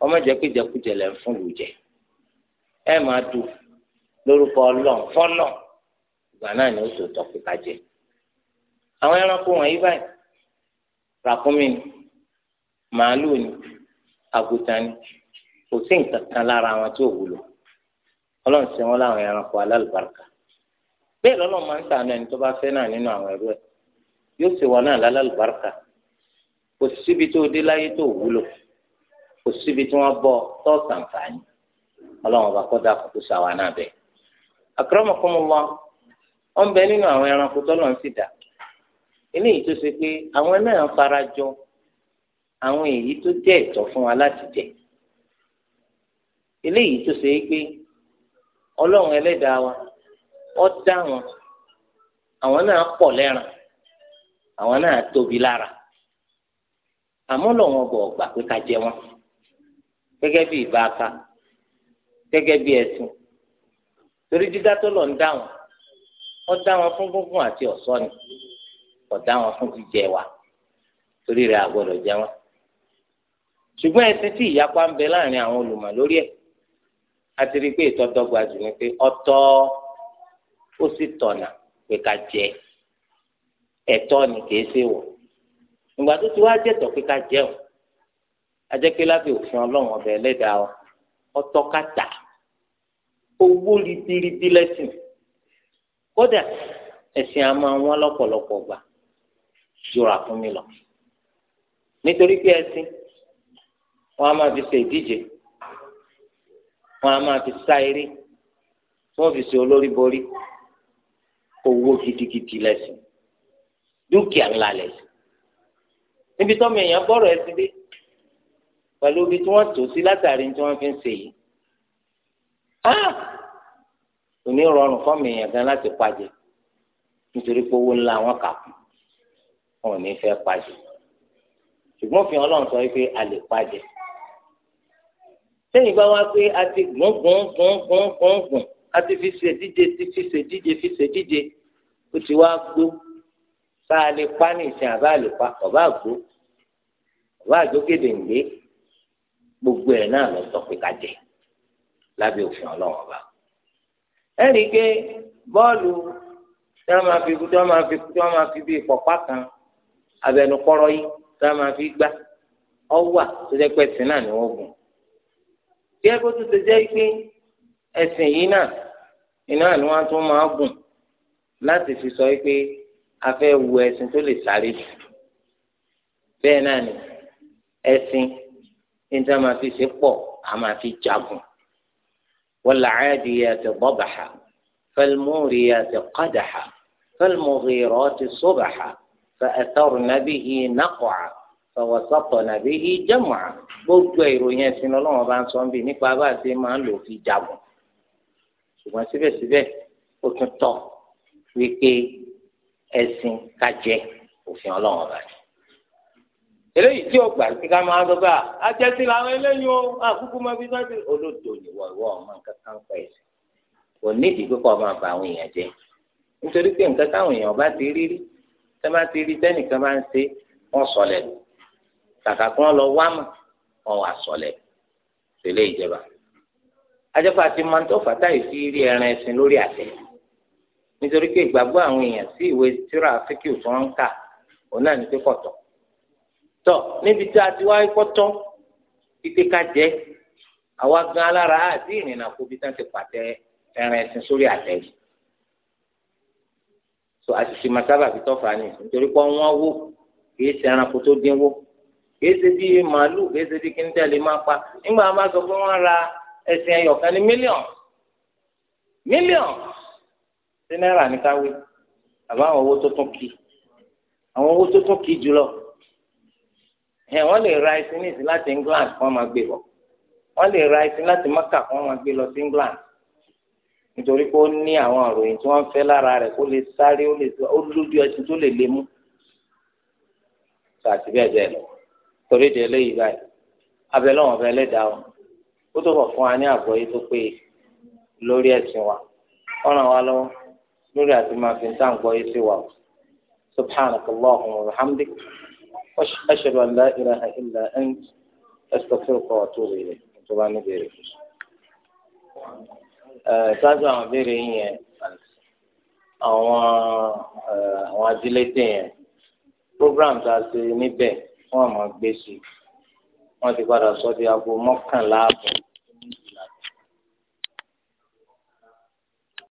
ọmọ pé jẹkújẹ ẹ máa dùn lórúkọ Ọlọ́run fọlọ ìgbà náà ni ó tó tọpẹ kájẹ àwọn ẹranko wọ̀nyí báyìí ràkúnmí ni màálù ni àgùtàn ni kò sí nǹkan kan lára àwọn tí ò wúlò Ọlọ́run ṣe wọn láwọn ẹranko alálùbáríkà bẹ́ẹ̀ lọlọ máa ń sàánú ẹni tó bá fẹ́ náà nínú àwọn ẹrú ẹ yóò ṣe wọn náà lálùbáríkà kò síbi tó dé láyé tó wúlò kò síbi tí wọn bọ tó ṣàǹfààní. ọlọ́run ọba kọ́ dáa kókó sàwọn náà bẹ̀. ọ ń bẹ nínú àwọn ẹranko tọ́lọ̀ ń sì dà eléyìí tó ṣe pé àwọn náà fara jọ àwọn èyí tó jẹ́ ẹ̀tọ́ fún wa láti jẹ eléyìí tó ṣe pé ọlọ́run ẹlẹ́dàá wa ọ dá wọn àwọn náà pọ̀ lẹ́ràn àwọn náà tóbi lára àmọ́ lọ́wọ́ bọ̀ pé wọn gẹ́gẹ́ bí ìbáka gẹ́gẹ́ bí ẹ̀sìn torí dídá tó lọ ń dá wọn wọ́n dá wọn fún gúngún àti ọsọ ni kò dá wọn fún jíjẹ wa torí rẹ àgbọ́dọ̀ jẹ wọn ṣùgbọ́n ẹ̀sìn tí ìyapa ń bẹ láàrin àwọn olùmọ̀ lórí ẹ̀ àti rí i pé ìtọ́dọ́gba jù ni pé ó owó ritiriti lẹ́sìn kódà ẹ̀sìn a máa wọ́n lọ́pọ̀lọpọ̀ gbà jura fún mi lọ nítorí pé ẹ̀sìn wọn a máa fi ṣe ìdíje wọn a máa fi sá eré wọn fi ṣe olórí borí owó gidigidi lẹ́sìn dúkìá ńlá lẹ́sìn níbi tọ́mọ èèyàn bọ̀rọ̀ ẹ̀sìn dé pẹ̀lú ibi tí wọ́n tò sí látàrí tí wọ́n fi ń ṣe yìí òní ah! rọrùn fọ́ọ̀mù èèyàn gan láti pàjẹ́ nítorí pé owó ńlá wọn kà kú wọn ò ní fẹ́ pàjẹ́ ṣùgbọ́n fi hàn lọ́n sọ pé a lè pàjẹ́ sẹ́yìn bá wá pé a ti gùn gùn gùn gùn gùn gùn a ti fi ṣe díje ti fi ṣe díje fi ṣe díje ó ti wá gbó bá a lè pa ní ìsìn àbá lè pa ọba àgbo ọba àgbo gèdè ń gbé gbogbo ẹ̀ náà lọ sọ pé ká jẹ́ lábẹ́ òfin ọlọ́run ọba. ẹ rí i pé bọ́ọ̀lù tí wọ́n máa fi kú tí wọ́n máa fi kú tí wọ́n máa fi bí ìpọ̀pá kan abẹnukọ́rọ́ yìí tí wọ́n máa fi gbá ọwà tó jẹ́ pé ẹ̀sìn náà ni wọ́n gùn. bí ẹ bó tún ti jẹ́ pé ẹ̀sìn yìí náà iná ni wọ́n tún máa gùn láti fi sọ pé a fẹ́ wo ẹ̀sìn tó lè sáré jù. bẹ́ẹ̀ náà ni ẹ̀sìn ní tí wọ́n máa fi ṣe pọ̀ a máa fi jagun. والعاديات ضبحا فالموريات قدحا فالمغيرات صبحا فأثرن به نقعا فوسطن به جمعا gbogbo ìròyìn ẹ̀sìn ọlọ́run bá ń sọ ń bì nípa bá a ṣe máa ń lò fi jagun ṣùgbọ́n síbẹ̀síbẹ̀ ó tún tọ́ wípé ẹ̀sìn kájẹ òfin ọlọ́run bá ti eléyìí tí o gbà sí ká máa sọ pé àjẹsí làwọn eléyìí o àkúkú máa fi sọ́ọ́sì olódò ni wọ́n ìwọ ọmọ nǹkan kan pẹ̀ sí kò nídìí pé kó máa bà àwọn èèyàn jẹ nítorí pé nǹkan táwọn èèyàn bá ti rí rí tẹ́ bá ti rí tẹ́nìkan bá ń ṣe wọ́n sọlẹ̀ lù kàkà kí wọ́n lọ wá mà wọ́n wà sọlẹ̀ tẹ́lẹ̀ ìjẹba ajẹ́pọ̀ àti mọ́tò fàtáì fi rí ẹran ẹ̀sìn lórí àtẹ nítorí pé ìgbàgbọ́ àwọn èèyàn sí ìwé tíráfíkì tí tọ níbi tí a ti wá ikọ́ tán ike ká jẹ àwa gan alára àti ìrìnnà kó bí tán ti pàtẹ ẹran ẹ̀sìn sórí àtẹ yìí so àṣìṣe masábà fi tọ́fà ni nítorí pé wọ́n wò kìí ṣe ẹranko tó dínwó kìí ṣe bí màálù kìí ṣe bí kíńtà lè máa pa nígbà wọn bá sọ pé wọ́n ra ẹ̀sìn ẹyọ̀kan ní mílíọ̀n mílíọ̀n sí náírà ní káwé àbáwọn owó tó tún kì àwọn owó tó tún kì jùlọ. ẹ wọ́n lè ra ẹṣin ní ìsìn láti England kí máa gbé wọ́n lè ra ẹṣin láti Maka kí gbé lọ sí England nítorí pé ó ní àwọn àròyìn tí fẹ́ lára rẹ̀ kó lè sáré ó lè ó lójú tó lè lé mú sàtì eléyìí báyìí o ó tó fún wa ní yìí tó lórí wa wa lórí àti máa fi ń yìí sí wa أشهد أن لا إله إلا أنت أستغفرك وأتوب إليك طبعا نبيرك ṣáájú àwọn ìbéèrè yín yẹn àwọn àwọn ajílété yẹn program tá a ṣe níbẹ̀ wọ́n àmọ́ gbé sí i wọ́n ti padà sọ di aago mọ́kànlá ààbọ̀